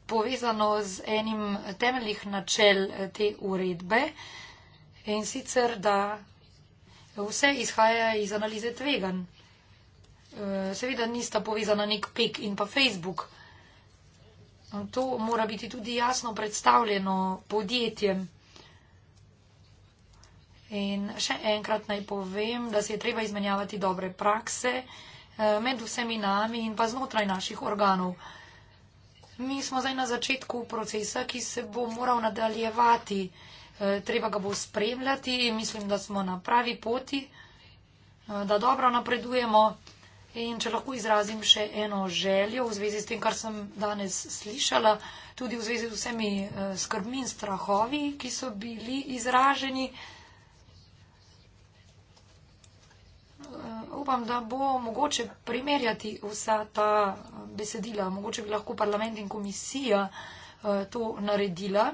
povezano z enim temeljnih načel te uredbe. In sicer, da vse izhaja iz analize tvegan. E, seveda nista povezana nek pik in pa Facebook. To mora biti tudi jasno predstavljeno podjetjem. In še enkrat naj povem, da se je treba izmenjavati dobre prakse e, med vsemi nami in pa znotraj naših organov. Mi smo zdaj na začetku procesa, ki se bo moral nadaljevati. Eh, treba ga bo spremljati. Mislim, da smo na pravi poti, eh, da dobro napredujemo. In če lahko izrazim še eno željo v zvezi s tem, kar sem danes slišala, tudi v zvezi z vsemi eh, skrbmi in strahovi, ki so bili izraženi. Upam, da bo mogoče primerjati vsa ta besedila. Mogoče bi lahko parlament in komisija to naredila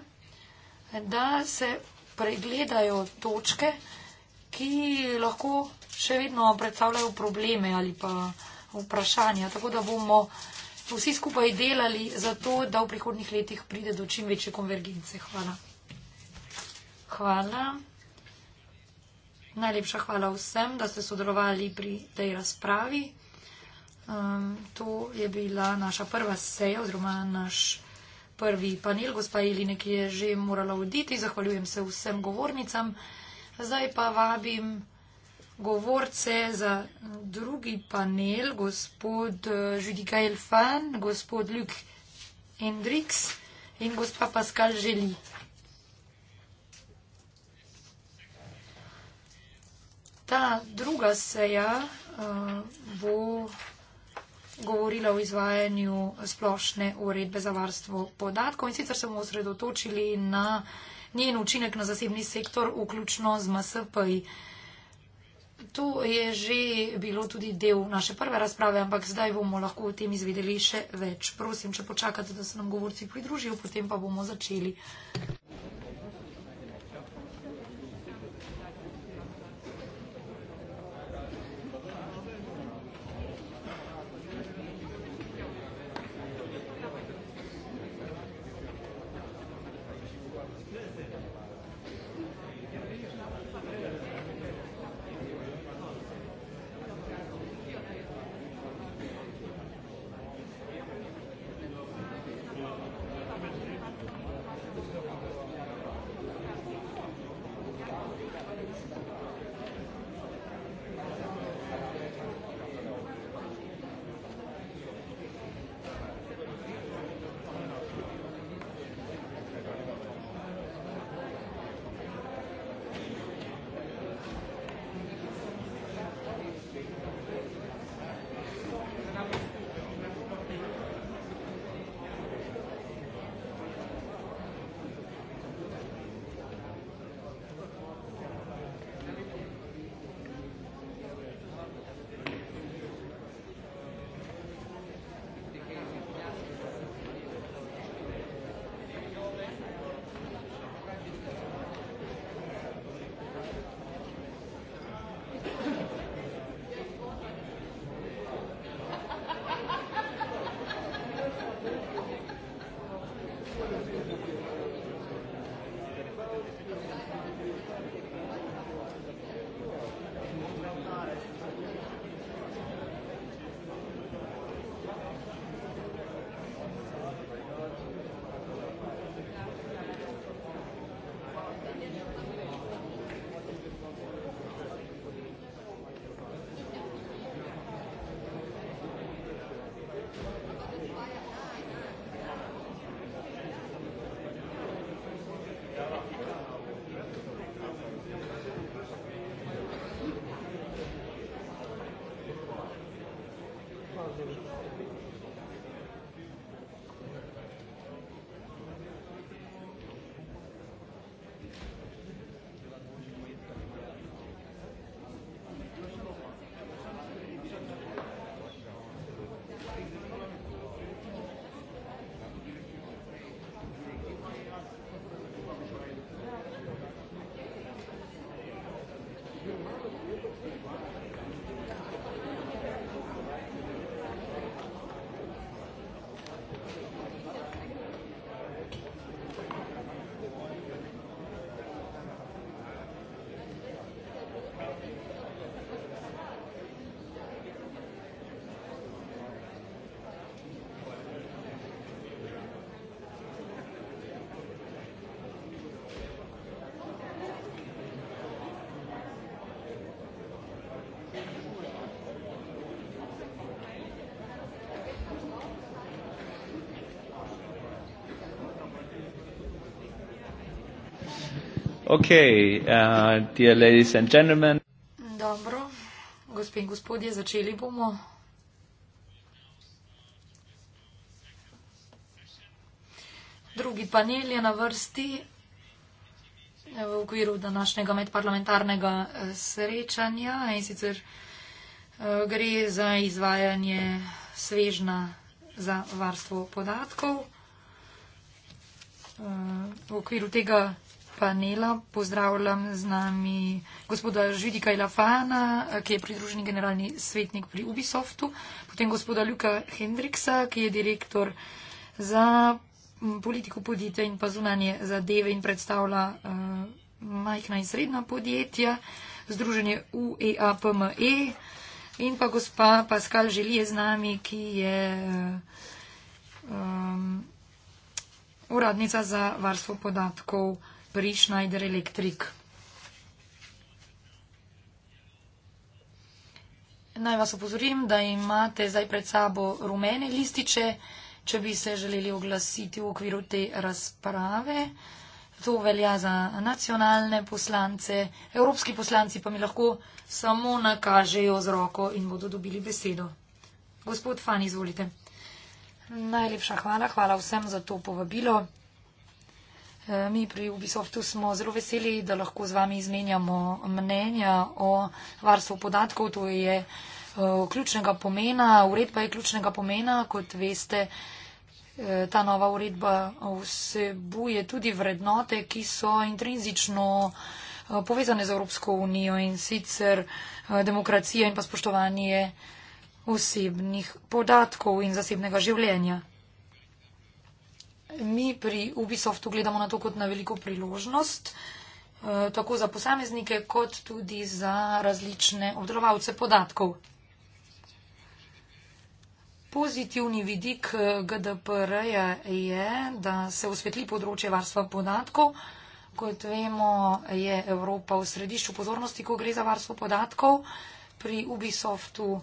da se pregledajo točke, ki lahko še vedno predstavljajo probleme ali pa vprašanja. Tako da bomo vsi skupaj delali za to, da v prihodnih letih pride do čim večje konvergence. Hvala. Hvala. Najlepša hvala vsem, da ste sodelovali pri tej razpravi. Um, to je bila naša prva seja oziroma naš prvi panel. Gospa Jelina, ki je že morala oditi, zahvaljujem se vsem govornicam. Zdaj pa vabim govorce za drugi panel, gospod eh, Žudikael Fan, gospod Ljuk Hendriks in gospa Pascal Želi. Ta druga seja uh, bo govorila o izvajanju splošne uredbe za varstvo podatkov in sicer se bomo osredotočili na njen učinek na zasebni sektor, vključno z MSP-ji. To je že bilo tudi del naše prve razprave, ampak zdaj bomo lahko o tem izvedeli še več. Prosim, če počakate, da se nam govorci pridružijo, potem pa bomo začeli. Okay, uh, dear ladies and gentlemen. Dobro, gospe in gospodje, začeli bomo. Drugi panel je na vrsti eh, v okviru današnjega medparlamentarnega eh, srečanja in sicer eh, gre za izvajanje svežna za varstvo podatkov. V okviru tega panela pozdravljam z nami gospoda Židika Ilafana, ki je pridruženi generalni svetnik pri Ubisoftu, potem gospoda Luka Hendriksa, ki je direktor za politiko podjetja in pa zunanje zadeve in predstavlja uh, majhna in srednja podjetja, združenje UEAPME e. in pa gospa Pascal Želije z nami, ki je uh, um, uradnica za varstvo podatkov pri Schneider Electric. Naj vas opozorim, da imate zdaj pred sabo rumene lističe, če bi se želeli oglasiti v okviru te razprave. To velja za nacionalne poslance. Evropski poslanci pa mi lahko samo nakažejo z roko in bodo dobili besedo. Gospod Fan, izvolite. Najlepša hvala, hvala vsem za to povabilo. Eh, mi pri Ubisoftu smo zelo veseli, da lahko z vami izmenjamo mnenja o varstvu podatkov. To je eh, ključnega pomena. Uredba je ključnega pomena. Kot veste, eh, ta nova uredba vsebuje tudi vrednote, ki so intrinzično povezane z Evropsko unijo in sicer demokracija in pa spoštovanje osebnih podatkov in zasebnega življenja mi pri Ubisoftu gledamo na to kot na veliko priložnost, eh, tako za posameznike, kot tudi za različne obdelovalce podatkov. Pozitivni vidik eh, GDPR-ja je, da se osvetli področje varstva podatkov. Kot vemo, je Evropa v središču pozornosti, ko gre za varstvo podatkov. Pri Ubisoftu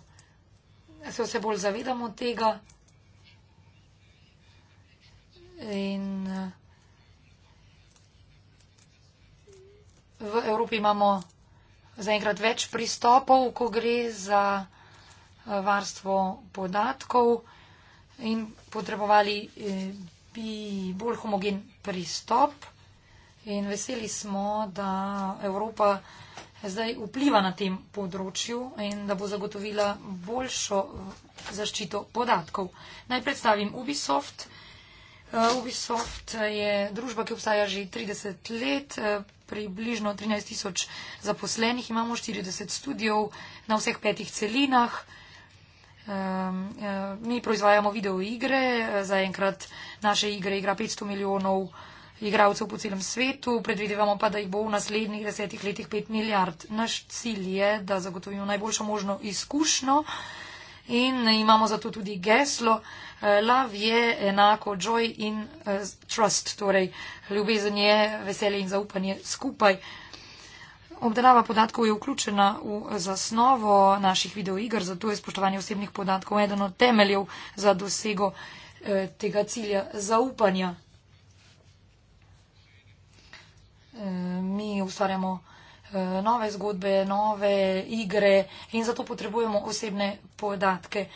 se vse bolj zavedamo tega. In eh, v Evropi imamo zaenkrat več pristopov, ko gre za eh, varstvo podatkov in potrebovali eh, bi bolj homogen pristop. In veseli smo, da Evropa zdaj vpliva na tem področju in da bo zagotovila boljšo zaščito podatkov. Naj predstavim Ubisoft. Ubisoft je družba, ki obstaja že 30 let, eh, približno 13 tisoč zaposlenih, imamo 40 studijev na vseh petih celinah. Ehm, eh, mi proizvajamo videoigre, eh, zaenkrat naše igre igra 500 milijonov igralcev po celem svetu, predvidevamo pa, da jih bo v naslednjih desetih letih 5 milijard. Naš cilj je, da zagotovimo najboljšo možno izkušnjo in imamo zato tudi geslo. Eh, love je enako joy in eh, trust, torej ljubezen je veselje in zaupanje skupaj. Obdelava podatkov je vključena v eh, zasnovo naših videoiger, zato je spoštovanje osebnih podatkov eden od temeljev za dosego tega cilja zaupanja. Mi ustvarjamo. Eh, nove zgodbe, nove igre in zato potrebujemo osebne podatke.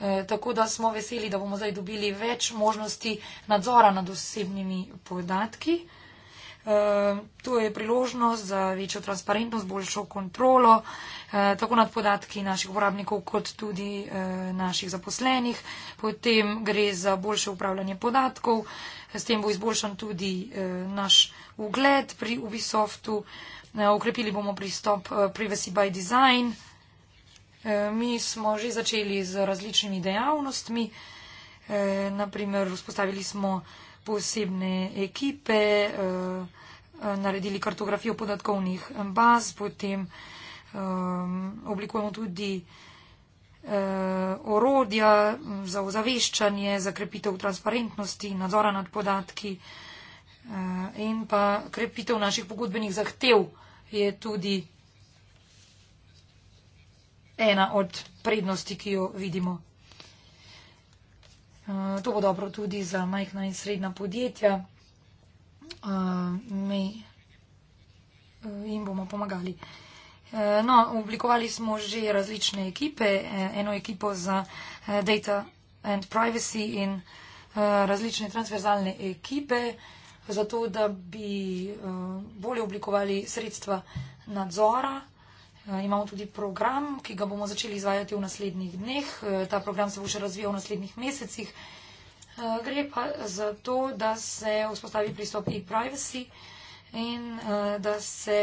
Eh, tako da smo veseli, da bomo zdaj dobili več možnosti nadzora nad osebnimi podatki. Eh, to je priložnost za večjo transparentnost, boljšo kontrolo, tako nad podatki naših uporabnikov, kot tudi naših zaposlenih. Potem gre za boljše upravljanje podatkov, s tem bo izboljšan tudi naš ugled pri Ubisoftu. Ukrepili eh, bomo pristop eh, Privacy by Design. Eh, mi smo že začeli z različnimi dejavnostmi. Naprimer, vzpostavili smo posebne ekipe, naredili kartografijo podatkovnih baz, potem oblikujemo tudi orodja za ozaveščanje, za krepitev transparentnosti, nadzora nad podatki in pa krepitev naših pogodbenih zahtev je tudi ena od prednosti, ki jo vidimo. Eh, to bo dobro tudi za majhna in srednja podjetja. Eh, mi eh, jim bomo pomagali. No, oblikovali smo že različne ekipe, eno ekipo za data and privacy in različne transverzalne ekipe zato da bi eh, bolje oblikovali sredstva nadzora. Eh, imamo tudi program, ki ga bomo začeli izvajati v naslednjih dneh. Eh, ta program se bo še razvijal v naslednjih mesecih. Gre pa za to, da se vzpostavi pristop e-privacy in da se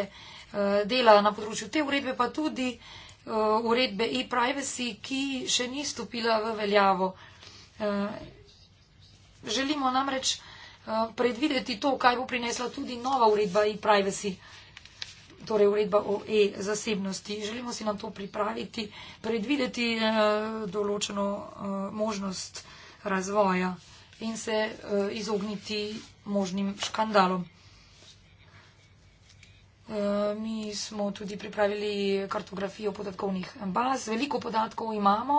dela na področju te uredbe, pa tudi uredbe e-privacy, ki še ni stopila v veljavo. Želimo namreč, Eh, predvideti to, kaj bo prinesla tudi nova uredba e-privacy, torej uredba o e-zasebnosti. Želimo si na to pripraviti, predvideti eh, določeno eh, možnost razvoja in se izogniti možnim škandalom. Mi smo tudi pripravili kartografijo podatkovnih baz. Veliko podatkov imamo,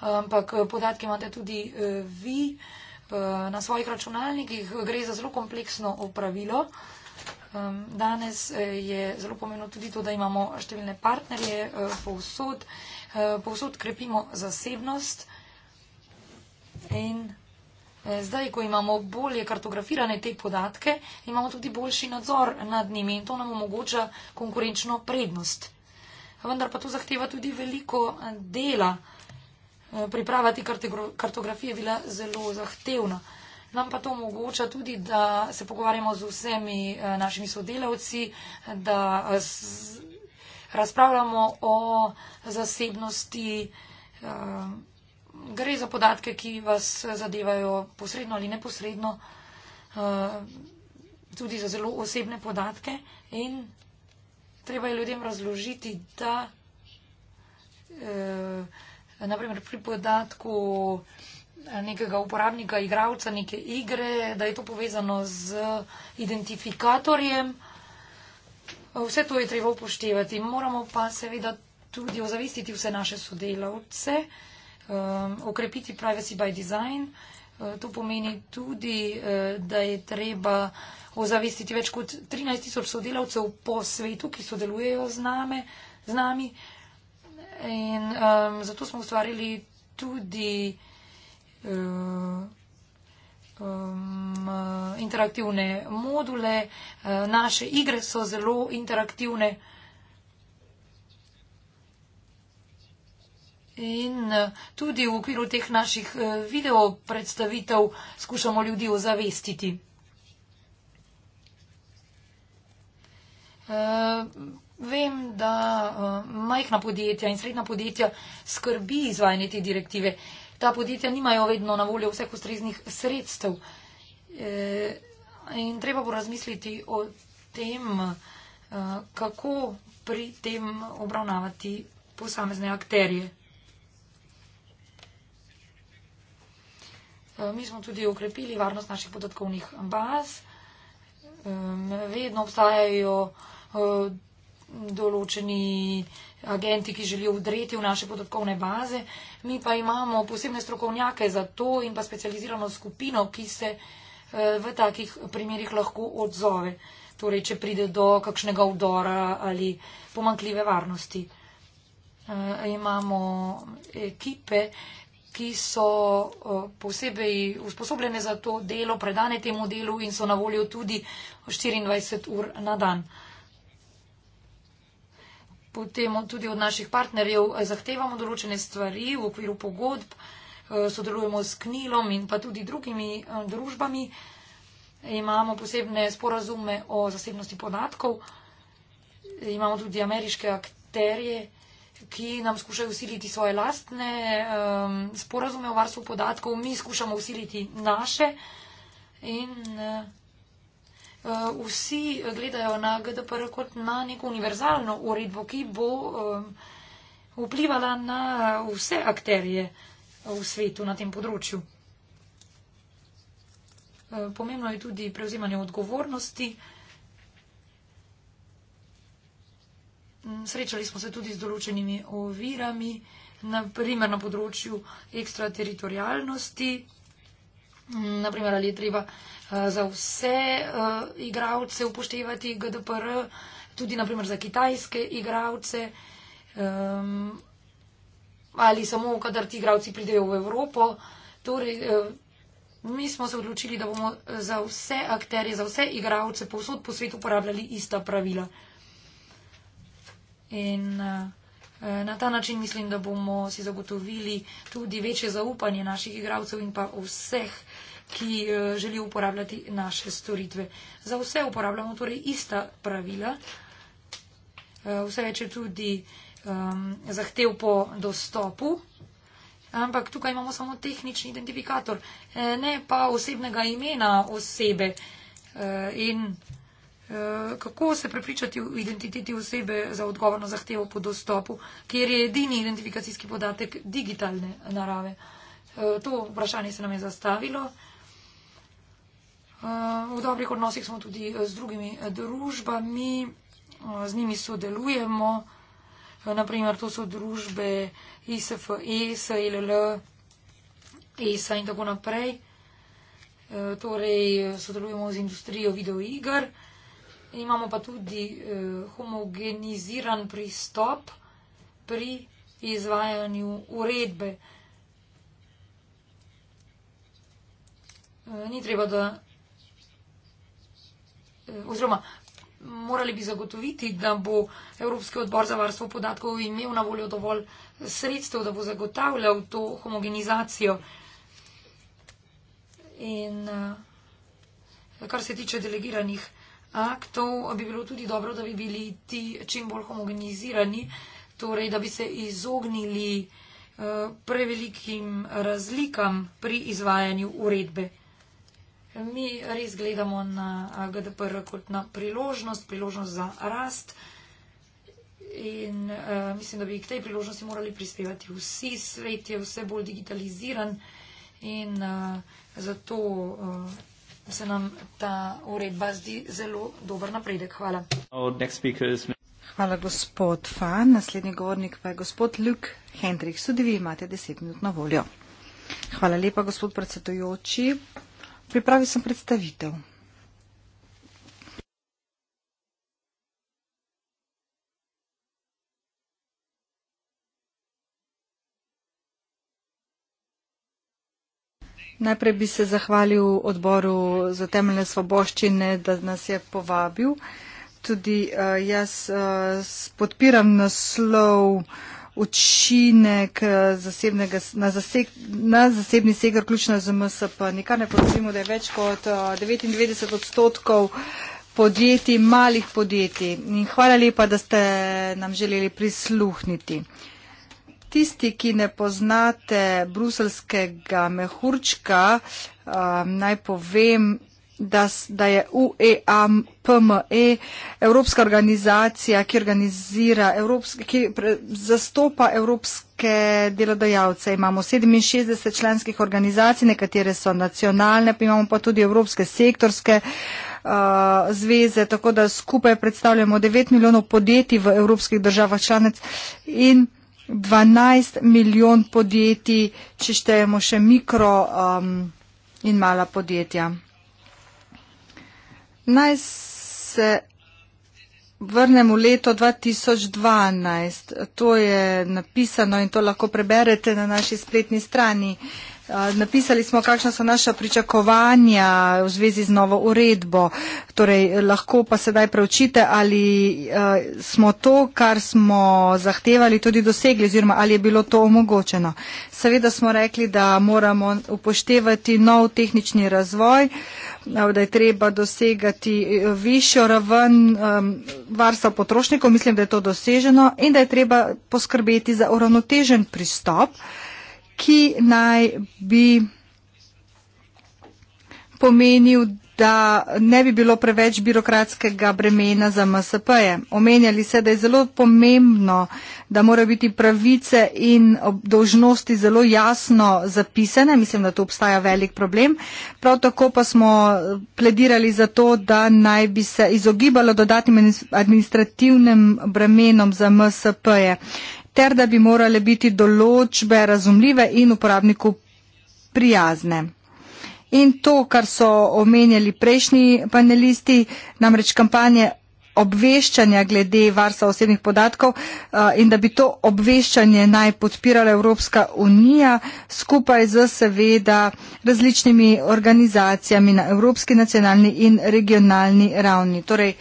ampak podatke imate tudi vi. Eh, na svojih računalnikih. Gre za zelo kompleksno upravilo. Danes eh, je zelo pomembno tudi to, da imamo številne partnerje eh, povsod. Povsod krepimo zasebnost in zdaj, ko imamo bolje kartografirane te podatke, imamo tudi boljši nadzor nad njimi in to nam omogoča konkurenčno prednost. Vendar pa to zahteva tudi veliko dela. Eh, priprava te kartografije bila zelo zahtevna. Nam pa to omogoča tudi, da se pogovarjamo z vsemi eh, našimi sodelavci, da eh, razpravljamo o zasebnosti. Gre za podatke, ki vas zadevajo posredno ali neposredno, tudi za zelo osebne podatke. In treba je ljudem razložiti, da naprimer pri podatku eh, nekega uporabnika, igravca neke igre, da je to povezano z identifikatorjem. Vse to je treba upoštevati. Moramo pa seveda tudi ozavestiti vse naše sodelavce, ehm, okrepiti privacy by design. Eh, to pomeni tudi, eh, da je treba ozavestiti več kot 13 tisoč sodelavcev po svetu, ki sodelujejo z nami. Z nami um, zato smo ustvarili tudi uh, um, interaktivne module. Uh, naše igre so zelo interaktivne. In eh, tudi v okviru teh naših video predstavitev skušamo ljudi ozavestiti. Vem, da uh, majhna podjetja in srednja podjetja skrbi izvajanje te direktive. Ta podjetja nimajo vedno na voljo vseh ustreznih sredstev. E, in treba bo razmisliti o tem, uh, kako pri tem obravnavati posamezne akterje. Mi smo tudi okrepili varnost naših podatkovnih baz. Vedno obstajajo določeni agenti, ki želijo vdreti v naše podatkovne baze. Mi pa imamo posebne strokovnjake za to in pa specializirano skupino, ki se eh, v takih primerjih lahko odzove. Torej, če pride do kakšnega vdora ali pomankljive varnosti. Eh, imamo ekipe, ki so eh, posebej usposobljene za to delo, predane temu delu in so na voljo tudi 24 ur na dan potem tudi od naših partnerjev eh, zahtevamo določene stvari v okviru pogodb, eh, sodelujemo s Knilom in pa tudi drugimi eh, družbami. Imamo posebne sporazume o zasebnosti podatkov, imamo tudi ameriške akterje, ki nam skušajo usiliti svoje lastne um, sporazume o varstvu podatkov, mi skušamo usiliti naše in uh, Eh, vsi gledajo na GDPR kot na neko univerzalno uredbo, ki bo eh, vplivala na eh, vse akterje v svetu na tem področju. Pomembno je tudi prevzemanje odgovornosti. Mm, srečali smo se tudi z določenimi ovirami, naprimer na področju ekstrateritorijalnosti. Naprimer, ali je treba eh, za vse eh, igralce upoštevati GDPR, tudi naprimer, za kitajske igralce, ehm, ali samo, kadar ti igralci pridejo v Evropo. Torej, eh, mi smo se odločili, da bomo za vse akterje, za vse igralce povsod po svetu uporabljali ista pravila. In na ta način mislim, da bomo si zagotovili tudi večje zaupanje naših igralcev in pa vseh ki eh, želi uporabljati naše storitve. Za vse uporabljamo torej ista pravila. Eh, vse več je tudi um, zahtev po dostopu, ampak tukaj imamo samo tehnični identifikator, eh, ne pa osebnega imena osebe. In kako se prepričati v identiteti osebe za odgovorno zahtevo po dostopu, kjer je edini identifikacijski podatek digitalne narave? To vprašanje se nam je zastavilo. Eh, v dobrih odnosih smo tudi eh, z drugimi eh, družbami, z njimi sodelujemo, naprimer to so družbe ISFE, SLL, e ESA in tako naprej. Torej sodelujemo z industrijo videoiger. Imamo pa tudi homogeniziran pristop pri izvajanju uredbe. Ni treba, da Eh, oziroma morali bi zagotoviti, da bo Evropski odbor za varstvo podatkov imel na voljo dovolj sredstev, da bo zagotavljal to homogenizacijo. In eh, kar se tiče delegiranih aktov, bi bilo tudi dobro, da bi bili ti čim bolj homogenizirani, torej da bi se izognili eh, prevelikim razlikam pri izvajanju uredbe. Mi res gledamo na GDPR kot na priložnost, priložnost za rast in uh, mislim, da bi k tej priložnosti morali prispevati vsi. Svet je vse bolj digitaliziran in uh, zato uh, se nam ta uredba zdi zelo dober napredek. Hvala. Hvala, gospod Fan. Naslednji govornik pa je gospod Luk Hendrik. Sudi vi imate deset minut na voljo. Hvala lepa, gospod predsedujoči. Pripravil sem predstavitev. Najprej bi se zahvalil odboru za temeljne svoboščine, da nas je povabil. Tudi uh, jaz uh, podpiram naslov uh, učinek eh, zasebnega, na, zaseg, na zasebni sektor, ključno za MSP. Nikar ne pozimo, da je več kot 99 eh, odstotkov podjetij, malih podjetij. In hvala lepa, da ste nam želeli prisluhniti. Tisti, ki ne poznate bruselskega mehurčka, um, naj povem, da, da je UEAPME e evropska organizacija, ki, evropske, ki pre, zastopa evropske delodajalce. Imamo 67 članskih organizacij, nekatere so nacionalne, pa imamo pa tudi evropske sektorske uh, zveze, tako da skupaj predstavljamo 9 milijonov podjetij v evropskih državah članec in 12 milijon podjetij, če štejemo še mikro um, in mala podjetja. Naj se vrnem v leto 2012. To je napisano in to lahko preberete na naši spletni strani. Uh, Napisali smo, kakšna so naša pričakovanja v zvezi z novo uredbo. Torej, lahko pa sedaj preučite, ali uh, smo to, kar smo zahtevali, tudi dosegli oziroma ali je bilo to omogočeno. Seveda smo rekli, da moramo upoštevati nov tehnični razvoj, da je treba dosegati višjo raven um, varstva potrošnikov, mislim, da je to doseženo in da je treba poskrbeti za uravnotežen pristop. Uh, ki naj bi pomenil, da ne bi bilo preveč birokratskega bremena za MSP-je. Omenjali se, da je zelo pomembno, da morajo biti pravice in dožnosti zelo jasno zapisane. Mislim, da tu obstaja velik problem. Prav tako pa smo eh, pledirali za to, da naj bi se izogibalo dodatnim administrativnim bremenom za MSP-je ter da bi morale biti določbe razumljive in uporabniku prijazne. In to, kar so omenjali prejšnji panelisti, namreč kampanje obveščanja glede varstva osebnih podatkov eh, in da bi to obveščanje naj podpirala Evropska unija skupaj z seveda različnimi organizacijami na evropski, nacionalni in regionalni ravni. Torej,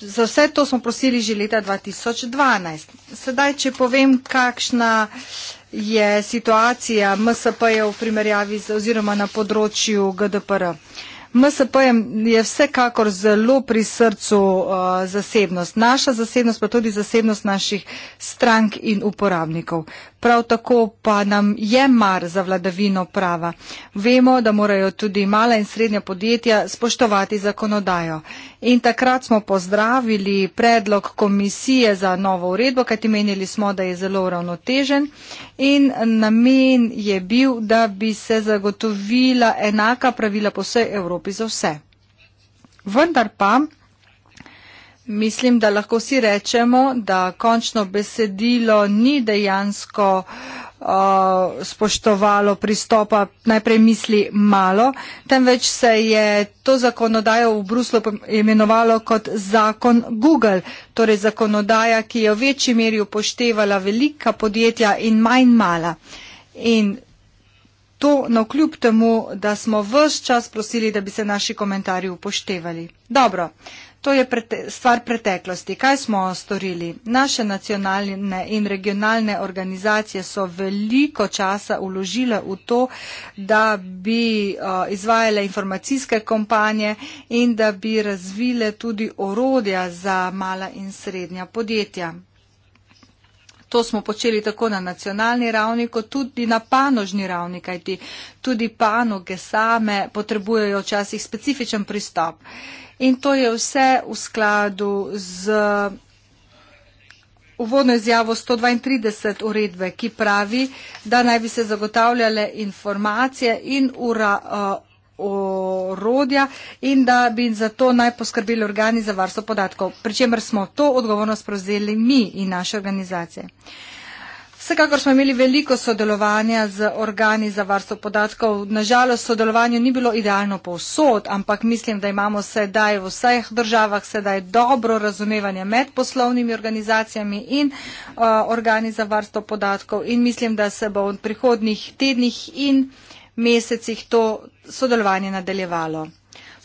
za vse to smo prosili že leta 2012. Sedaj, če povem, kakšna je situacija MSP-ja v primerjavi z, oziroma na področju GDPR. MSP je vsekakor zelo pri srcu uh, zasebnost. Naša zasebnost pa tudi zasebnost naših strank in uporabnikov prav tako pa nam je mar za vladavino prava. Vemo, da morajo tudi mala in srednja podjetja spoštovati zakonodajo. In takrat smo pozdravili predlog komisije za novo uredbo, kajti menili smo, da je zelo ravnotežen in namen je bil, da bi se zagotovila enaka pravila po vsej Evropi za vse. Vendar pa Mislim, da lahko vsi rečemo, da končno besedilo ni dejansko uh, spoštovalo pristopa najprej misli malo, temveč se je to zakonodajo v Bruslu imenovalo kot zakon Google, torej zakonodaja, ki je v večji meri upoštevala velika podjetja in manj mala. In to navkljub temu, da smo vse čas prosili, da bi se naši komentarji upoštevali. Dobro. To je stvar preteklosti. Kaj smo storili? Naše nacionalne in regionalne organizacije so veliko časa uložile v to, da bi uh, izvajale informacijske kompanje in da bi razvile tudi orodja za mala in srednja podjetja. To smo počeli tako na nacionalni ravni, kot tudi na panožni ravni, kajti tudi panoge same potrebujejo včasih specifičen pristop in to je vse v skladu z uvodno izjavo 132 uredbe, ki pravi, da naj bi se zagotavljale informacije in ura. Uh, orodja in da bi za to naj poskrbeli organi za varstvo podatkov, pri čemer smo to odgovornost prevzeli mi in naše organizacije. Uh, Vsekakor smo imeli veliko sodelovanja z organi za varstvo podatkov. Nažalost, sodelovanje ni bilo idealno povsod, ampak mislim, da imamo sedaj v vseh državah sedaj dobro razumevanje med poslovnimi organizacijami in uh, organi za varstvo podatkov in mislim, da se bo v prihodnih tednih in mesecih to sodelovanje nadaljevalo.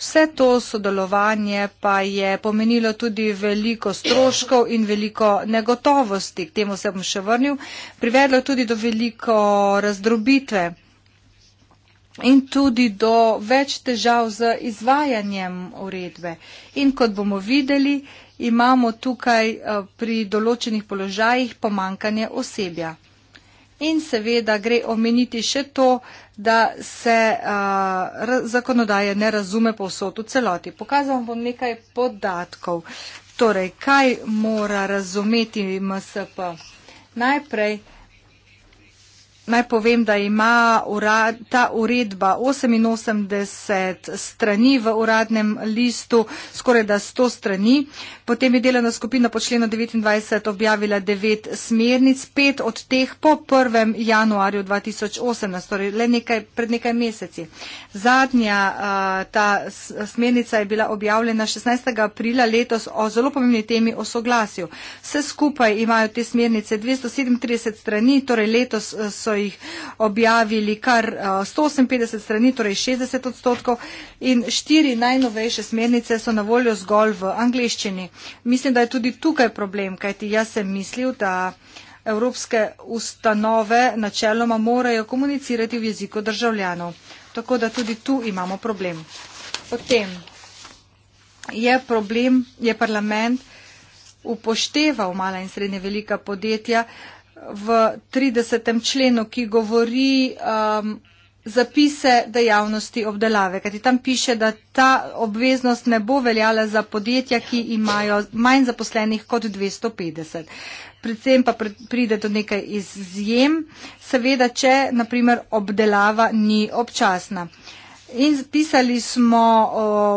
Vse to sodelovanje pa je pomenilo tudi veliko stroškov in veliko negotovosti, k temu se bom še vrnil, privedlo tudi do veliko razdrobitve. In tudi do več težav z izvajanjem uredbe. In kot bomo videli, imamo tukaj eh, pri določenih položajih pomankanje osebja. In seveda gre omeniti še to, da se a, zakonodaje ne razume povsod v celoti. Pokazal bom nekaj podatkov. Torej, kaj mora razumeti MSP? Najprej Naj povem, da ima ta uredba 88 strani v uradnem listu, skoraj da 100 strani. Potem je delovna skupina po členu 29 objavila 9 smernic, 5 od teh po 1. januarju 2018, torej le nekaj, pred nekaj meseci. Zadnja ta smernica je bila objavljena 16. aprila letos o zelo pomembni temi o soglasju. Vse skupaj imajo te smernice 237 strani, torej letos so jih objavili kar 158 eh, strani, torej 60 odstotkov in štiri najnovejše smernice so na voljo zgolj v angliščini. Mislim, da je tudi tukaj problem, kajti jaz sem mislil, da evropske ustanove načeloma morajo komunicirati v jeziku državljanov. Tako da tudi tu imamo problem. Potem je problem, je parlament upošteval mala in srednje velika podjetja, uh, v 30. členu, ki govori um, zapise dejavnosti obdelave. Kajti tam piše, da ta obveznost ne bo veljala za podjetja, ki imajo manj zaposlenih kot 250. Predvsem pa pride do nekaj izjem, seveda, če naprimer obdelava ni občasna. Uh, In pisali smo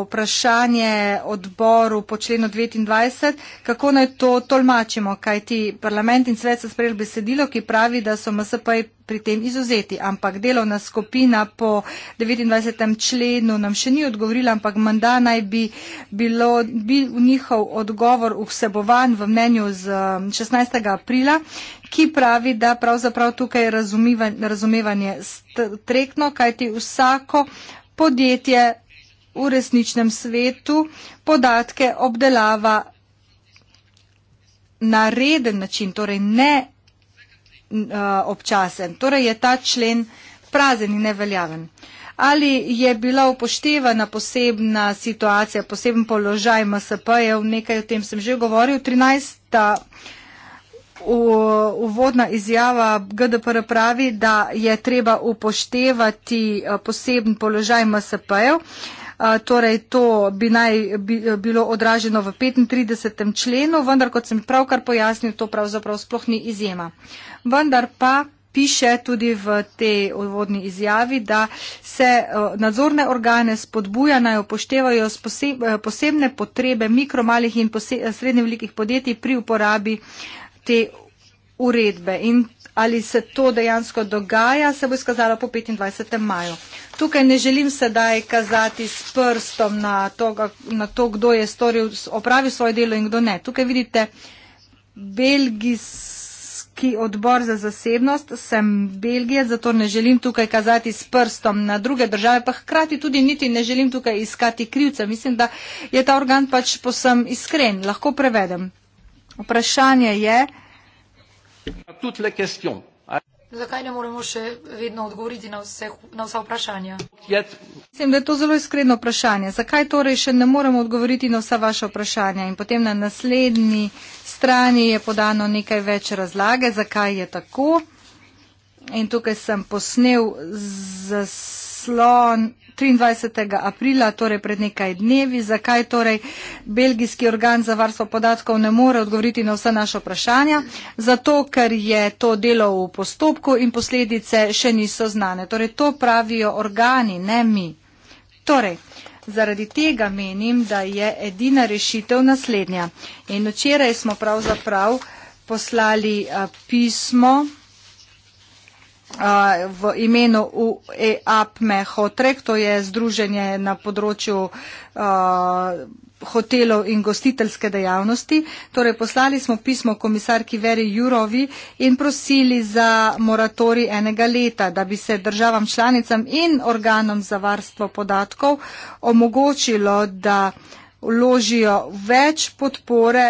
vprašanje odboru po členu 29, kako naj to tolmačimo, kaj ti parlament in svet so sprejeli besedilo, ki pravi, da so MSP pri tem izuzeti, ampak delovna skupina po 29. členu nam še ni odgovorila, ampak menda naj bi bilo, bil njihov odgovor vsebovan v mnenju z 16. Um, aprila, ki pravi, da pravzaprav tukaj razumevanje strekno, kajti vsako podjetje v resničnem svetu podatke obdelava na reden način, torej ne uh, občasen. Torej je ta člen prazen in neveljaven. Ali je bila upoštevana posebna situacija, poseben položaj MSP-jev, nekaj o tem sem že govoril, 13 uvodna izjava GDPR pravi, da je treba upoštevati eh, poseben položaj MSP-jev. Eh, torej, to bi naj eh, bilo odraženo v 35. členu, vendar, kot sem pravkar pojasnil, to pravzaprav sploh ni izjema. Vendar pa piše tudi v tej odvodni izjavi, da se nadzorne organe spodbuja naj upoštevajo posebne potrebe mikromalih in srednje velikih podjetij pri uporabi uh, te uredbe in ali se to dejansko dogaja, se bo izkazalo po 25. maju. Tukaj ne želim sedaj kazati s prstom na to, na to kdo je storil, opravil svoje delo in kdo ne. Tukaj vidite Belgijski odbor za zasebnost, sem Belgija, zato ne želim tukaj kazati s prstom na druge države, pa hkrati tudi niti ne želim tukaj iskati krivca. Mislim, da je ta organ pač posem iskren, lahko prevedem. Vprašanje je, zakaj ne moremo še vedno odgovoriti na, vse, na vsa vprašanja? Mislim, da je to zelo iskreno vprašanje. Zakaj torej še ne moremo odgovoriti na vsa vaša vprašanja? In potem na naslednji strani je podano nekaj več razlage, zakaj je tako. In tukaj sem posnel zaslon 23. aprila, torej pred nekaj dnevi, zakaj torej belgijski organ za varstvo podatkov ne more odgovoriti na vsa naša vprašanja. Zato, ker je to delo v postopku in posledice še niso znane. Torej, to pravijo organi, ne mi. Torej, Zaradi tega menim, da je edina rešitev naslednja. In včeraj smo pravzaprav poslali eh, pismo v imenu UEAPME Hotrek, to je združenje na področju hotelov in gostiteljske dejavnosti. Torej, poslali smo pismo komisarki Veri Jurovi in prosili za moratori enega leta, da bi se državam članicam in organom za varstvo podatkov omogočilo, da vložijo več podpore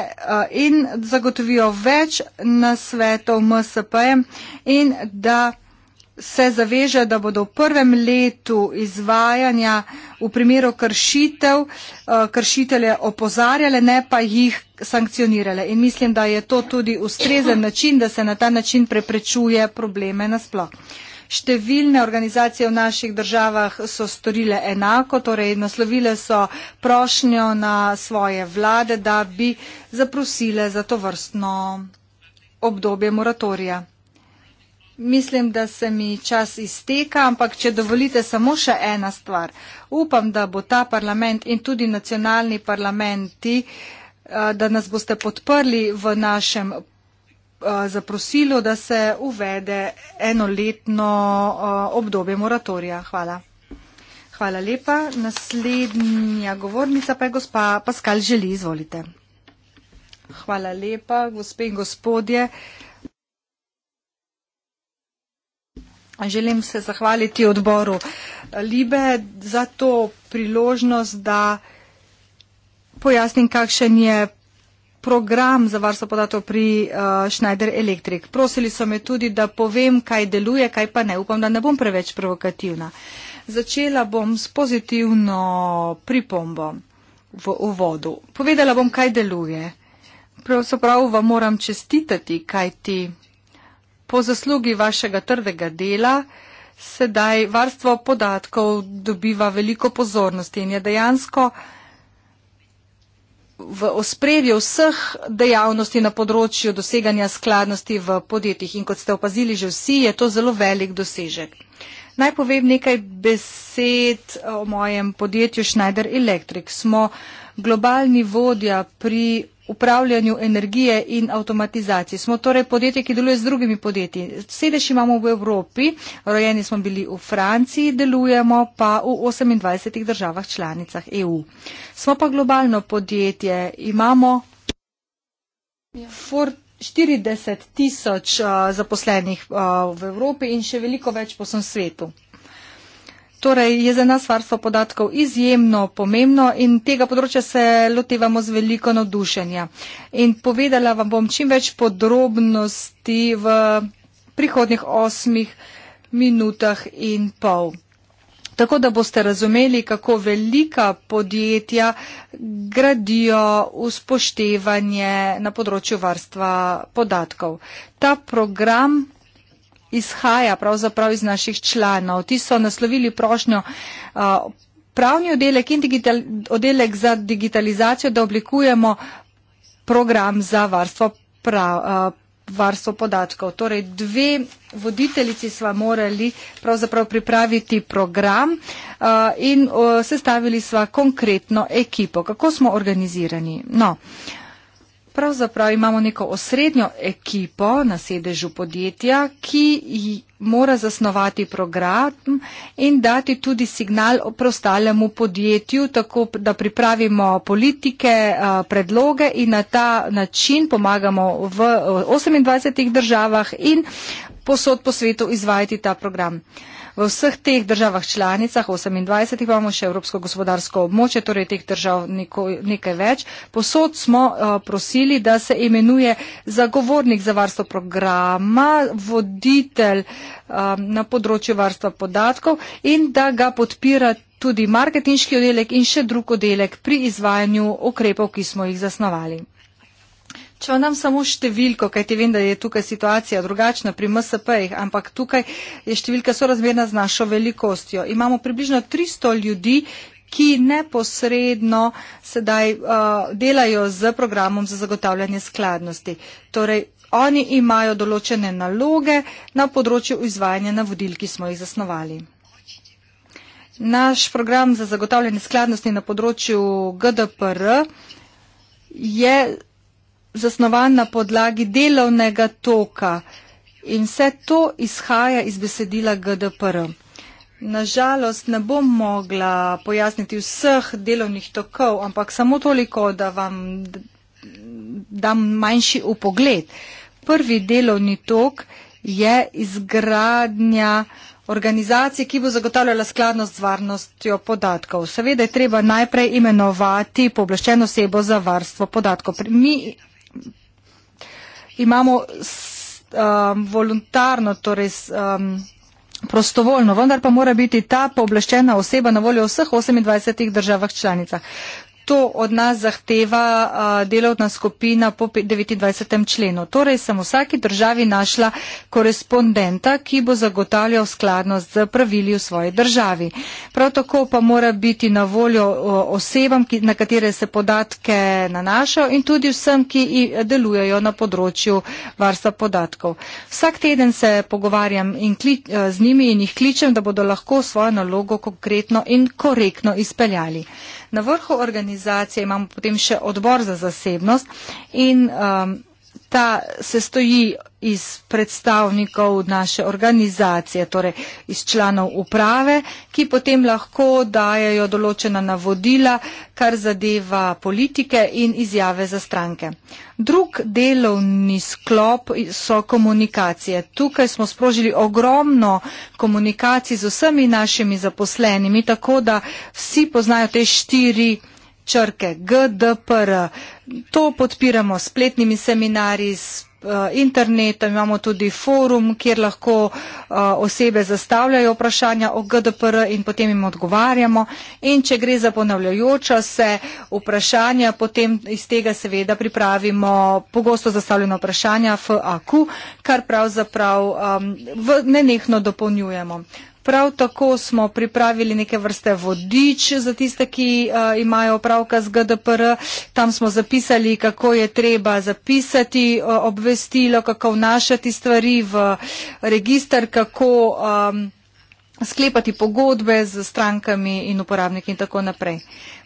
in zagotovijo več nasvetov MSP-jem in da se zaveže, da bodo v prvem letu izvajanja v primeru kršitev eh, kršitelje opozarjale, ne pa jih sankcionirale. In mislim, da je to tudi ustrezen način, da se na ta način preprečuje probleme nasploh. Številne organizacije v naših državah so storile enako, torej naslovile so prošnjo na svoje vlade, da bi zaprosile za to vrstno obdobje moratorija. Mislim, da se mi čas izteka, ampak če dovolite samo še ena stvar. Upam, da bo ta parlament in tudi nacionalni parlamenti, eh, da nas boste podprli v našem eh, zaprosilu, da se uvede enoletno eh, obdobje moratorija. Hvala. Hvala lepa. Naslednja govornica pa je gospa Paskal Želi. Izvolite. Hvala lepa, gospe in gospodje. Želim se zahvaliti odboru eh, Libe za to priložnost, da pojasnim, kakšen je program za varstvo podatkov pri uh, Schneider Electric. Prosili so me tudi, da povem, kaj deluje, kaj pa ne. Upam, da ne bom preveč provokativna. Začela bom s pozitivno pripombo v uvodu. Povedala bom, kaj deluje. Pravzaprav vam moram čestitati, kaj ti po zaslugi vašega trdega dela sedaj varstvo podatkov dobiva veliko pozornosti in je dejansko v ospredju vseh dejavnosti na področju doseganja skladnosti v podjetjih. In kot ste opazili že vsi, je to zelo velik dosežek. Naj povem nekaj besed o mojem podjetju Schneider Electric. Smo globalni vodja pri upravljanju energije in avtomatizaciji. Smo torej podjetje, ki deluje z drugimi podjetji. Sedež imamo v Evropi, rojeni smo bili v Franciji, delujemo pa v 28 državah članicah EU. Smo pa globalno podjetje, imamo 40 tisoč eh, zaposlenih eh, v Evropi in še veliko več po vsem svetu. Torej je za nas varstvo podatkov izjemno pomembno in tega področja se lotevamo z veliko navdušenja. In povedala vam bom čim več podrobnosti v prihodnih osmih minutah in pol. Tako da boste razumeli, kako velika podjetja gradijo uspoštevanje na področju varstva podatkov. Ta program izhaja pravzaprav iz naših članov. Ti so naslovili prošnjo pravni oddelek in digital, oddelek za digitalizacijo, da oblikujemo program za varstvo, prav, varstvo podatkov. Torej, dve voditeljici sva morali pravzaprav pripraviti program in sestavili sva konkretno ekipo. Kako smo organizirani? No. Uh, pravzaprav imamo neko osrednjo ekipo na sedežu podjetja, ki mora zasnovati program in dati tudi signal o preostalemu podjetju, tako da pripravimo politike, predloge in na ta način pomagamo v 28 državah in posod po svetu izvajati ta program. V vseh teh državah članicah, 28 imamo še Evropsko gospodarsko območje, torej teh držav neko, nekaj več, posod smo uh, prosili, da se imenuje zagovornik za varstvo programa, voditelj um, na področju varstva podatkov in da ga podpira tudi marketinški oddelek in še drug oddelek pri izvajanju ukrepov, ki smo jih zasnovali. Če vam dam samo številko, kajti vem, da je tukaj situacija drugačna pri MSP-jih, ampak tukaj je številka sorazmerna z našo velikostjo. Imamo približno 300 ljudi, ki neposredno sedaj uh, delajo z programom za zagotavljanje skladnosti. Torej, oni imajo določene naloge na področju izvajanja navodil, ki smo jih zasnovali. Naš program za zagotavljanje skladnosti na področju GDPR je zasnovan na podlagi delovnega toka in vse to izhaja iz besedila GDPR. Nažalost ne bom mogla pojasniti vseh delovnih tokov, ampak samo toliko, da vam dam manjši upogled. Prvi delovni tok je izgradnja organizacije, ki bo zagotavljala skladnost z varnostjo podatkov. Seveda je treba najprej imenovati pooblaščeno osebo za varstvo podatkov. Mi imamo um, voluntarno, torej um, prostovoljno, vendar pa mora biti ta pooblaščena oseba na voljo v vseh 28 državah članicah to od nas zahteva delovna skupina po 29. členu. Torej sem v vsaki državi našla korespondenta, ki bo zagotavljal skladnost z pravili v svoji državi. Prav tako pa mora biti na voljo osebam, na katere se podatke nanašajo in tudi vsem, ki delujejo na področju varstva podatkov. Vsak teden se pogovarjam klič, z njimi in jih kličem, da bodo lahko svojo nalogo konkretno in korektno izpeljali. Na vrhu organizacije imamo potem še odbor za zasebnost in um, ta sestoji iz predstavnikov naše organizacije, torej iz članov uprave, ki potem lahko dajajo določena navodila, kar zadeva politike in izjave za stranke. Drug delovni sklop so komunikacije. Tukaj smo sprožili ogromno komunikacij z vsemi našimi zaposlenimi, tako da vsi poznajo te štiri črke GDPR, To podpiramo s spletnimi seminarji, s eh, internetom, imamo tudi forum, kjer lahko eh, osebe zastavljajo vprašanja o GDPR in potem jim odgovarjamo. In če gre za ponavljajoča se vprašanja, potem iz tega seveda pripravimo pogosto zastavljeno vprašanja FAQ, kar pravzaprav nenehno dopolnjujemo. Prav tako smo pripravili neke vrste vodič za tiste, ki uh, imajo opravka z GDPR. Tam smo zapisali, kako je treba zapisati uh, obvestilo, kako vnašati stvari v registr, kako um, sklepati pogodbe z strankami in uporabniki in tako naprej.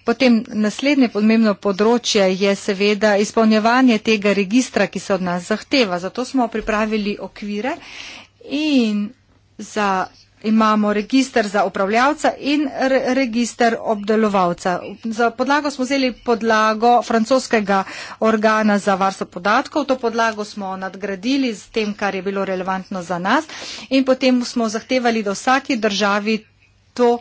Potem naslednje pomembno področje je seveda izpolnjevanje tega registra, ki se od nas zahteva. Zato smo pripravili okvire in za imamo registr za upravljavca in re registr obdelovalca. Za podlago smo vzeli podlago francoskega organa za varstvo podatkov. To podlago smo nadgradili z tem, kar je bilo relevantno za nas in potem smo zahtevali, da vsaki državi to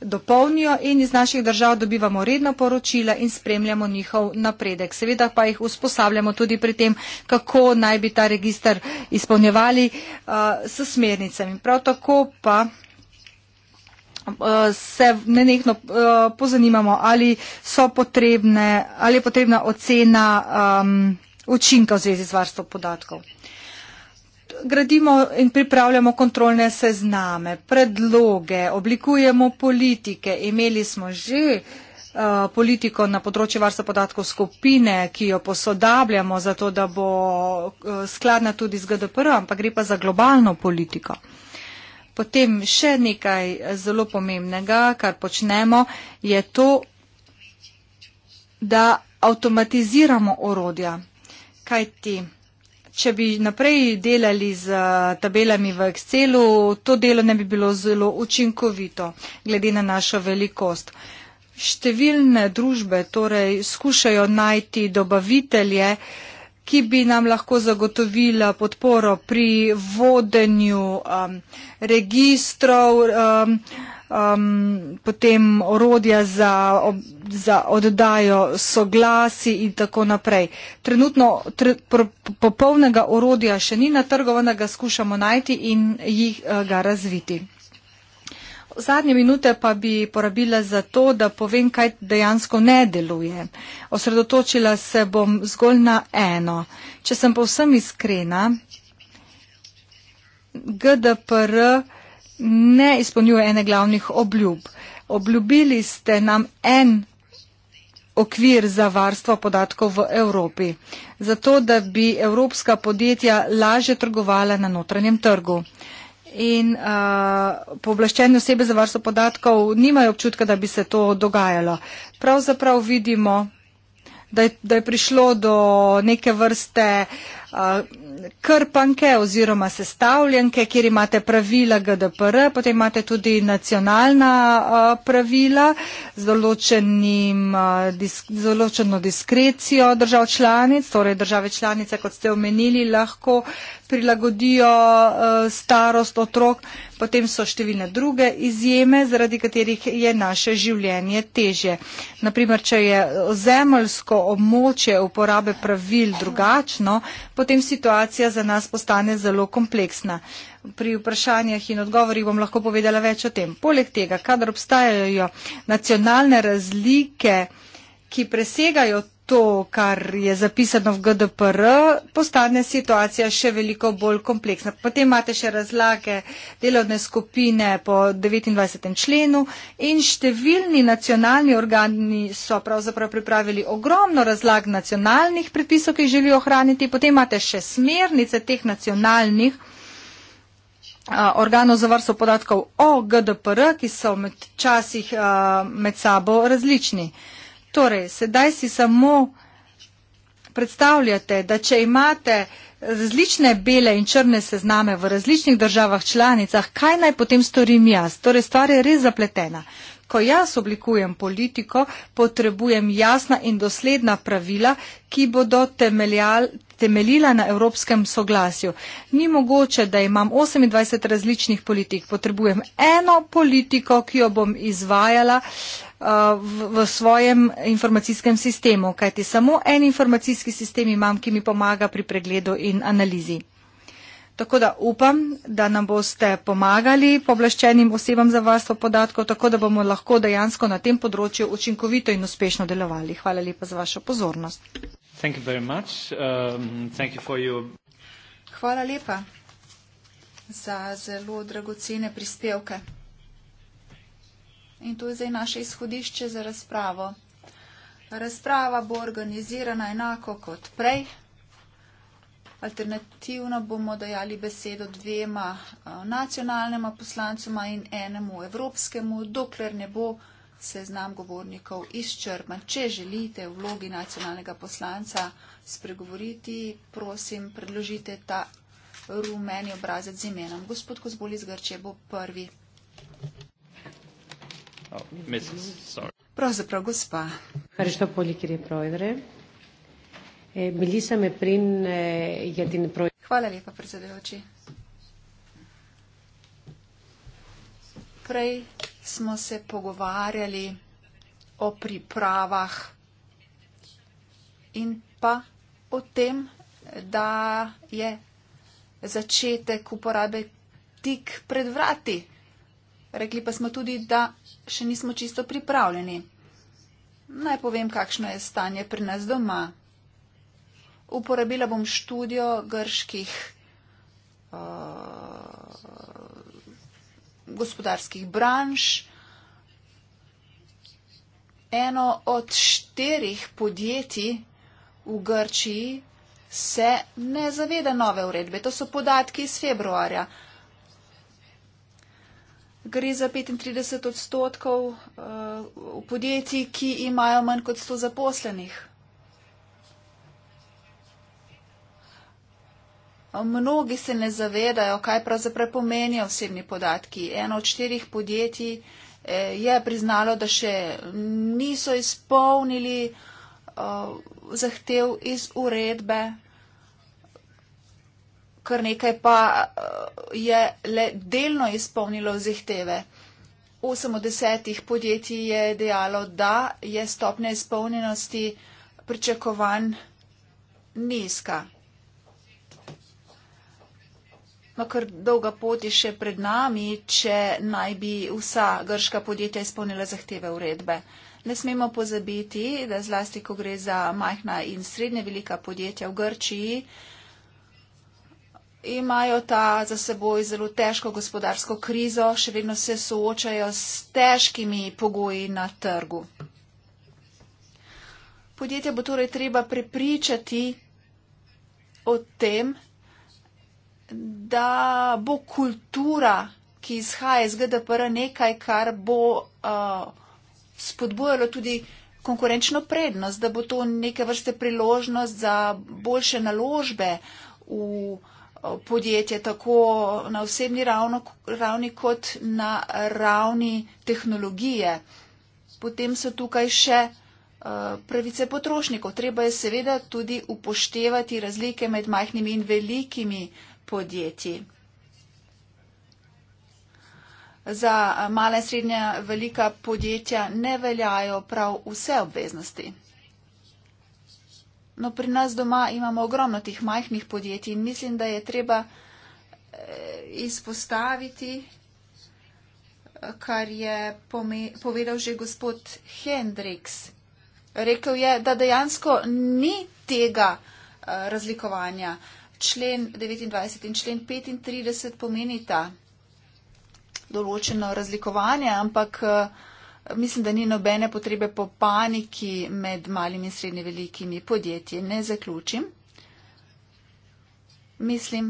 dopolnijo in iz naših držav dobivamo redna poročila in spremljamo njihov napredek. Seveda pa jih usposabljamo tudi pri tem, kako naj bi ta registr izpolnjevali uh, s smernicami. Prav tako pa uh, se nenehno uh, pozanimamo, ali, ali je potrebna ocena um, učinka v zvezi z varstvom podatkov gradimo in pripravljamo kontrolne sezname, predloge, oblikujemo politike. Imeli smo že eh, politiko na področju varstva podatkov skupine, ki jo posodabljamo zato, da bo eh, skladna tudi z GDPR, ampak gre pa za globalno politiko. Potem še nekaj eh, zelo pomembnega, kar počnemo, je to, da avtomatiziramo orodja. Kaj ti? če bi naprej delali z eh, tabelami v Excelu, to delo ne bi bilo zelo učinkovito, glede na našo velikost. Številne družbe torej skušajo najti dobavitelje, ki bi nam lahko zagotovila podporo pri vodenju um, registrov. Um, um, potem orodja za, za oddajo soglasi in tako naprej. Trenutno tr, pr, popolnega orodja še ni natrgovanega, skušamo najti in jih eh, ga razviti. Zadnje minute pa bi porabila za to, da povem, kaj dejansko ne deluje. Osredotočila se bom zgolj na eno. Če sem povsem iskrena, GDPR ne izpolnjuje ene glavnih obljub. Obljubili ste nam en okvir za varstvo podatkov v Evropi, zato da bi evropska podjetja lažje trgovala na notranjem trgu. In uh, povlaščene osebe za varstvo podatkov nimajo občutka, da bi se to dogajalo. Pravzaprav vidimo, da je, da je prišlo do neke vrste. Uh, krpanke oziroma sestavljanke, kjer imate pravila GDPR, potem imate tudi nacionalna pravila z, določenim, z določeno diskrecijo držav članic, torej države članice, kot ste omenili, lahko prilagodijo starost otrok. Potem so številne druge izjeme, zaradi katerih je naše življenje teže. Naprimer, če je zemljsko območje uporabe pravil drugačno, potem situacija za nas postane zelo kompleksna. Pri vprašanjah in odgovorih bom lahko povedala več o tem. Poleg tega, kadar obstajajo nacionalne razlike, ki presegajo to, kar je zapisano v GDPR, postane situacija še veliko bolj kompleksna. Potem imate še razlage delovne skupine po 29. členu in številni nacionalni organi so pravzaprav pripravili ogromno razlag nacionalnih predpisov, ki jih želijo ohraniti. Potem imate še smernice teh nacionalnih organov za varstvo podatkov o GDPR, ki so med časih med sabo različni. Uh, Torej, sedaj si samo predstavljate, da če imate različne bele in črne sezname v različnih državah članicah, kaj naj potem storim jaz? Torej, stvar je res zapletena. Ko jaz oblikujem politiko, potrebujem jasna in dosledna pravila, ki bodo temeljal, temeljila na evropskem soglasju. Ni mogoče, da imam 28 različnih politik. Potrebujem eno politiko, ki jo bom izvajala uh, Eh, v svojem informacijskem sistemu, kajti samo en informacijski sistem imam, ki mi pomaga pri pregledu in analizi. Tako da upam, da nam boste pomagali povlaščenim osebam za varstvo podatkov, tako da bomo lahko dejansko na tem področju učinkovito in uspešno delovali. Hvala lepa za vašo pozornost. Um, Hvala lepa za zelo dragocene prispevke in to je zdaj naše izhodišče za razpravo. Razprava bo organizirana enako kot prej. Alternativno bomo dajali besedo dvema eh, nacionalnima poslancoma in enemu evropskemu, dokler ne bo seznam govornikov izčrpan. Če želite v vlogi nacionalnega poslanca spregovoriti, prosim, predložite ta rumeni obrazec z imenom. Gospod Kozbol iz Grče bo prvi. Oh, meses. Sorry. Pravzaprav gospa. E, e, Hvala lepa, predsedujoči. Prej smo se pogovarjali o pripravah in pa o tem, da je začetek uporabe tik pred vrati. Rekli pa smo tudi, da še nismo čisto pripravljeni. Naj povem, kakšno je stanje pri nas doma. Uporabila bom študijo grških uh, gospodarskih branž. Eno od štirih podjetij v Grčiji se ne zaveda nove uredbe. To so podatki iz februarja. Uh, gre za 35 odstotkov uh, podjetij, ki imajo manj kot 100 zaposlenih. Mnogi se ne zavedajo, kaj pravzaprav pomenijo osebni podatki. Eno od štirih podjetij eh, je priznalo, da še niso izpolnili uh, zahtev iz uredbe kar nekaj pa eh, je le delno izpolnilo zahteve. 8 od 10 podjetij je dejalo, da je stopnja izpolnjenosti pričakovan nizka. No, ker dolga pot je še pred nami, če naj bi vsa grška podjetja izpolnila zahteve uredbe. Ne smemo pozabiti, da zlasti, ko gre za majhna in srednje velika podjetja v Grčiji, imajo ta za seboj zelo težko gospodarsko krizo, še vedno se soočajo s težkimi pogoji na trgu. Podjetje bo torej treba prepričati o tem, da bo kultura, ki izhaja iz GDPR, nekaj, kar bo uh, spodbojalo tudi konkurenčno prednost, da bo to neke vrste priložnost za boljše naložbe v uh, podjetje tako na osebni ravno, ravni kot na ravni tehnologije. Potem so tukaj še eh, pravice potrošnikov. Treba je seveda tudi upoštevati razlike med majhnimi in velikimi podjetji. Za eh, mala in srednja velika podjetja ne veljajo prav vse obveznosti no pri nas doma imamo ogromno tih majhnih podjetij in mislim, da je treba eh, izpostaviti, eh, kar je povedal že gospod Hendriks. Rekl je, da dejansko ni tega eh, razlikovanja. Člen 29 in člen 35 pomenita določeno razlikovanje, ampak uh, Mislim, da ni nobene potrebe po paniki med malimi in srednje velikimi podjetji. Ne zaključim. Mislim,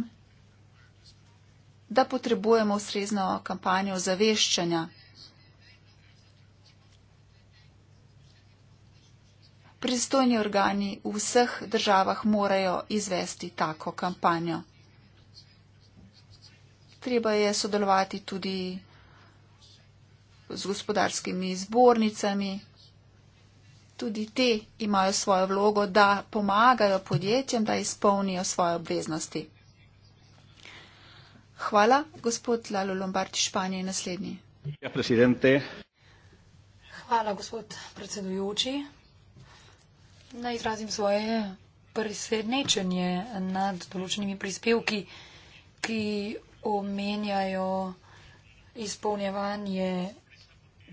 da potrebujemo ustrezno kampanjo zaveščanja. Pristojni organi v vseh državah morajo izvesti tako kampanjo. Treba je sodelovati tudi z gospodarskimi zbornicami. Tudi te imajo svojo vlogo, da pomagajo podjetjem, da izpolnijo svoje obveznosti. Hvala, gospod Lalo Lombardi, Španija je naslednji. Ja, Hvala, gospod predsedujoči. Naj izrazim svoje presenečenje nad določenimi prispevki, ki omenjajo izpolnjevanje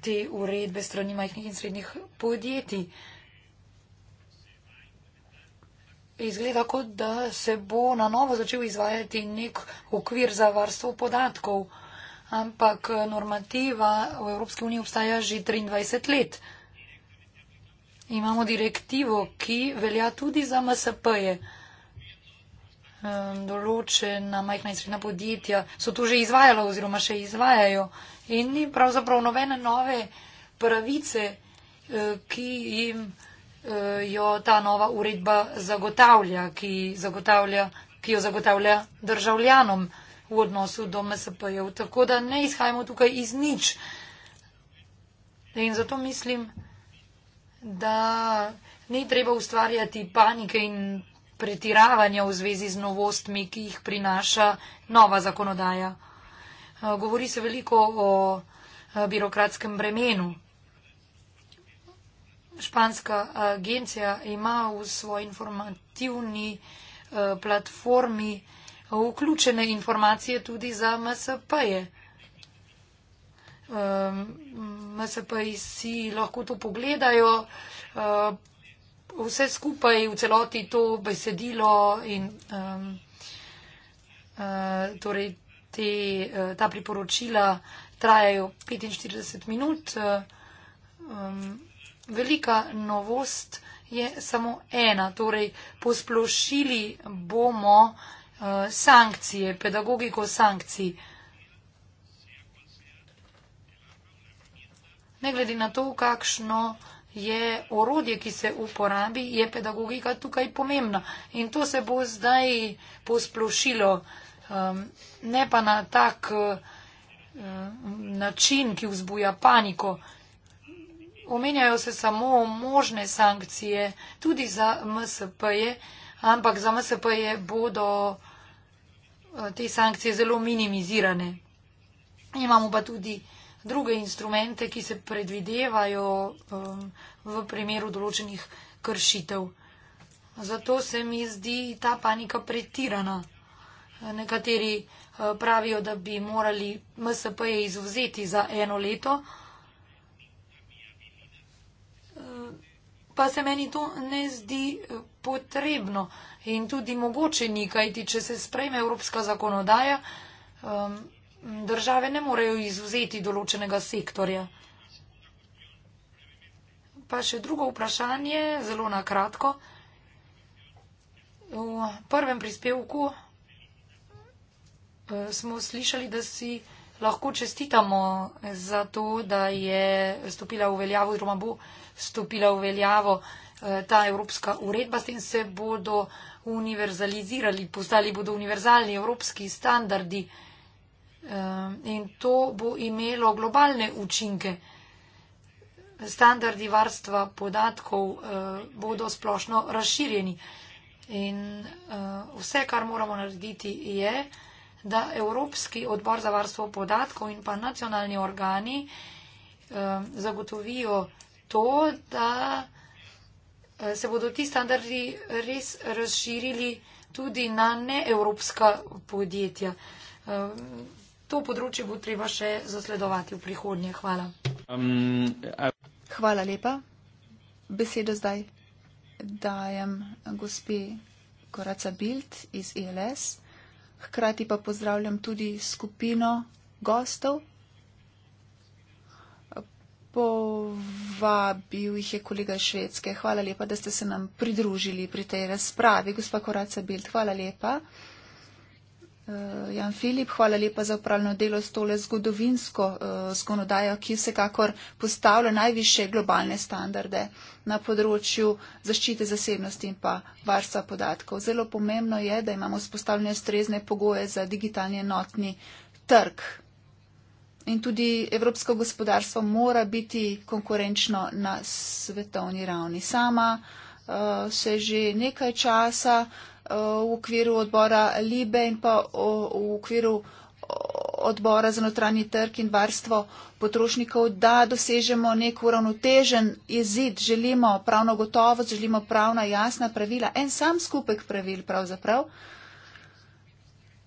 te uredbe strani majhnih in srednjih podjetij. Izgleda, kot da se bo na novo začel izvajati nek okvir za varstvo podatkov, ampak normativa v Evropski uniji obstaja že 23 let. Imamo direktivo, ki velja tudi za MSP-je določena majhna in srednja podjetja so to že izvajala oziroma še izvajajo in ni pravzaprav nobene nove pravice, eh, ki jim eh, jo ta nova uredba zagotavlja, ki, zagotavlja, ki jo zagotavlja državljanom v odnosu do MSP-jev. Tako da ne izhajamo tukaj iz nič. In zato mislim, da ni treba ustvarjati panike in pretiravanja v zvezi z novostmi, ki jih prinaša nova zakonodaja. Eh, govori se veliko o eh, birokratskem bremenu. Španska agencija ima v svoji informativni eh, platformi vključene informacije tudi za MSP-je. MSP-ji si lahko to pogledajo, vse skupaj, v celoti to besedilo in um, uh, torej te, uh, ta priporočila trajajo 45 minut. Um, velika novost je samo ena, torej posplošili bomo uh, sankcije, pedagogiko sankcij. Ne glede na to, kakšno je orodje, ki se uporabi, je pedagogika tukaj pomembna. In to se bo zdaj posplošilo, um, ne pa na tak um, način, ki vzbuja paniko. Omenjajo se samo možne sankcije, tudi za MSP-je, ampak za MSP-je bodo uh, te sankcije zelo minimizirane. Imamo pa tudi druge instrumente, ki se predvidevajo um, v primeru določenih kršitev. Zato se mi zdi ta panika pretirana. Nekateri uh, pravijo, da bi morali MSP-je izvzeti za eno leto, pa se meni to ne zdi uh, potrebno in tudi mogoče nikaj, ti če se sprejme evropska zakonodaja. Um, države ne morejo izuzeti določenega sektorja. Pa še drugo vprašanje, zelo na kratko. V prvem prispevku eh, smo slišali, da si lahko čestitamo za to, da je stopila v veljavo oziroma bo stopila v veljavo eh, ta evropska uredba, s tem se bodo univerzalizirali, postali bodo univerzalni evropski standardi. Ehm, in to bo imelo globalne učinke. Standardi varstva podatkov eh, bodo splošno razširjeni. In eh, vse, kar moramo narediti, je, da Evropski odbor za varstvo podatkov in pa nacionalni organi ehm, zagotovijo to, da eh, se bodo ti standardi res razširili tudi na neevropska podjetja. Ehm, To področje bo treba še zasledovati v prihodnje. Hvala. Um, I... Hvala lepa. Besedo zdaj dajem gospe Koraca Bild iz ELS. Hkrati pa pozdravljam tudi skupino gostov. Povabil jih je kolega Švedske. Hvala lepa, da ste se nam pridružili pri tej razpravi. Gospa Koraca Bild, hvala lepa. Uh, Jan Filip, hvala lepa za upravljeno delo s tole zgodovinsko uh, zakonodajo, ki vsekakor postavlja najviše globalne standarde na področju zaščite zasebnosti in pa varstva podatkov. Zelo pomembno je, da imamo spostavljene strezne pogoje za digitalni enotni trg. In tudi evropsko gospodarstvo mora biti konkurenčno na svetovni ravni. Sama uh, Eh, se že nekaj časa eh, v okviru odbora Libe in pa v okviru odbora za notranji trg in varstvo potrošnikov, da dosežemo nek uravnotežen izid. Želimo pravno gotovost, želimo pravna jasna pravila, en sam skupek pravil pravzaprav.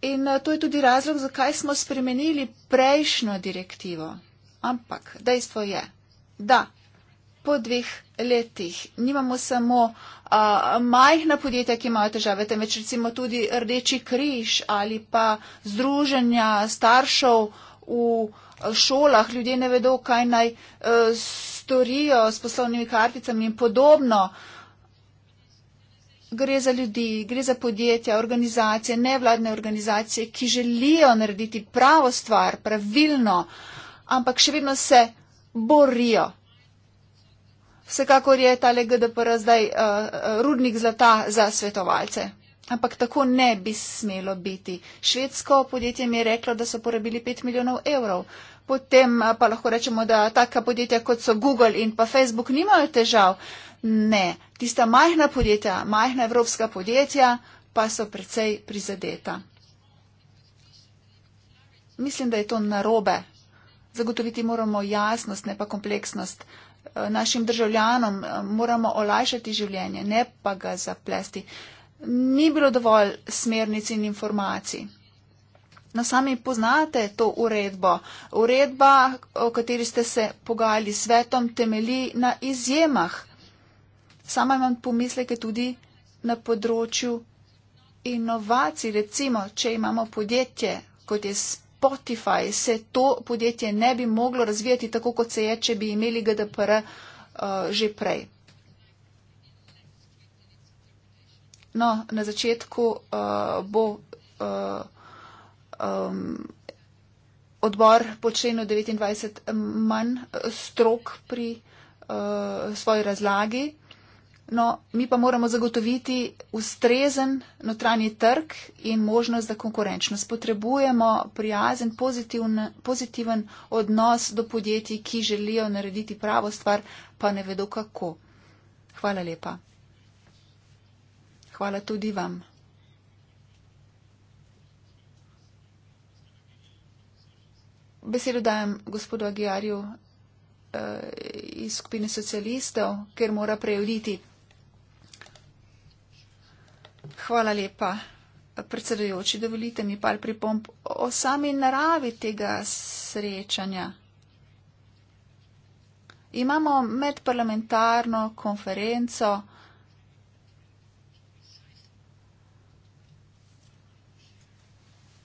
In eh, to je tudi razlog, zakaj smo spremenili prejšnjo direktivo. Ampak dejstvo je, da po dveh letih. Nimamo samo uh, majhna podjetja, ki imajo težave, temveč recimo tudi Rdeči križ ali pa združenja staršev v šolah. Ljudje ne vedo, kaj naj uh, storijo s poslovnimi karticami in podobno. Gre za ljudi, gre za podjetja, organizacije, nevladne organizacije, ki želijo narediti pravo stvar, pravilno, ampak še vedno se borijo. Vsekakor je tale GDPR zdaj uh, rudnik zlata za svetovalce. Ampak tako ne bi smelo biti. Švedsko podjetje mi je reklo, da so porabili 5 milijonov evrov. Potem eh, pa lahko rečemo, da taka podjetja kot so Google in pa Facebook nimajo težav. Ne, tista majhna podjetja, majhna evropska podjetja pa so precej prizadeta. Mislim, da je to narobe. Zagotoviti moramo jasnost, ne pa kompleksnost. Uh, našim državljanom eh, moramo olajšati življenje, ne pa ga zaplesti. Ni bilo dovolj smernic in informacij. Na no, sami poznate to uredbo. Uredba, o kateri ste se pogajali s svetom, temeli na izjemah. Sama imam pomisleke tudi na področju inovacij. Recimo, če imamo podjetje, kot je Spotify se to podjetje ne bi moglo razvijati tako, kot se je, če bi imeli GDPR uh, že prej. No, na začetku uh, bo uh, um, odbor po členu 29 manj uh, strok pri uh, svoji razlagi. No, mi pa moramo zagotoviti ustrezen notranji trg in možnost za konkurenčnost. Potrebujemo prijazen, pozitiven, pozitiven odnos do podjetij, ki želijo narediti pravo stvar, pa ne vedo kako. Hvala lepa. Hvala tudi vam. Besedo dajem gospodu Agijarju eh, iz skupine socialistov, ker mora prejuditi. Hvala lepa, predsedujoči. Dovolite mi par pripomp o sami naravi tega srečanja. Imamo medparlamentarno konferenco.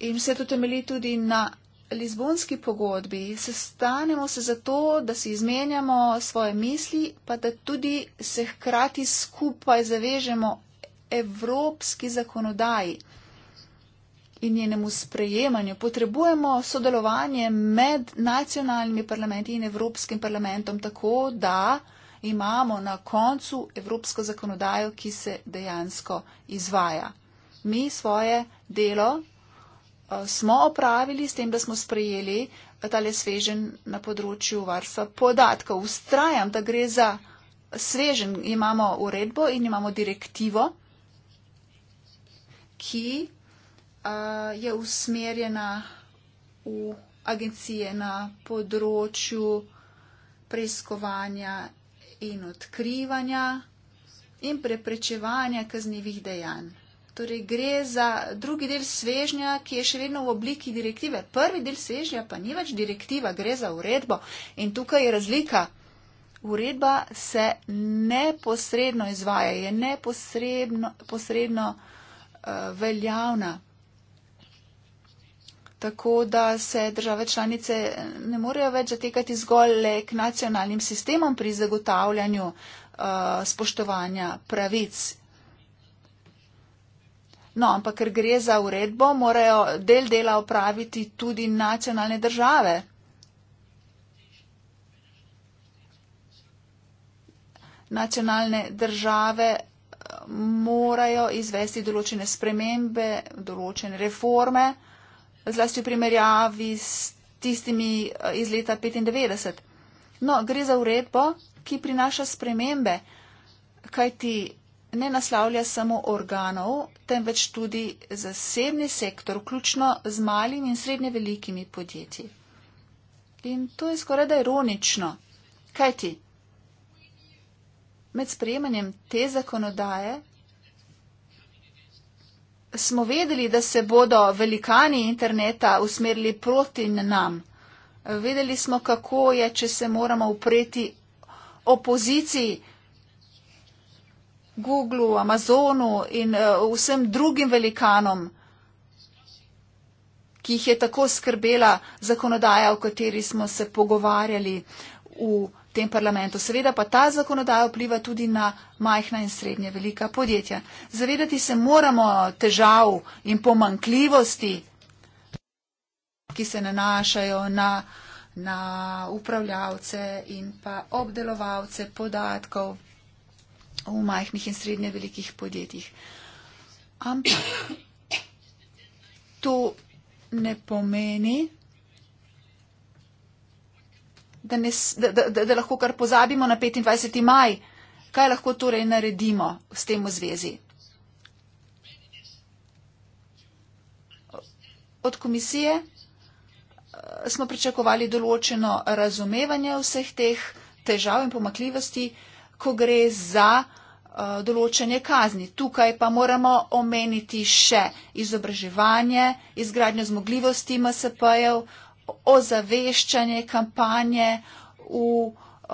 In vse to temelji tudi na Lizbonski pogodbi. Sestanemo se zato, da si izmenjamo svoje misli, pa da tudi se hkrati skupaj zavežemo evropski zakonodaji in njenemu sprejemanju. Potrebujemo sodelovanje med nacionalnimi parlamenti in Evropskim parlamentom tako, da imamo na koncu evropsko zakonodajo, ki se dejansko izvaja. Mi svoje delo eh, smo opravili s tem, da smo sprejeli eh, tale svežen na področju varstva podatkov. Ustrajam, da gre za svežen. Imamo uredbo in imamo direktivo ki uh, je usmerjena v agencije na področju preiskovanja in odkrivanja in preprečevanja kaznjivih dejanj. Torej gre za drugi del svežnja, ki je še vedno v obliki direktive. Prvi del svežnja pa ni več direktiva, gre za uredbo. In tukaj je razlika. Uredba se neposredno izvaja, je neposredno posredno, Eh, veljavna. Tako da se države članice ne morejo več zatekati zgolj le k nacionalnim sistemom pri zagotavljanju uh, spoštovanja pravic. No, ampak ker gre za uredbo, morajo del dela opraviti tudi nacionalne države. Nacionalne države morajo izvesti določene spremembe, določene reforme, zlasti v primerjavi s tistimi eh, iz leta 95. No, gre za uredbo, ki prinaša spremembe, kajti ne naslavlja samo organov, temveč tudi zasebni sektor, vključno z malimi in srednje velikimi podjetji. In to je skoraj da ironično, kajti med sprejemanjem te zakonodaje smo vedeli, da se bodo velikani interneta usmerili proti nam. Vedeli smo, kako je, če se moramo upreti opoziciji Google, Amazonu in eh, vsem drugim velikanom, ki jih je tako skrbela zakonodaja, o kateri smo se pogovarjali v tem parlamentu. Seveda pa ta zakonodaja vpliva tudi na majhna in srednje velika podjetja. Zavedati se moramo težav in pomankljivosti, ki se nanašajo na, na upravljavce in pa obdelovalce podatkov v majhnih in srednje velikih podjetjih. Ampak to ne pomeni, da, ne, da, da, da lahko kar pozabimo na 25. maj. Kaj lahko torej naredimo s tem v zvezi? Od komisije eh, smo pričakovali določeno razumevanje vseh teh težav in pomakljivosti, ko gre za eh, določene kazni. Tukaj pa moramo omeniti še izobraževanje, izgradnjo zmogljivosti MSP-jev, ozaveščanje kampanje v uh,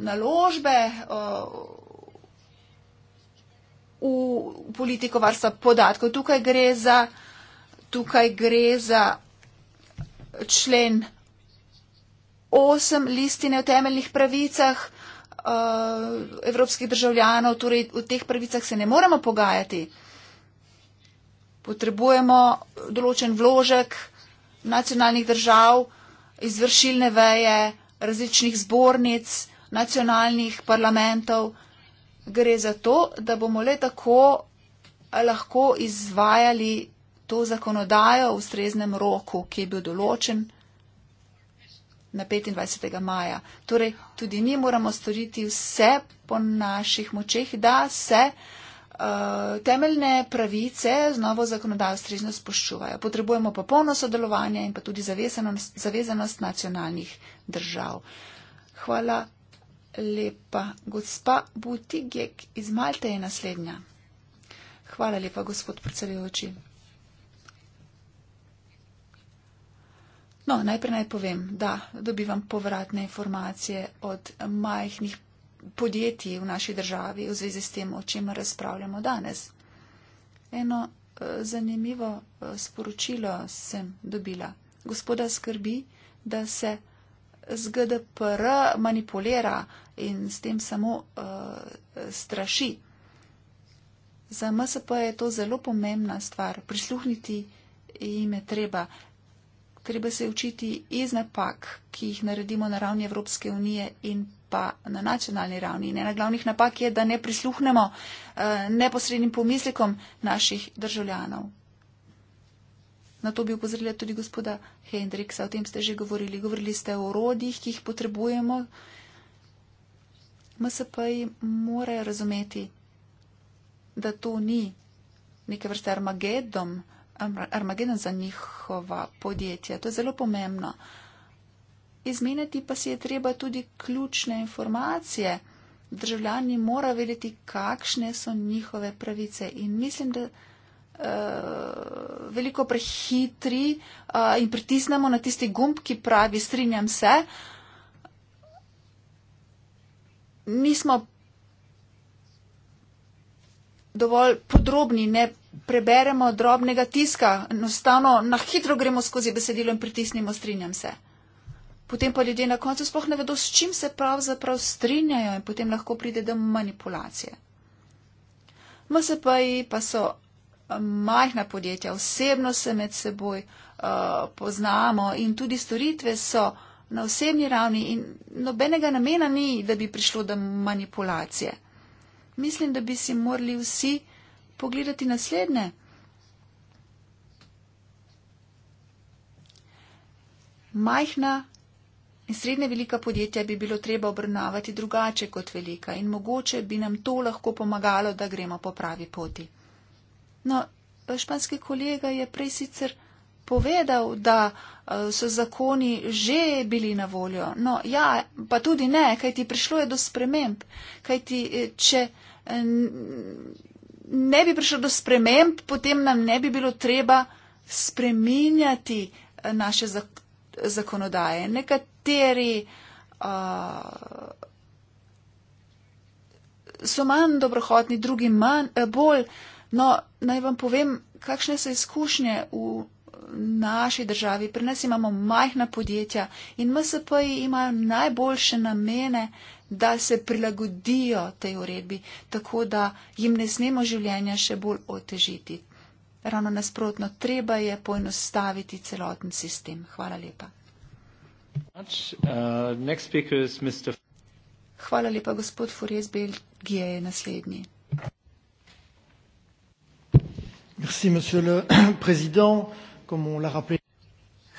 naložbe, uh, v politiko varstva podatkov. Tukaj gre za, tukaj gre za člen 8 listine o temeljnih pravicah uh, evropskih državljanov, torej o teh pravicah se ne moremo pogajati. Potrebujemo določen vložek, nacionalnih držav, izvršilne veje, različnih zbornic, nacionalnih parlamentov. Gre za to, da bomo le tako eh, lahko izvajali to zakonodajo v streznem roku, ki je bil določen na 25. maja. Torej, tudi mi moramo storiti vse po naših močeh, da se Eh, temeljne pravice z novo zakonodajo strežno spoščujejo. Potrebujemo popolno sodelovanje in pa tudi zavezanost, zavezanost nacionalnih držav. Hvala lepa. Gospa Butigek iz Malte je naslednja. Hvala lepa, gospod predsedujoči. No, najprej naj povem, da dobivam povratne informacije od majhnih podjetij v naši državi v zvezi s tem, o čem razpravljamo danes. Eno eh, zanimivo eh, sporočilo sem dobila. Gospoda skrbi, da se z GDPR manipulira in s tem samo uh, straši. Za MSP je to zelo pomembna stvar. Prisluhniti jim je treba. Treba se učiti iz napak, ki jih naredimo na ravni Evropske unije in pa na nacionalni ravni. In ena glavnih napak je, da ne prisluhnemo eh, neposrednim pomislikom naših državljanov. Na to bi upozorila tudi gospoda Hendriksa, o tem ste že govorili. Govorili ste o orodjih, ki jih potrebujemo. MSP mora razumeti, da to ni neke vrste armagedom, armagedom za njihova podjetja. To je zelo pomembno. Uh, izmeniti pa si je treba tudi ključne informacije. Državljani morajo vedeti, kakšne so njihove pravice in mislim, da uh, veliko prehitri uh, in pritisnemo na tisti gumb, ki pravi strinjam se. Nismo dovolj podrobni, ne preberemo drobnega tiska, enostavno na hitro gremo skozi besedilo in pritisnemo strinjam se potem pa ljudje na koncu sploh ne vedo, s čim se pravzaprav strinjajo in potem lahko pride do manipulacije. MSP-ji pa so eh, majhna podjetja, osebno se med seboj uh, poznamo in tudi storitve so na osebni ravni in nobenega namena ni, da bi prišlo do manipulacije. Mislim, da bi si morali vsi pogledati naslednje. Majhna In srednje velika podjetja bi bilo treba obrnavati drugače kot velika in mogoče bi nam to lahko pomagalo, da gremo po pravi poti. No, španski kolega je prej sicer povedal, da eh, so zakoni že bili na voljo. No, ja, pa tudi ne, kajti prišlo je do sprememb. Kajti, eh, če eh, ne bi prišlo do sprememb, potem nam ne bi bilo treba spreminjati naše zakonodaje. Nekaj kateri uh, so manj dobrohotni, drugi manj, eh, bolj. No, naj vam povem, kakšne so izkušnje v naši državi. Pri nas imamo majhna podjetja in MSP-ji imajo najboljše namene, da se prilagodijo tej uredbi, tako da jim ne smemo življenja še bolj otežiti. Ravno nasprotno, treba je poenostaviti celoten sistem. Hvala lepa. Hvala lepa, gospod Fures, Belgija je naslednji.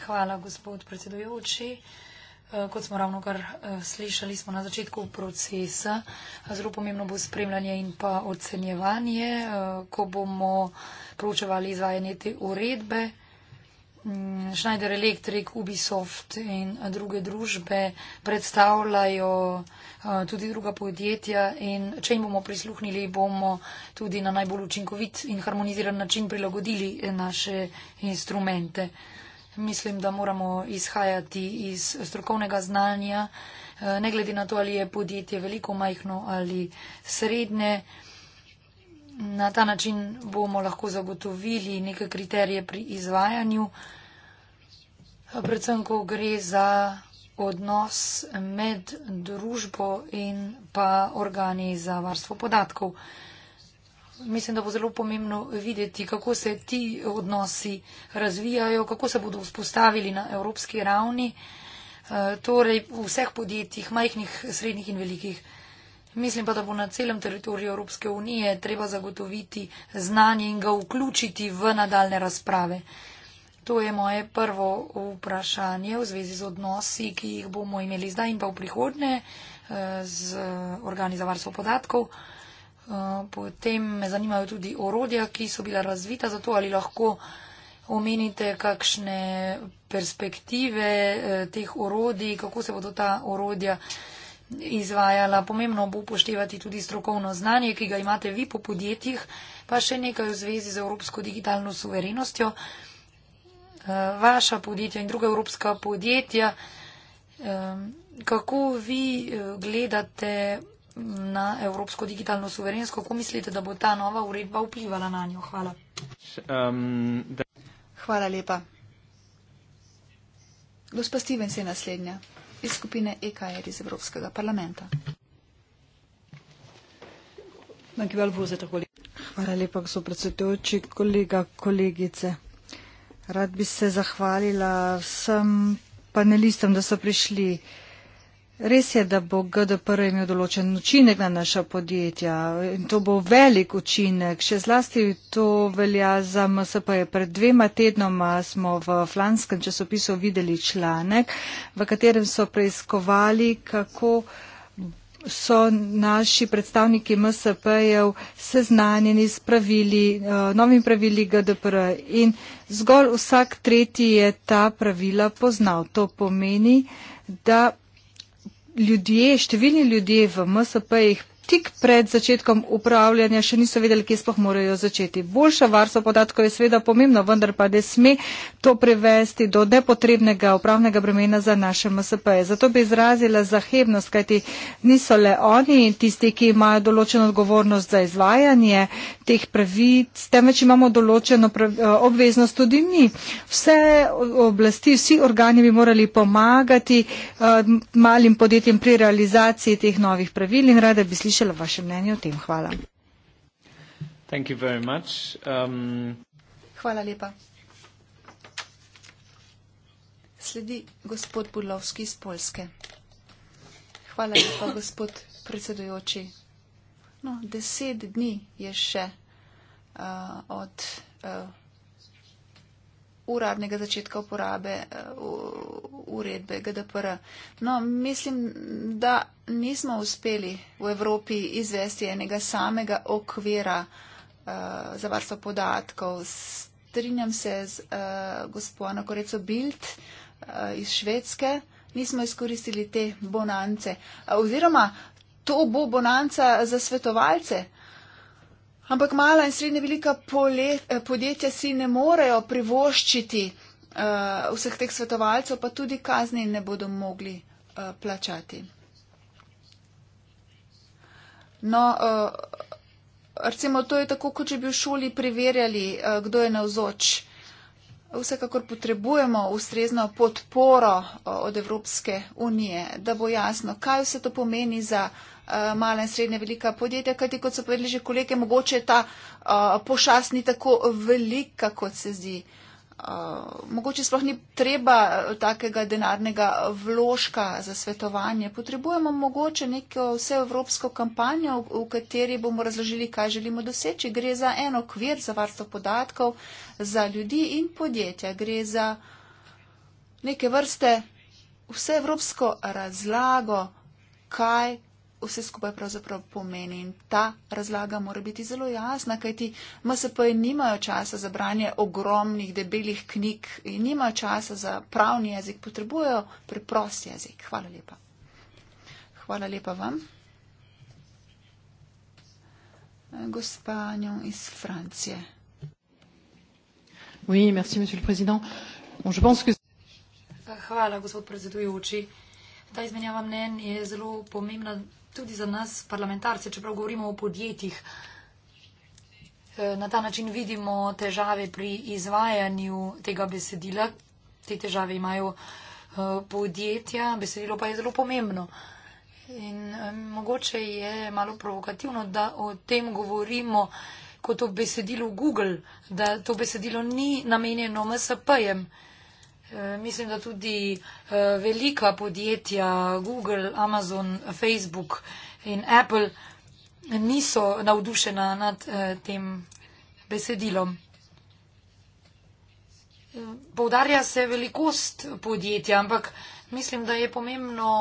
Hvala, gospod predsedujoči. Eh, kot smo ravno kar eh, slišali, smo na začetku procesa. Zelo pomembno bo spremljanje in pa ocenjevanje, eh, ko bomo proučevali izvajanje te uredbe. Mm, Schneider Electric, Ubisoft in eh, druge družbe predstavljajo eh, tudi druga podjetja in če jim bomo prisluhnili, bomo tudi na najbolj učinkovit in harmoniziran način prilagodili eh, naše instrumente. Mislim, da moramo izhajati iz strokovnega znanja, ne glede na to, ali je podjetje veliko majhno ali srednje. Na ta način bomo lahko zagotovili neke kriterije pri izvajanju predvsem, ko gre za odnos med družbo in pa organi za varstvo podatkov. Mislim, da bo zelo pomembno videti, kako se ti odnosi razvijajo, kako se bodo vzpostavili na evropski ravni, eh, torej v vseh podjetjih, majhnih, srednjih in velikih. Mislim pa, da bo na celem teritoriju Evropske unije treba zagotoviti znanje in ga vključiti v nadaljne razprave. To je moje prvo vprašanje v zvezi z odnosi, ki jih bomo imeli zdaj in pa v prihodnje eh, z organi za varstvo podatkov. Eh, potem me zanimajo tudi orodja, ki so bila razvita za to, ali lahko omenite kakšne perspektive eh, teh orodij, kako se bodo ta orodja izvajala. Pomembno bo upoštevati tudi strokovno znanje, ki ga imate vi po podjetjih, pa še nekaj v zvezi z evropsko digitalno suverenostjo. Eh, vaša podjetja in druga evropska podjetja. Kako vi eh, gledate na evropsko digitalno suverensko? Kako mislite, da bo ta nova uredba vplivala na njo? Hvala. Hvala lepa. Gospa Stevens je naslednja iz skupine EKR iz Evropskega parlamenta. Hvala lepa, gospod predsedujoči, kolega, kolegice. Rad bi se zahvalila vsem panelistom, da so prišli. Res je, da bo GDPR imel določen učinek na naša podjetja in to bo velik učinek. Še zlasti to velja za MSP. Pred dvema tednoma smo v flanskem časopisu videli članek, v katerem so preiskovali, kako so naši predstavniki MSP-jev seznanjeni s pravili, eh, novimi pravili GDPR in zgolj vsak tretji je ta pravila poznal. To pomeni, da ljudje, številni ljudje v MSP-jih tik pred začetkom upravljanja še niso vedeli, kje sploh morajo začeti. Boljša varstva podatkov je sveda pomembno, vendar pa ne sme to prevesti do nepotrebnega upravnega bremena za naše MSP-je. Zato bi izrazila zahebnost, kajti niso le oni tisti, ki imajo določeno odgovornost za izvajanje teh pravic, temveč imamo določeno eh, obveznost tudi mi. Vse oblasti, vsi organi bi morali pomagati eh, malim podjetjem pri realizaciji teh novih pravil in rada bi slišala slišala vaše mnenje o tem. Hvala. Thank you very much. Um... Hvala lepa. Sledi gospod Budlovski iz Polske. Hvala lepa, gospod predsedujoči. No, deset dni je še uh, od. Uh, uradnega začetka uporabe uh, uredbe GDPR. No, mislim, da nismo uspeli v Evropi izvesti enega samega okvira uh, za varstvo podatkov. Strinjam se z uh, gospodom Koreco Bild uh, iz Švedske, nismo izkoristili te bonance. Uh, oziroma, to bo bonanca za svetovalce. Uh, Ampak mala in srednje velika polet, eh, podjetja si ne morejo privoščiti uh, vseh teh svetovalcev, pa tudi kazni ne bodo mogli uh, plačati. No, uh, recimo, to je tako, kot če bi v šoli preverjali, uh, kdo je navzoč. Vsekakor potrebujemo ustrezno podporo uh, od Evropske unije, da bo jasno, kaj vse to pomeni za. Eh, mala in srednja velika podjetja, kajti kot so povedali že kolege, mogoče ta eh, pošast ni tako velika, kot se zdi. Eh, mogoče sploh ni treba takega denarnega vložka za svetovanje. Potrebujemo mogoče neko vseevropsko kampanjo, v kateri bomo razložili, kaj želimo doseči. Gre za en okvir za varstvo podatkov za ljudi in podjetja. Gre za neke vrste vseevropsko razlago, kaj vse skupaj pravzaprav pomeni. In ta razlaga mora biti zelo jasna, kajti MSP-ji nimajo časa za branje ogromnih, debelih knjig in nimajo časa za pravni jezik, potrebujejo preprost jezik. Hvala lepa. Hvala lepa vam. Gospanjo iz Francije. Oui, merci, bon, pense, que... Hvala, gospod predsedujoči. Ta izmenjava mnen je zelo pomembna tudi za nas parlamentarce, čeprav govorimo o podjetjih, eh, na ta način vidimo težave pri izvajanju tega besedila. Te težave imajo eh, podjetja, besedilo pa je zelo pomembno. In eh, mogoče je malo provokativno, da o tem govorimo kot o besedilu Google, da to besedilo ni namenjeno MSP-jem. Eh, mislim, da tudi eh, velika podjetja Google, Amazon, Facebook in Apple niso navdušena nad eh, tem besedilom. Povdarja se velikost podjetja, ampak mislim, da je pomembno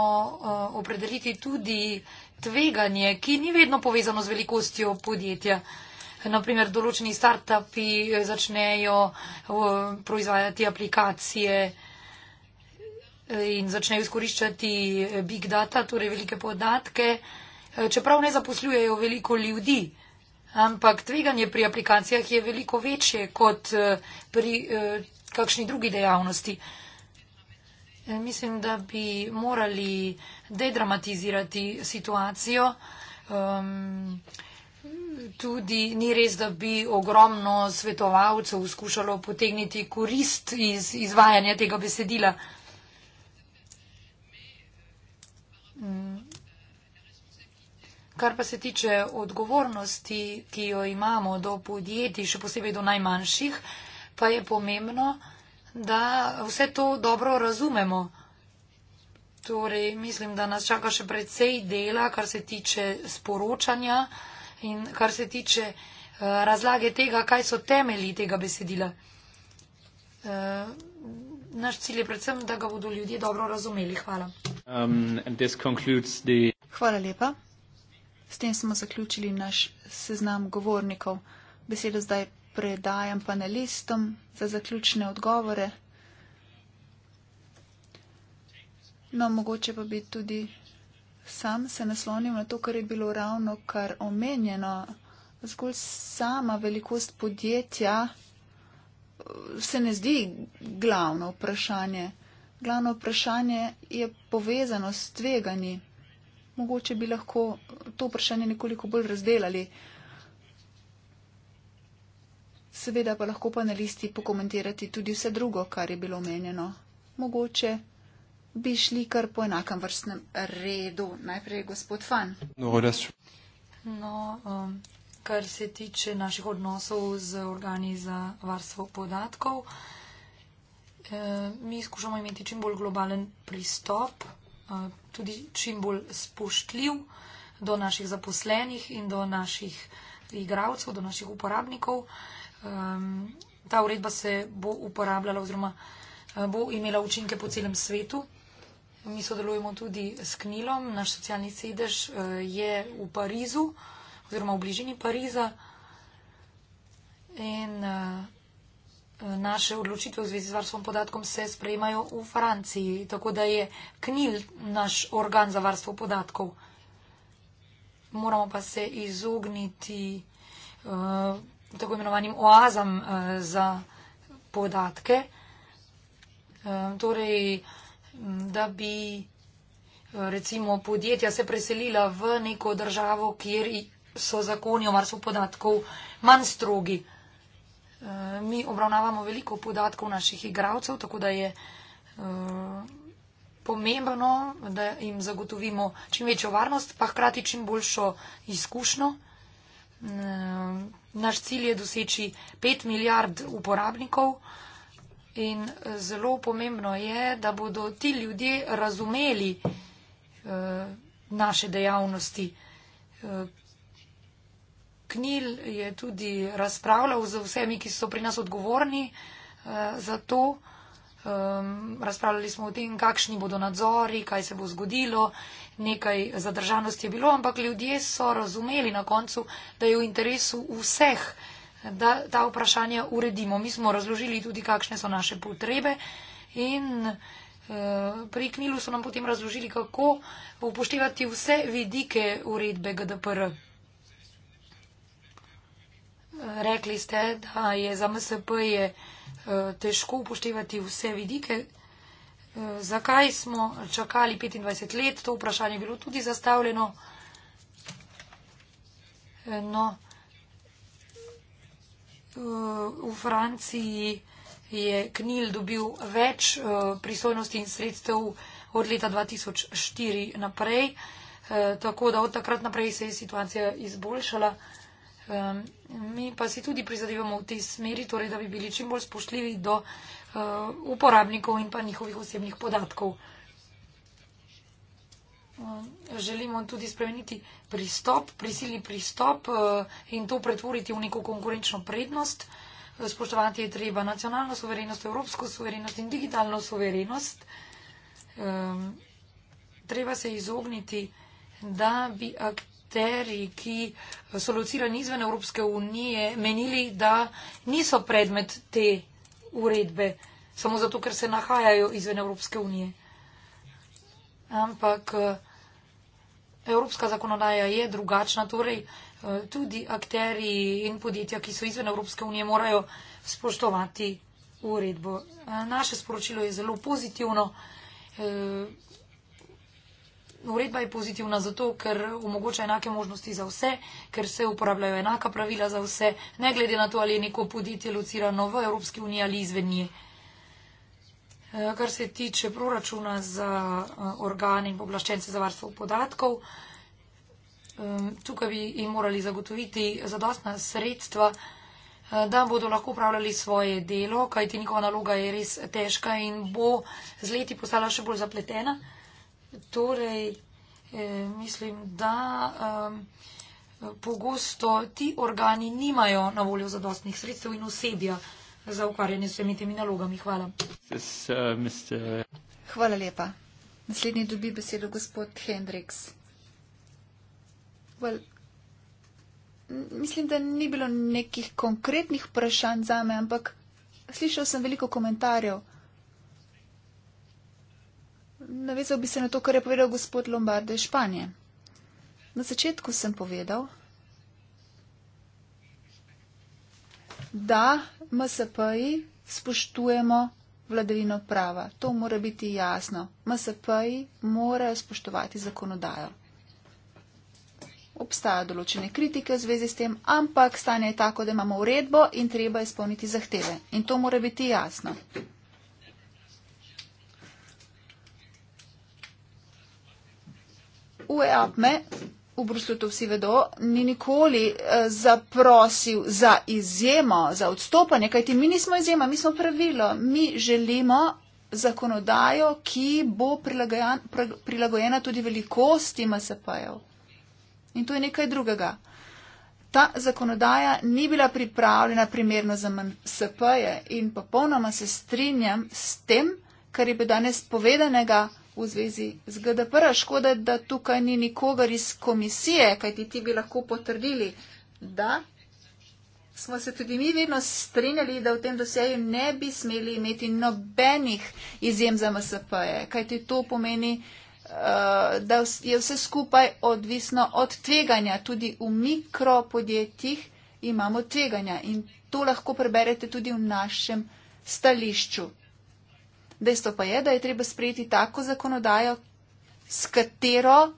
opredeliti tudi tveganje, ki ni vedno povezano z velikostjo podjetja naprimer določeni startupi začnejo eh, proizvajati aplikacije eh, in začnejo izkoriščati eh, big data, torej velike podatke, čeprav ne zaposlujejo veliko ljudi. Ampak tveganje pri aplikacijah je veliko večje kot pri kakšni drugi dejavnosti. Mislim, da bi morali dedramatizirati situacijo. Um, tudi ni res, da bi ogromno svetovalcev skušalo potegniti korist iz izvajanja tega besedila. Mm. Kar pa se tiče odgovornosti, ki jo imamo do podjetij, še posebej do najmanjših, pa je pomembno, da vse to dobro razumemo. Torej, mislim, da nas čaka še precej dela, kar se tiče sporočanja in kar se tiče uh, razlage tega, kaj so temeli tega besedila. Uh, naš cilj je predvsem, da ga bodo ljudje dobro razumeli. Hvala. Um, the... Hvala lepa. S tem smo zaključili naš seznam govornikov. Besedo zdaj predajam panelistom za zaključne odgovore. No, mogoče pa bi tudi Sam se naslonim na to, kar je bilo ravno kar omenjeno. Zgolj sama velikost podjetja eh, se ne zdi glavno vprašanje. Glavno vprašanje je povezano s tveganji. Mogoče bi lahko to vprašanje nekoliko bolj razdelali. Seveda pa lahko panelisti pokomentirati tudi vse drugo, kar je bilo omenjeno. Mogoče bi šli kar po enakem vrstnem redu. Najprej gospod Fan. No, res. No, um, kar se tiče naših odnosov z organi za varstvo podatkov, um, mi skušamo imeti čim bolj globalen pristop, um, tudi čim bolj spoštljiv do naših zaposlenih in do naših igravcev, do naših uporabnikov. Um, ta uredba se bo uporabljala oziroma eh, bo imela učinke po celem svetu. Mi sodelujemo tudi s Knilom, naš socialni sedež eh, je v Parizu oziroma v bližini Pariza. In eh, naše odločitve v zvezi z varstvom podatkom se sprejemajo v Franciji, tako da je Knil naš organ za varstvo podatkov. Moramo pa se izogniti eh, tako imenovanim oazam za podatke. Torej, da bi recimo podjetja se preselila v neko državo, kjer so zakoni o varstvu podatkov manj strogi. E, mi obravnavamo veliko podatkov naših igravcev, tako da je e, pomembno, da jim zagotovimo čim večjo varnost, pa hkrati čim boljšo izkušnjo. E, naš cilj je doseči 5 milijard uporabnikov. In eh, zelo pomembno je, da bodo ti ljudje razumeli uh, naše dejavnosti. Uh, Knil je tudi razpravljal z vsemi, ki so pri nas odgovorni uh, za to. Um, razpravljali smo o tem, kakšni bodo nadzori, kaj se bo zgodilo. Nekaj zadržanosti je bilo, ampak ljudje so razumeli na koncu, da je v interesu vseh da ta vprašanja uredimo. Mi smo razložili tudi, kakšne so naše potrebe in eh, pri Knilu so nam potem razložili, kako upoštevati vse vidike uredbe GDPR. Rekli ste, da je za MSP je eh, težko upoštevati vse vidike. Eh, zakaj smo čakali 25 let? To vprašanje je bilo tudi zastavljeno. No, v Franciji je Knil dobil več eh, pristojnosti in sredstev od leta 2004 naprej, eh, tako da od takrat naprej se je situacija izboljšala. Ehm, mi pa si tudi prizadevamo v tej smeri, torej da bi bili čim bolj spoštljivi do eh, uporabnikov in pa njihovih osebnih podatkov. Eh, želimo tudi spremeniti pristop, prisilni pristop eh, in to pretvoriti v neko konkurenčno prednost. Eh, spoštovati je treba nacionalno suverenost, evropsko suverenost in digitalno suverenost. Ehm, treba se izogniti, da bi akteri, ki so locirani izven Evropske unije, menili, da niso predmet te uredbe, samo zato, ker se nahajajo izven Evropske unije ampak eh, evropska zakonodaja je drugačna, torej eh, tudi akteri in podjetja, ki so izven Evropske unije, morajo spoštovati uredbo. Eh, naše sporočilo je zelo pozitivno. Uredba je pozitivna zato, ker omogoča enake možnosti za vse, ker se uporabljajo enaka pravila za vse, ne glede na to, ali je neko podjetje locirano v Evropski uniji ali izven nje. Eh, kar se tiče proračuna za eh, organe in poblaščence za varstvo podatkov, eh, tukaj bi jim morali zagotoviti zadostna sredstva, da bodo lahko upravljali svoje delo, kajti njihova naloga je res težka in bo z leti postala še bolj zapletena. Torej, mislim, da pogosto ti organi nimajo na voljo zadostnih sredstev in osebja za ukvarjanje s temi temi nalogami. Hvala. Uh, Hvala lepa. Naslednji dobi besedo gospod Hendriks. Well, mislim, da ni bilo nekih konkretnih vprašanj za me, ampak slišal sem veliko komentarjev. Navezal bi se na to, kar je povedal gospod Lombarde iz Španije. Na začetku sem povedal, da MSP-ji spoštujemo vladavino prava. To mora biti jasno. MSP-ji morajo spoštovati zakonodajo. Obstaja določene kritike v zvezi s tem, ampak stanje je tako, da imamo uredbo in treba izpolniti zahteve. In to mora biti jasno. UEAP me v Bruslju to vsi vedo, ni nikoli eh, zaprosil za izjemo, za odstopanje, kajti mi nismo izjema, mi smo pravilo. Mi želimo zakonodajo, ki bo prilagojena tudi velikosti MSP-jev. In to je nekaj drugega. Ta zakonodaja ni bila pripravljena primerno za MSP-je in popolnoma se strinjam s tem, kar je bilo danes povedanega v zvezi z GDPR. Škoda, da tukaj ni nikogar iz komisije, kajti ti bi lahko potrdili, da smo se tudi mi vedno strinjali, da v tem doseju ne bi smeli imeti nobenih izjem za MSP-je, kajti to pomeni, eh, da je vse skupaj odvisno od tveganja. Tudi v mikropodjetjih imamo tveganja in to lahko preberete tudi v našem stališču. Dejstvo pa je, da je treba sprejeti tako zakonodajo, s katero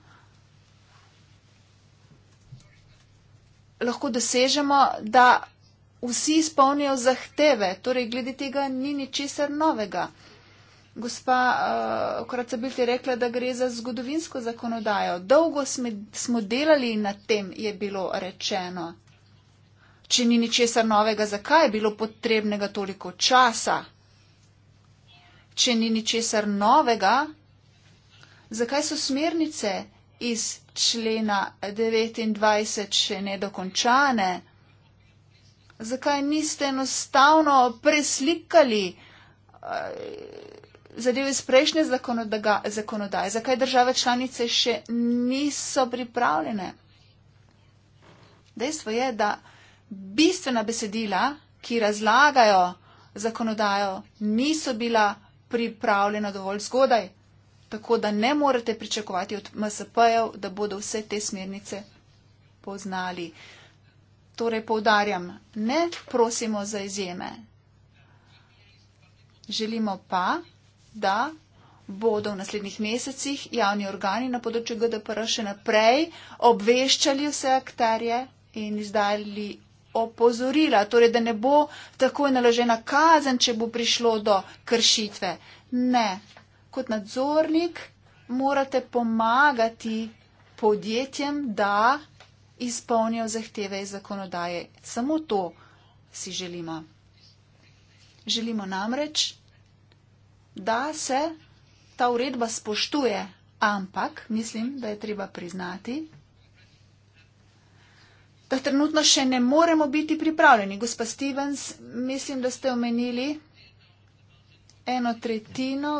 lahko dosežemo, da vsi izpolnijo zahteve. Torej, glede tega ni ničesar novega. Gospa uh, eh, Koracabilt je rekla, da gre za zgodovinsko zakonodajo. Dolgo smo, smo delali na tem, je bilo rečeno. Če ni ničesar novega, zakaj je bilo potrebnega toliko časa? če ni ničesar novega, zakaj so smernice iz člena 29 še nedokončane? Zakaj niste enostavno preslikali eh, zadeve iz prejšnje zakonodaje? Zakaj države članice še niso pripravljene? Dejstvo je, da bistvena besedila, ki razlagajo zakonodajo, niso bila pripravljena dovolj zgodaj, tako da ne morete pričakovati od MSP-jev, da bodo vse te smernice poznali. Torej, povdarjam, ne prosimo za izjeme. Želimo pa, da bodo v naslednjih mesecih javni organi na področju GDPR še naprej obveščali vse akterje in izdali opozorila, torej da ne bo takoj naložena kazen, če bo prišlo do kršitve. Ne, kot nadzornik morate pomagati podjetjem, da izpolnijo zahteve iz zakonodaje. Samo to si želimo. Želimo namreč, da se ta uredba spoštuje, ampak mislim, da je treba priznati, da trenutno še ne moremo biti pripravljeni. Gospa Stevens, mislim, da ste omenili eno tretjino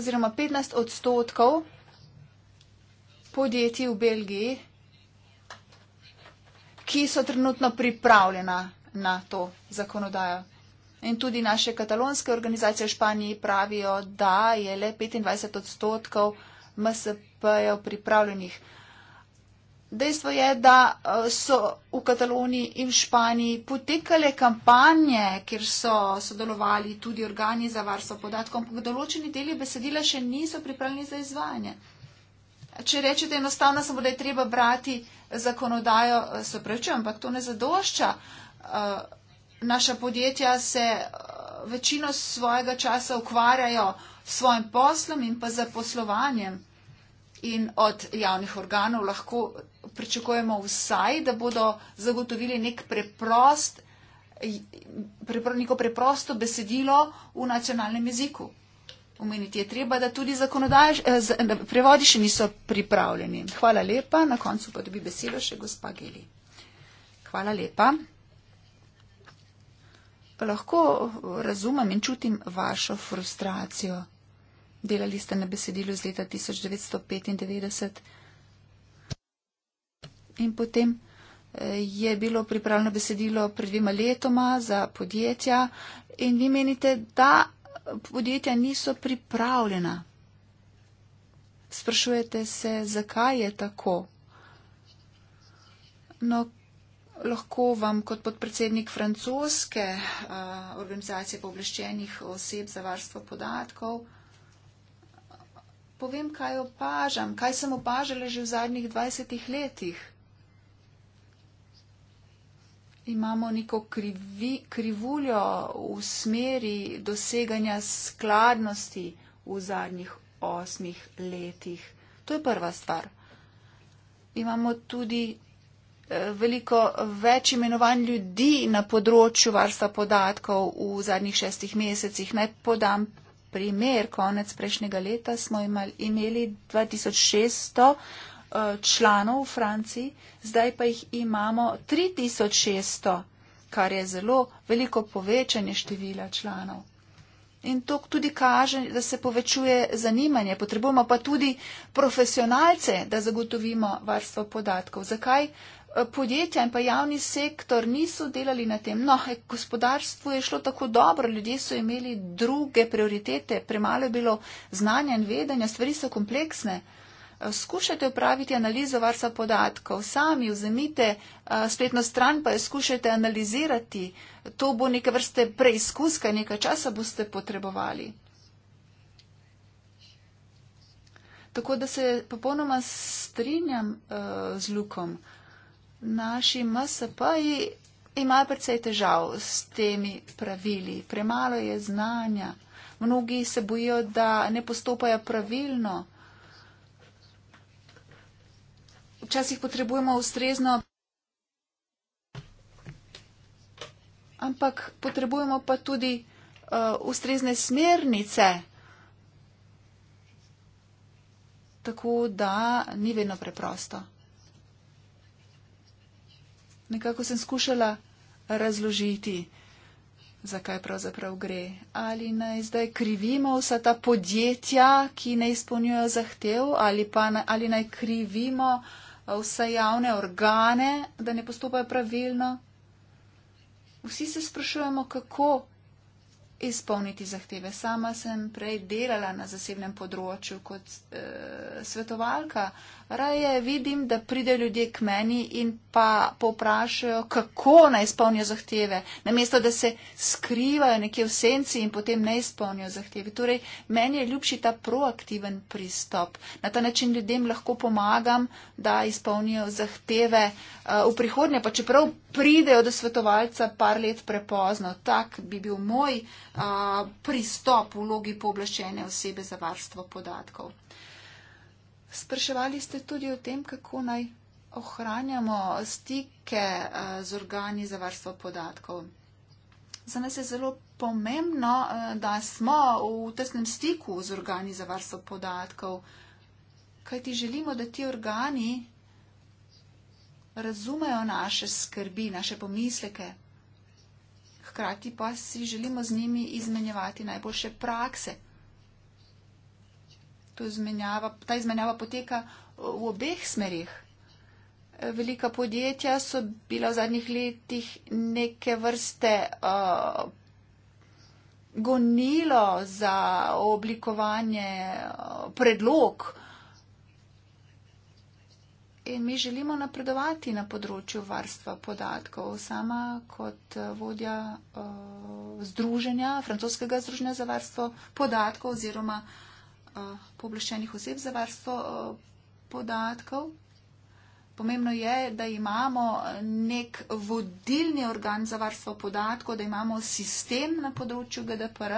oziroma 15 odstotkov podjetij v Belgiji, ki so trenutno pripravljena na to zakonodajo. In tudi naše katalonske organizacije v Španiji pravijo, da je le 25 odstotkov MSP-jev pripravljenih. Dejstvo je, da eh, so v Kataloniji in Španiji potekale kampanje, kjer so sodelovali tudi organi za varstvo podatkov, ampak določeni deli besedila še niso pripravljeni za izvajanje. Če rečete enostavno, samo da je treba brati zakonodajo, eh, se prečujem, ampak to ne zadošča. Eh, naša podjetja se večino svojega časa ukvarjajo s svojim poslom in pa zaposlovanjem in od javnih organov lahko pričakujemo vsaj, da bodo zagotovili nek preprost, prepro, neko preprosto besedilo v nacionalnem jeziku. Umeniti je treba, da tudi zakonodaj, eh, eh, da prevodi še niso pripravljeni. Hvala lepa. Na koncu pa dobi besedo še gospa Geli. Hvala lepa. Pa lahko razumem in čutim vašo frustracijo. Delali ste na besedilu z leta 1995. In potem eh, je bilo pripravljeno besedilo pred dvima letoma za podjetja in vi menite, da podjetja niso pripravljena. Sprašujete se, zakaj je tako. No, lahko vam kot podpredsednik francoske uh, organizacije povleščenih oseb za varstvo podatkov uh, povem, kaj opažam, kaj sem opažala že v zadnjih 20 letih. Imamo neko krivi, krivuljo v smeri doseganja skladnosti v zadnjih osmih letih. To je prva stvar. Imamo tudi eh, veliko več imenovanj ljudi na področju varstva podatkov v zadnjih šestih mesecih. Naj podam primer, konec prejšnjega leta smo imeli 2600 eh, članov v Franciji, zdaj pa jih imamo 3600, kar je zelo veliko povečanje števila članov. In to tudi kaže, da se povečuje zanimanje. Potrebujemo pa tudi profesionalce, da zagotovimo varstvo podatkov. Zakaj podjetja in pa javni sektor niso delali na tem. No, e, gospodarstvo je šlo tako dobro, ljudje so imeli druge prioritete, premalo je bilo znanja in vedenja, stvari so kompleksne. E, skušajte upraviti analizo varstva podatkov, sami vzemite e, spletno stran, pa jo skušajte analizirati. To bo neke vrste preizkus, kaj nekaj časa boste potrebovali. Tako da se popolnoma strinjam uh, z Lukom naši MSP-ji imajo precej težav s temi pravili. Premalo je znanja. Mnogi se bojijo, da ne postopajo pravilno. Včasih potrebujemo ustrezno. Ampak potrebujemo pa tudi uh, ustrezne smernice, tako da ni vedno preprosto nekako sem skušala razložiti, zakaj pravzaprav gre. Ali naj zdaj krivimo vsa ta podjetja, ki ne izpolnjujo zahtev, ali pa na, ali naj krivimo eh, vse javne organe, da ne postopajo pravilno. Vsi se sprašujemo, kako izpolniti zahteve. Sama sem prej delala na zasebnem področju kot e, svetovalka Raje vidim, da pridejo ljudje k meni in pa poprašajo, kako naj izpolnijo zahteve, namesto da se skrivajo nekje v senci in potem ne izpolnijo zahteve. Torej, meni je ljubši ta proaktiven pristop. Na ta način ljudem lahko pomagam, da izpolnijo zahteve eh, v prihodnje, pa čeprav pridejo do svetovalca par let prepozno. Tak bi bil moj eh, pristop v logi pooblaščene osebe za varstvo podatkov. Spraševali ste tudi o tem, kako naj ohranjamo stike eh, z organi za varstvo podatkov. Za nas je zelo pomembno, eh, da smo v tesnem stiku z organi za varstvo podatkov, kajti želimo, da ti organi razumejo naše skrbi, naše pomisleke. Hkrati pa si želimo z njimi izmenjevati najboljše prakse, izmenjava, ta izmenjava poteka v obeh smerih. Velika podjetja so bila v zadnjih letih neke vrste uh, gonilo za oblikovanje uh, predlog. In mi želimo napredovati na področju varstva podatkov. Sama kot uh, vodja uh, združenja, francoskega združenja za varstvo podatkov oziroma uh, Eh, pooblaščenih oseb za varstvo eh, podatkov. Pomembno je, da imamo eh, nek vodilni organ za varstvo podatkov, da imamo sistem na področju GDPR,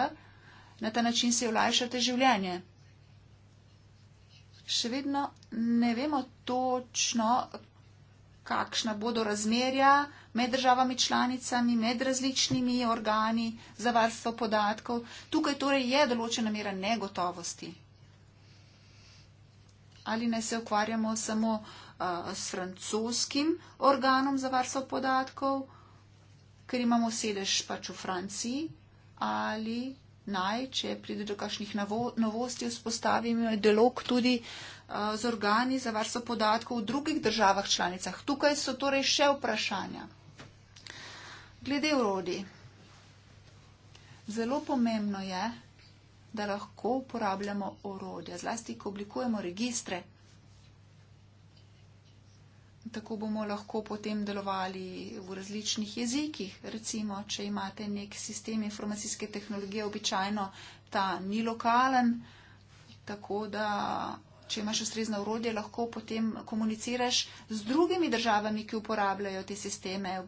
na ta način si olajšate življenje. Še vedno ne vemo točno, kakšna bodo razmerja med državami članicami, med različnimi organi za varstvo podatkov. Tukaj torej je določena mera negotovosti ali ne se ukvarjamo samo uh, s francoskim organom za varstvo podatkov, ker imamo sedež pač v Franciji, ali naj, če pride do kakšnih novo, novosti, vzpostavimo delok tudi uh, z organi za varstvo podatkov v drugih državah članicah. Tukaj so torej še vprašanja. Glede urodi. Zelo pomembno je, da lahko uporabljamo orodja, zlasti, ko oblikujemo registre. Tako bomo lahko potem delovali v različnih jezikih. Recimo, če imate nek sistem informacijske tehnologije, običajno ta ni lokalen, tako da, če imaš ustrezno urodje, lahko potem komuniciraš z drugimi državami, ki uporabljajo te sisteme.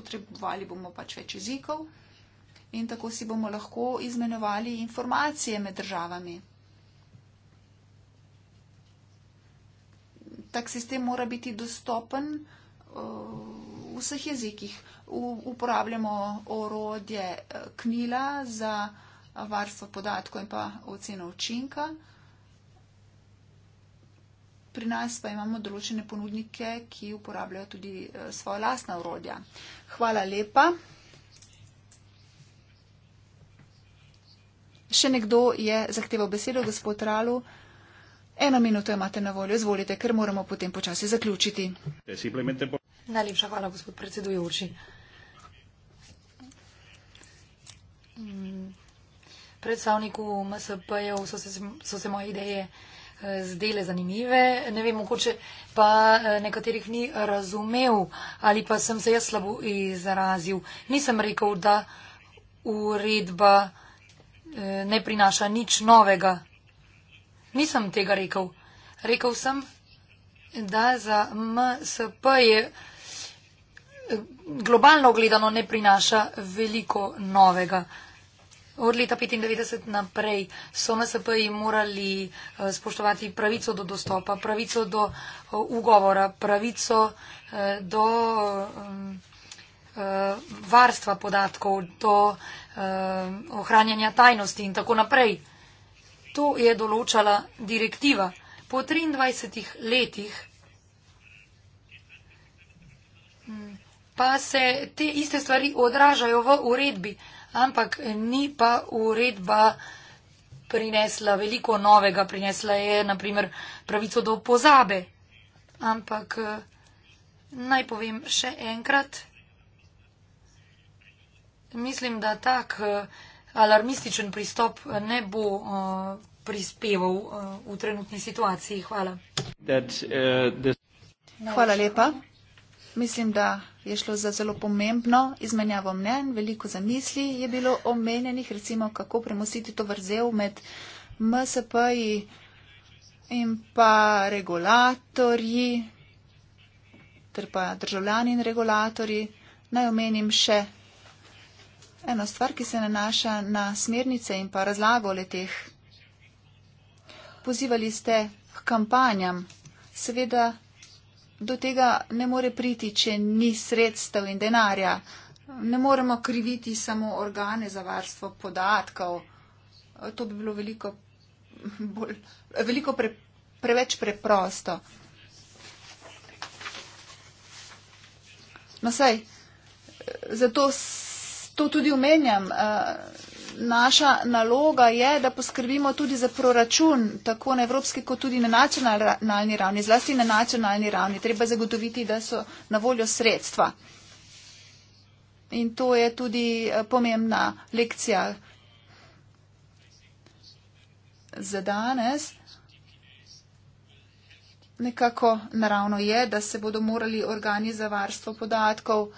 Potrebovali bomo pač več jezikov in tako si bomo lahko izmenjevali informacije med državami. Tak sistem mora biti dostopen eh, v vseh jezikih. Uporabljamo orodje eh, knila za varstvo podatkov in pa oceno učinka. Pri nas pa imamo določene ponudnike, ki uporabljajo tudi eh, svoje lasna urodja. Hvala lepa. Še nekdo je zahteval besedo, gospod Ralu. Eno minuto imate na voljo, izvolite, ker moramo potem počasi zaključiti. Eh, Najlepša hvala, gospod predsedujoči. Predstavniku MSP-jev so, so se moje ideje eh, zdele zanimive, ne vem, mogoče pa eh, nekaterih ni razumev ali pa sem se jaz slabo izrazil. Nisem rekel, da uredba. E, ne prinaša nič novega. Nisem tega rekel. Rekel sem, da za MSP je e, globalno gledano ne prinaša veliko novega. Od leta 95 naprej so MSP-ji morali e, spoštovati pravico do dostopa, pravico do ugovora, pravico do. Um, Eh, varstva podatkov, do eh, ohranjanja tajnosti in tako naprej. To je določala direktiva. Po 23 letih hm, pa se te iste stvari odražajo v uredbi, ampak ni pa uredba prinesla veliko novega, prinesla je naprimer pravico do pozabe. Ampak eh, naj povem še enkrat. Mislim, da tak eh, alarmističen pristop eh, ne bo eh, prispeval v trenutni situaciji. Hvala. Hvala lepa. Mislim, da je šlo za zelo pomembno izmenjavo mnen, veliko zamisli je bilo omenjenih, recimo kako premositi to vrzel med MSP-ji in pa regulatorji ter pa državljani in regulatorji. Naj omenim še eno stvar, ki se nanaša na smernice in pa razlago leteh. Pozivali ste k kampanjam. Seveda do tega ne more priti, če ni sredstev in denarja. Ne moremo kriviti samo organe za varstvo podatkov. To bi bilo veliko, bolj, veliko pre, preveč preprosto. No, saj, eh, zato to tudi omenjam. Eh, naša naloga je, da poskrbimo tudi za proračun, tako na evropski, kot tudi na nacionalni ravni, zlasti na nacionalni ravni. Treba zagotoviti, da so na voljo sredstva. In to je tudi eh, pomembna lekcija za danes. Nekako naravno je, da se bodo morali organi za varstvo podatkov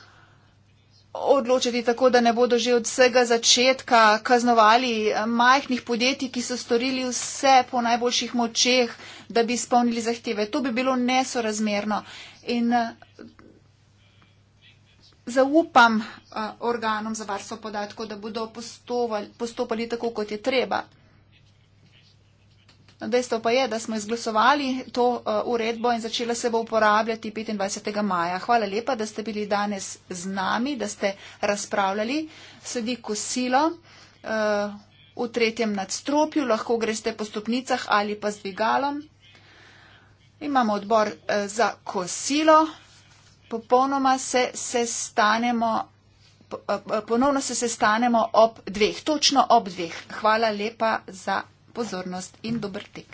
odločiti tako, da ne bodo že od vsega začetka kaznovali eh, majhnih podjetij, ki so storili vse po najboljših močeh, da bi izpolnili zahteve. To bi bilo nesorazmerno. In eh, zaupam eh, organom za varstvo podatkov, da bodo postopali tako, kot je treba. Dejstvo pa je, da smo izglasovali to uh, uredbo in začela se bo uporabljati 25. maja. Hvala lepa, da ste bili danes z nami, da ste razpravljali. Sledi kosilo uh, v tretjem nadstropju, lahko greste po stopnicah ali pa z dvigalom. Imamo odbor uh, za kosilo. Popolnoma se sestanemo. Ponovno se sestanemo ob dveh, točno ob dveh. Hvala lepa za pozornost in dober tek.